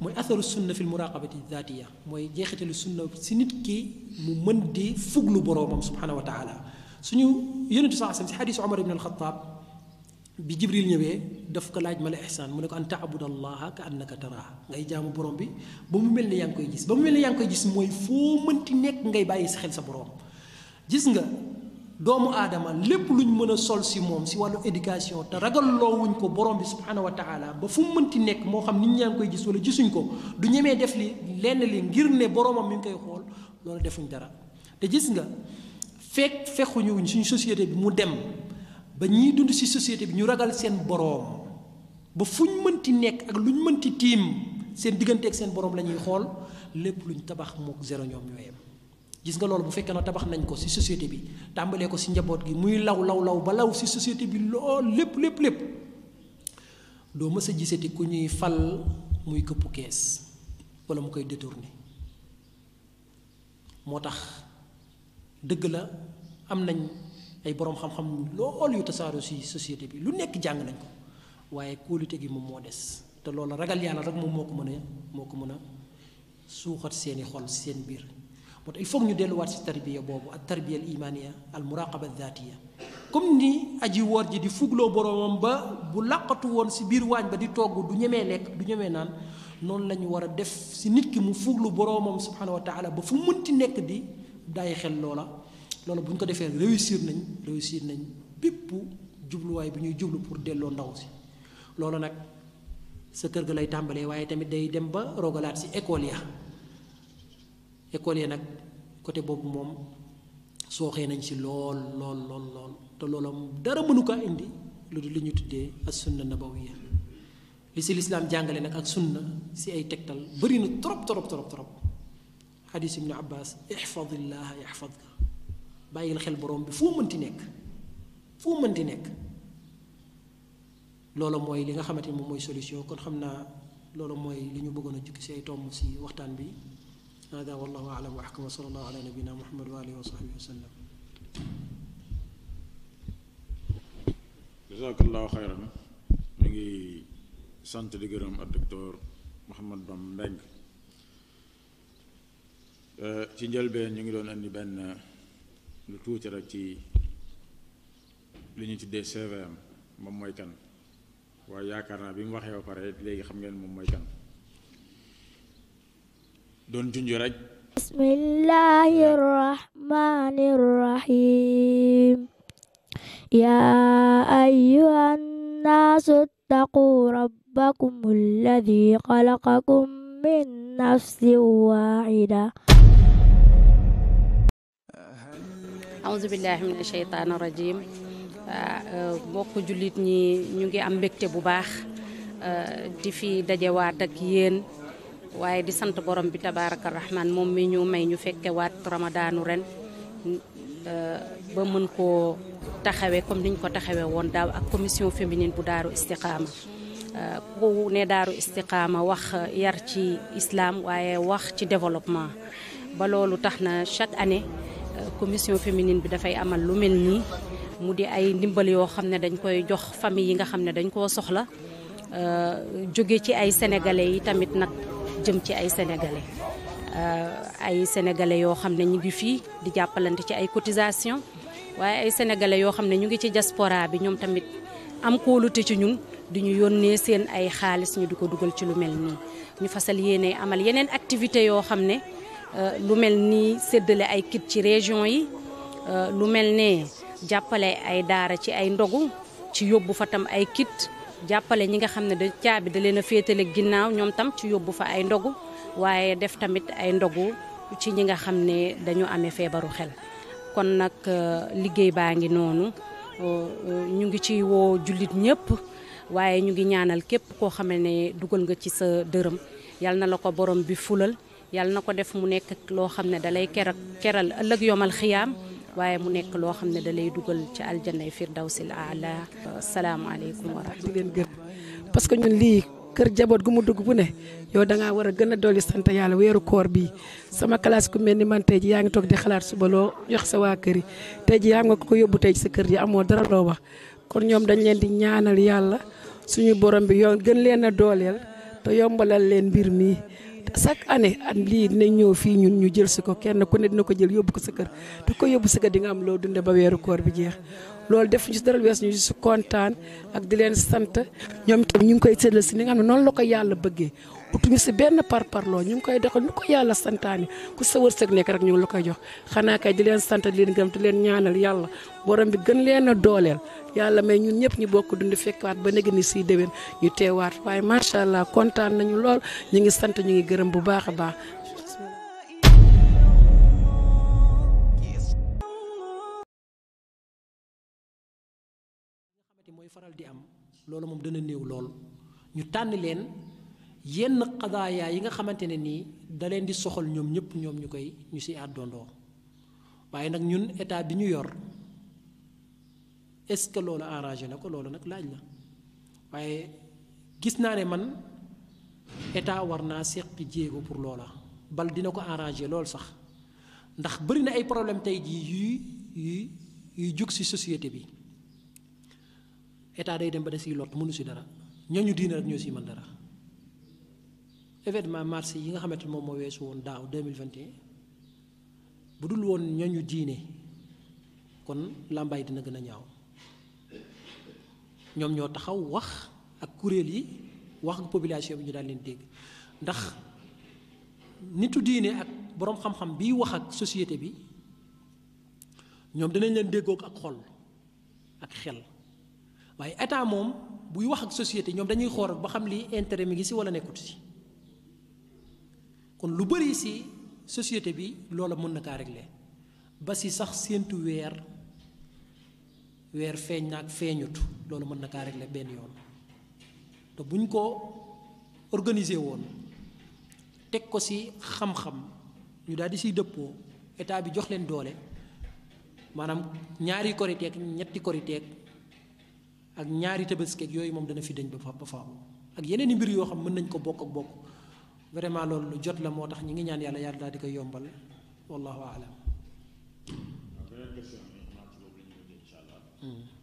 moy asaru sunna fil muraqabati zaatiya mooy jeexitalu sunna ci nit ki mu mën di fuglu boromam subhanahu wa taala suñu yonentu saa sam si xadis omar ibn khattab bi jibril ñewé daf ko laaj mala ihsan mu ne ko an taabud allaha ka annaka tara ngay jaamu borom bi ba mu melni yang koy gis ba mu melni yang koy gis mooy foo mënti nek ngay bàyyi sa xel sa borom gis nga doomu aadama lépp lu ñu mën a sol si moom si wàllu éducation te ragal wuñ ko borom bi subhanahu wa taala ba fu mu mënti nekk moo xam nit ñaa ngi koy gis wala gisuñ ko du ñemee def li lenn li ngir ne boromam mi ngi koy xool loolu defuñ dara te gis nga fekk fekkuñu wuñ suñu société bi mu dem ba ñiy dund si société bi ñu ragal seen boroom ba fuñ mënti nekk ak lu luñ mënti tiim seen diggante ak seen boroom la ñuy xool lépp luñ tabax mook zéro ñoom ñoo yem gis nga loolu bu fekkee na tabax nañ ko si société bi tàmbalee ko si njaboot gi muy law law law ba law si société bi lool lépp lépp lépp doo mës a gisati ku ñuy fal muy këpp kees wala mu koy détourné moo tax dëgg la am nañ ay borom xam-xam lool yu tasaaroo si société bi lu nekk jàng nañ ko waaye kóolute gi moom moo des te loolu ragal yàlla rek moom moo ko mën a moo ko mën a suuxat seeni xol seen biir bon il faut ñu delluwaat si tarbiya boobu ak tarbiya al imaniya al muraqaba dhatiya comme ni aji woor ji di fugloo boroomam ba bu làqatu woon si biir waañ ba di togg du ñemee lekk du ñemee naan noonu la ñu war a def si nit ki mu fuglu boroomam subhanahu wa taala ba fu munti nekk di bàyyi xel loola loolu bu ñu ko defee réussir nañ réussir nañ bépp jubluwaay bi ñuy jublu pour delloo ndaw si loolu nag sa kër ga lay tàmbalee waaye tamit day dem ba rogalaat si école ya école yi nag côté boobu moom sooxee nañ si lool lool lool lool te loolam dara mënu ko indi lu dul li ñu tuddee as sunna nabawiya li si lislaam jàngale nag ak sunna si ay tegtal bëri na trop trop trop trop xadis ibnu abbas ixfadillaha yaxfadka bàyyil xel borom bi foo mënti nekk foo mënti nekk loolu mooy li nga xamante ni moom mooy solution kon xam naa loolu mooy li ñu bëggoon a jukki si ay tomb si waxtaan bi هذا والله أعلم وأحكم وصلى الله على نبينا محمد وآله وصحبه وسلم جزاك الله خيرا نجي سنت لجرم الدكتور محمد بن مبنج ci njëlbeen ñu ngi doon andi benn lu tuuti rek ci li ñu tuddee CVM moom mooy kan waaye yaakaar naa bi mu waxee ba pare léegi xam ngeen moom mooy kan don junjo rek bismillahirrahmanirrahim ya ayyuhan nas taqu rabbakum alladhi khalaqakum min nafsin wahida auzu billahi minash shaitani rrajim uh, uh, mbokk julit ni ñu ngi am bekté bu baax uh, di fi dajé waat ak yeen waaye di sant borom bi tabaaraka rahmaan moom mi ñu may ñu fekke waat ramadaanu ren euh, ba mën koo taxawee comme niñ ko taxawee woon daaw ak commission féminine bu daaru istiqaama euh, ku ne daaru istiqaama wax yar ci islam waaye wax ci développement ba loolu tax na chaque année euh, commission féminine bi dafay amal lu mel nii mu di ay ndimbal yoo xam ne dañ koy jox famille yi nga xam ne dañ koo soxla jóge ci ay sénégalais yi tamit nag jëm ci ay sénégalais euh, ay sénégalais yoo xam ne ñu ngi fii di jàppalante ci ay cotisation waaye ay sénégalais yoo xam ne ñu ngi ci diaspora bi ñoom tamit am kóolute ci ñun di ñu yónnee séen ay xaalis ñu di ko dugal ci lu mel nii ñu fasal yéene amal yeneen activité yoo xam ne euh, lu mel ni séddale ay kit ci région yi euh, lu mel ne jàppale ay daara ci ay ndogu ci yóbbu fa tam ay kit jàppale ñi nga xam ne da caabi da leen a féetale ginnaaw ñoom tam ci yóbbu fa ay ndogu waaye def tamit ay ndogu ci ñi nga xam ne dañu amee feebaru xel kon nag euh, liggéey baa ngi noonu euh, euh, ñu ngi ci woo jullit ñëpp waaye ñu ngi ñaanal képp koo xame ne dugal nga ci sa dërëm yal na la ko borom bi fulal yal na ko def mu nekk loo xam ne dalay keral keral yomal xiyaam waaye mu nekk loo xam ne da lay dugal ci aljanay firdawsil aala asalaamaaleykum wa rahmatulah parce que ñun lii kër jaboot gu mu dugg bu ne yow da ngaa war a gën a dolli sant yàlla weeru koor bii sama classe ku mel ni man tey yaa ngi toog di xalaat suba loo yox sa waa kër yi tey ji yaa nga ko yóbbu tey ci sa kër yi amoo dara loo wax kon ñoom dañ leen di ñaanal yàlla suñu borom bi yow gën leen a dooleel te yombalal leen mbir mi. chaque année at lii dinañ ñëw fii ñun ñu jël si ko kenn ku ne dina ko jël yóbbu ko sa kër te ko yóbbu sa kër di nga am loo dundee ba weeru koor bi jeex loolu def ñu si dara wees ñu si kontaan ak di leen sant ñoom itam ñu ngi koy séddale si ni nga xam ne noonu la ko yàlla bëggee utuñu si benn par par parparloo ñu ngi koy doxal ñu ko yàlla santaane ku sa wërsëg nekk rek ñu ngi la koy jox xanaa kay di leen sant di leen gërëm di leen ñaanal yàlla borom bi gën leen a dooleel yàlla may ñun ñëpp ñu bokk dund fekkaat ba nag ni siy déwén ñu teewaat waaye macha allah kontaan nañu lool ñu ngi sant ñu ngi gërëm bu baax a baax. mooy faral di am loolu moom dana néew lool ñu tànn leen yenn xadaaya yi nga xamante ne nii da leen di soxal ñoom ñëpp ñoom ñu koy ñu si àddondoo waaye nag ñun état bi ñu yor. est ce que loolu arrangé na ko loolu nag laaj la waaye gis naa ne man état war naa seqi jéego pour loola bal dina ko arrangé loolu sax ndax bëri na ay problème tey jii yu yu yuy jug si société bi état day dem ba da lot mënu si dara ñooñu diine rek ñoo si man dara événement marché yi nga xamante moom moo weesu woon daaw 2021 bu dul woon ñooñu kon lambay dina gën a ñaaw ñom ñoo taxaw wax ak kuréel yi wax ak population bi ñu dal leen dégg ndax nitu diine ak borom xam-xam bi wax ak société bi ñom dinañ leen déggoog ak xol ak xel waaye état moom buy wax ak société ñom dañuy xool ba xam li intérêt mi ngi si wala nekkut si kon lu bari si société bi loola mën na kaa régler ba si sax séntu weer weer feeñ na ak feeñut loolu mën na kaa la benn yoon te buñ ko organiser woon teg ko si xam-xam ñu daal di siy dëppoo état bi jox leen doole maanaam ñaari koriteek ñetti koriteek ak ñaari tëbëskeek yooyu moom dana fi dañ ba fa ba faaw ak yeneen i mbir yoo xam mën nañ ko bokk ak bokk vraiment loolu lu jot la moo tax ñi ngi ñaan yàlla yàlla daal di koy yombal wallahu aalam Mm.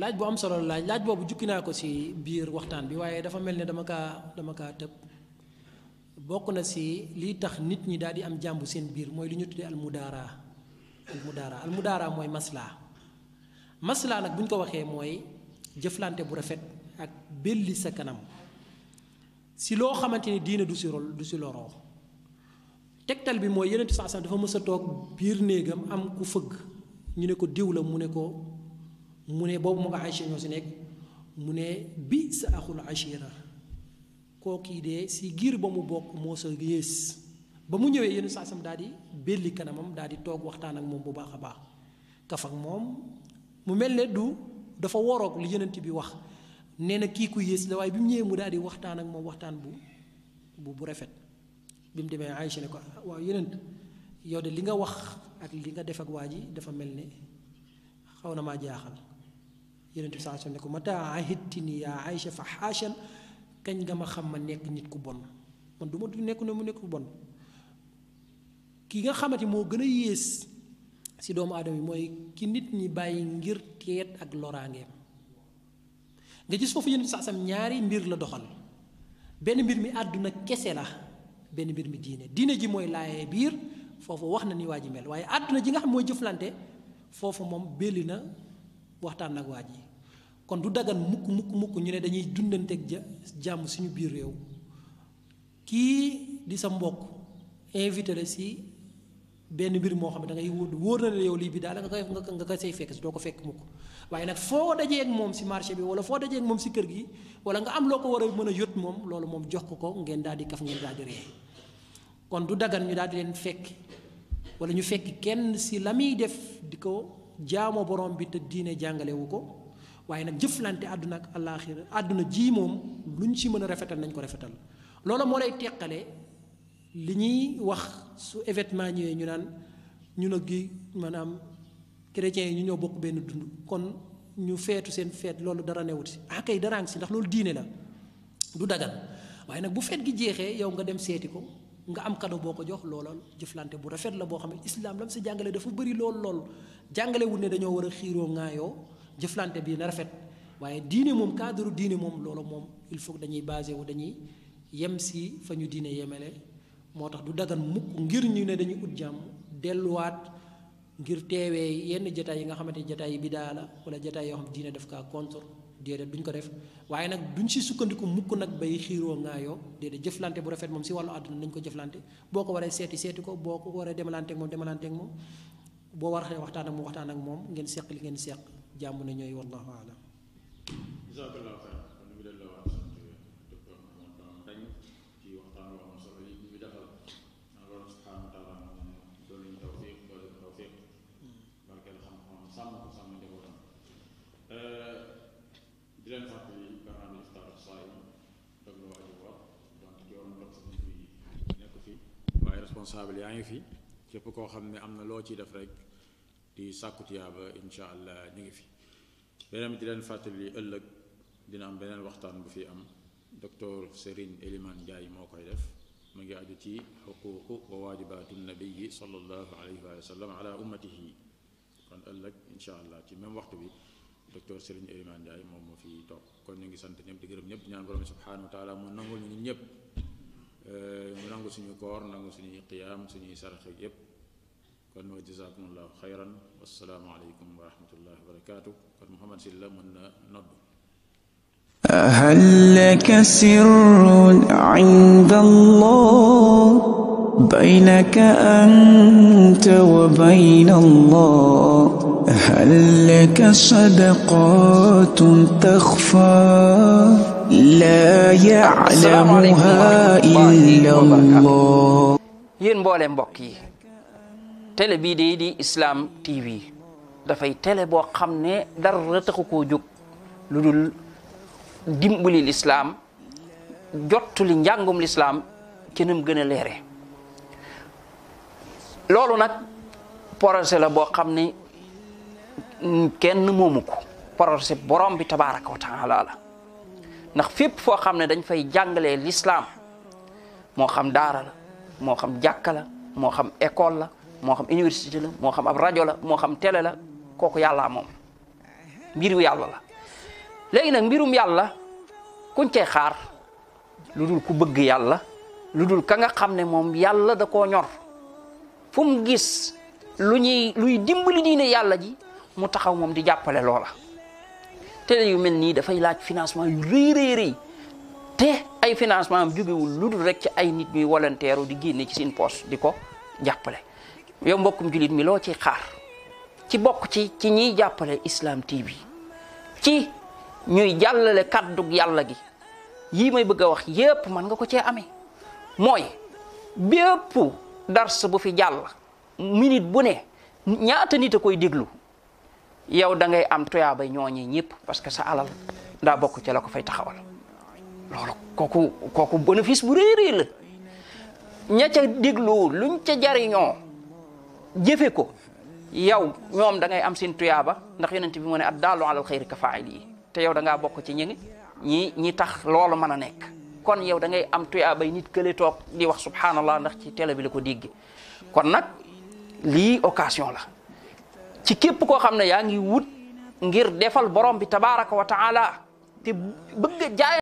laaj bu am solo laaj laaj boobu jukki naa ko si bir waxtaan bi waaye dafa mel ne dama kaa dama kaa tëb bokk na si li tax nit ñi daal am jàmbu seen biir mooy li ñu tuddee mudara. Al mudara mooy maslaa masla nag bu ñu ko waxee mooy jëflante bu rafet ak belli sa kanam si loo xamante ni du si rol du si loroo tegtal bi mooy yeneen saa dafa mës a toog biir néegam am ku fëgg ñu ne ko diw la mu ne ko mu ne boobu moo ko Aïcha ñoo si nekk mu ne bi sa axul achira kii de si giir ba mu bokk moo sa yées ba mu ñëwee yenn saa sam daal di belli kanamam daal di toog waxtaan ak moom bu baax a baax kaf ak moom mu mel ne du dafa woroog li yenent bi wax nee na kii ku yées la waaye bi mu ñëwee mu daal di waxtaan ak moom waxtaan bu bu bu rafet bi mu demee Aïcha ne ko ah, waaw yenent yow de li nga wax ak li nga def ak waa ji dafa mel ne xaw na maa jaaxal yenen bi sallallahu ne ko mata ahittini ya aisha fahashan hashan nga ma xam ma nek nit ku bon man duma du nek no mu nek ku bon ki nga xamati mo gëna yees yées si doomu adam yi mooy ki nit ñi bàyyi ngir teet ak loraangeem nga gis foofu yonent bi sallallahu ñaari mbir la doxal benn mbir mi àdduna kese la benn mbir mi diine diine ji mooy laayee biir foofu wax na ni waa ji mel waaye àdduna ji nga xam mooy jëflante foofu moom belli na waxtaan ak waa kon du dagan mukk mukk mukk ñu ne dañuy dundante ja jàmm suñu biir réew kii di sa mbokk invité la si benn mbir moo xam ne da ngay wóor na na yow lii bi daal nga koy nga koy say fekk doo ko fekk mukk waaye nag foo dajee ak moom si marché bi wala foo dajee ak moom si kër gi wala nga am loo ko war a mën a yot moom loolu moom jox ko ko ngeen daal di kaf ngeen daal di ree kon du dagan ñu daal di leen fekk wala ñu fekk kenn si la def di ko jaamoo borom bi te diine jàngalewu ko waaye nag jëflante àdduna ak àllaaxira àdduna jii moom lu ñu ci mën a rafetal nañ ko rafetal loola moo lay teqale li ñuy wax su événement ñëwee ñu naan ñu nag gi maanaam chrétiens yi ñu ñoo bokk benn dund kon ñu feetu seen feet loolu dara newut si ah kay dara ngi si ndax loolu diine la du dagan waaye nag bu feet gi jeexee yow nga dem seeti ko nga am cadeau boo ko jox loola jëflante bu rafet la boo xam ne islam lam si jàngale dafa bëri lool lool jàngale ne dañoo war a xiiroo ŋaayoo jëflante bi na rafet waaye diine moom cadre diine moom loola moom il faut dañuy basé wu dañuy yem si fa ñu diine yemele moo tax du dagan mukk ngir ñu ne dañuy ut jàmm delluwaat ngir teewee yenn jataay yi nga xamante jataay yi bidaa la wala jataay yoo xam diine daf kaa contre déedéet duñ ko def waaye nag duñ si sukkandiku mukk nag bay xiiroo ngaayoo déedéet jëflante bu rafet moom si wàllu àdduna nañ ko jëflante boo ko waree seeti seeti ko boo ko waree demalanteeg moom demalanteeg moom boo war a waxtaan ak mu waxtaan ak moom ngeen seq li ngeen seq jàmm na ñooy wallahu alam responsable yaa ngi fi képp koo xam ne am na loo ciy def rek di sàkku tiyaaba incha allah ñu ngi fi beneen di leen fàttali ëllëg dina am beneen waxtaan bu fi am docteur Serigne eliman Ndiaye moo koy def mu ngi aju ci xuquuqu wa waajibaatu nabiyi sallallahu alayhi wa sallam ala ummatihi kon ëllëg incha allah ci même waxtu bi docteur Serigne eliman Ndiaye moom moo fi toog kon ñu ngi sant ñëpp di gërëm ñëpp di ñaan borom subhanahu wa taala mu nangul ñu ñëpp mu nangu suñu koor nangu suñuy qiyaam suñuy saraxe yépp kon wa jazakumullahu xayran wassalaamu alaykum wa rahmatullahi wa barakatuh kon Mouhamad Silla mën na nodd هل لك سر عند الله بينك أنت وبين الله هل لك صدقات تخفى laa ya'lamuhaa illa Allah yéen mboole mbokk yi télé bii day di Islam TV dafay télé boo xam ne dara taxu koo jóg lu dul dimbali lislaam jottu li njàngum lislaam ci nam gën a leere loolu nag projet la boo xam ne kenn moomu ko projet borom bi tabaraka wa ndax fépp foo xam ne dañ fay jàngalee l'islam moo xam daara la moo xam jàkka la moo xam école la moo xam université la moo xam ab rajo la moo xam télé la kooku yàllaa moom mbiru yàlla la léegi nag mbirum yàlla kuñ cee xaar lu dul ku bëgg yàlla lu dul ka nga xam ne moom yàlla da koo ñor fu mu gis lu ñuy luy dimbali diine yàlla ji mu taxaw moom di jàppale loola télé yu mel nii dafay laaj financement yu rëy rëy te ay financement am jógewul lu dul rekk ci ay nit ñuy volontaire di génne ci seen poche di ko jàppale yow mbokkum julit mi loo ciy xaar ci bokk ci ci ñiy jàppale Islam TV ci ñuy jàllale kàddug yàlla gi yii may bëgg a wax yépp mën nga ko cee amee mooy bépp dars bu fi jàll minute bu ne ñaata nit a koy déglu yow da ngay am tuyaabay ñooñi ñëpp parce que sa alal daa bokk ci la ko fay taxawal loolu kooku kooku bénéfice bu rëy la ña ca déglu luñ ca jariñoo jëfe ko yow ñoom da ngay am seen tuyaaba ndax yonent bi mu ne ad daalu alal xayri ka faa'il yi te yow da bokk ci ñi ngi ñi tax loolu mën a nekk kon yow da ngay am tuyaabay nit kële toog di wax subhanallah ndax ci télé bi la ko dégg kon nag lii occasion la ci képp koo xam ne yaa ngi wut ngir defal borom bi tabaraka wa taala te bëgg jaay